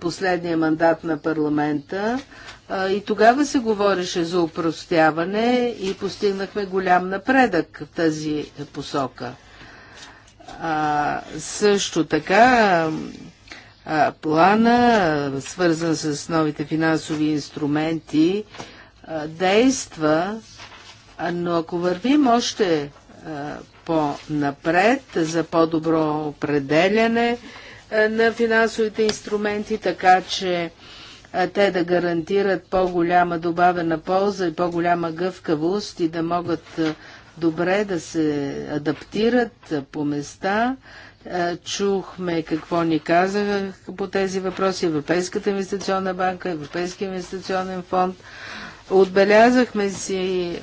последния мандат на парламента. И тогава се говореше за упростяване и постигнахме голям напредък в тази посока. А, също така а, плана, свързан с новите финансови инструменти, а, действа, но ако вървим още по-напред за по-добро определяне, е, на финансовите инструменти, така че е, те да гарантират по-голяма добавена полза и по-голяма гъвкавост и да могат е, добре да се адаптират по места. Чухме какво ни казаха по тези въпроси Европейската инвестиционна банка, Европейския инвестиционен фонд. Отбелязахме си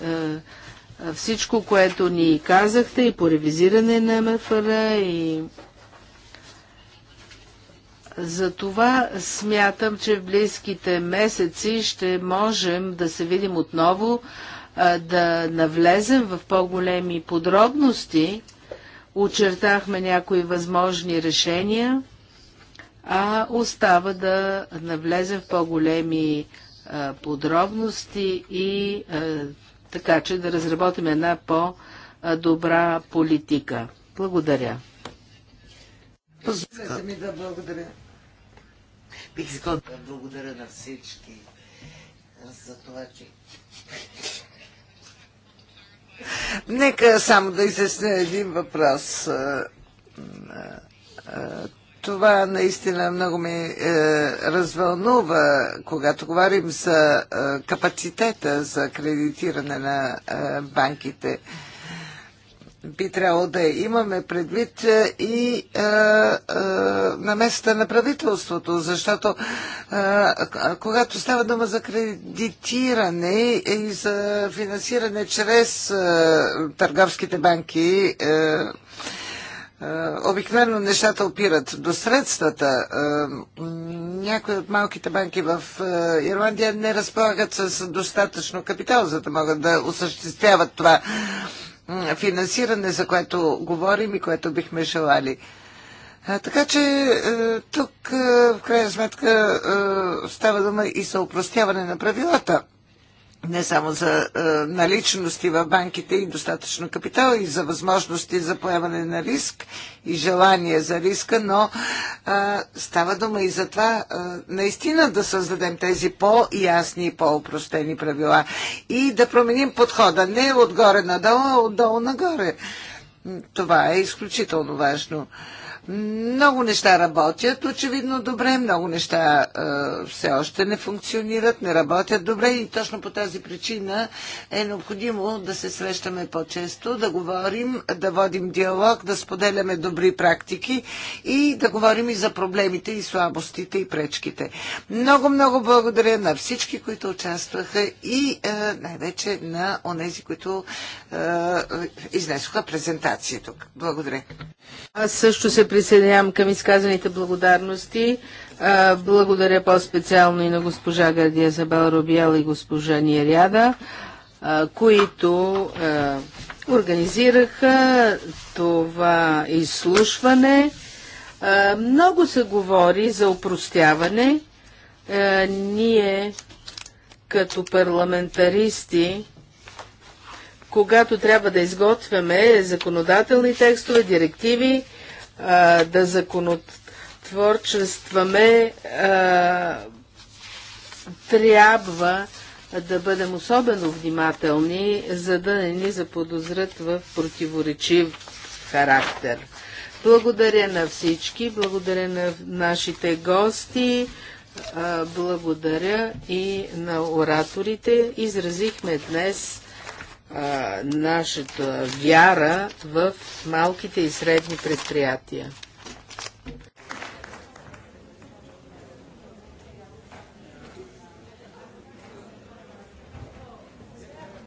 всичко, което ни казахте и по ревизиране на МФР и затова смятам, че в близките месеци ще можем да се видим отново, да навлезем в по-големи подробности. Очертахме някои възможни решения, а остава да навлезем в по-големи подробности и така, че да разработим една по-добра политика. Благодаря. Позволете ми да благодаря Бих искал да благодаря на всички за това, че... Нека само да изясня един въпрос. Това наистина много ме е, развълнува, когато говорим за е, капацитета за кредитиране на е, банките би трябвало да имаме предвид е, и е, е, а, а, места на правителството, защото а, когато става дума за кредитиране и за финансиране чрез а, търговските банки, а, обикновено нещата опират до средствата. някои от малките банки в Ирландия не разполагат с достатъчно капитал, за да могат да осъществяват това финансиране, за което говорим и което бихме желали. Така че е, тук е, в крайна сметка е, става дума и за упростяване на правилата не само за е, наличности в банките и достатъчно капитал, и за възможности за поемане на риск и желание за риска, но е, става дума и за това е, наистина да създадем тези по-ясни и по-упростени правила и да променим подхода не отгоре надолу, а отдолу нагоре. Това е изключително важно. Е, много неща работят, очевидно добре, много неща е, все още не функционират, не работят добре и точно по тази причина е необходимо да се срещаме по-често, да говорим, да водим диалог, да споделяме добри практики и да говорим и за проблемите и слабостите и пречките. Много, много благодаря на всички, които участваха и е, най-вече на онези, които е, изнесоха презентация тук. Благодаря. Аз също се присъединявам към изказаните благодарности. Благодаря по-специално и на госпожа Гардия Забел Робиел и госпожа Ниряда, които организираха това изслушване. Много се говори за упростяване. Ние като парламентаристи когато трябва да изготвяме законодателни текстове, директиви, а, да законотворчестваме, а, трябва да бъдем особено внимателни, за да не ни заподозрят в противоречив характер. Благодаря на всички, благодаря на нашите гости, благодаря и на ораторите. Изразихме днес нашата вяра в малките и средни предприятия.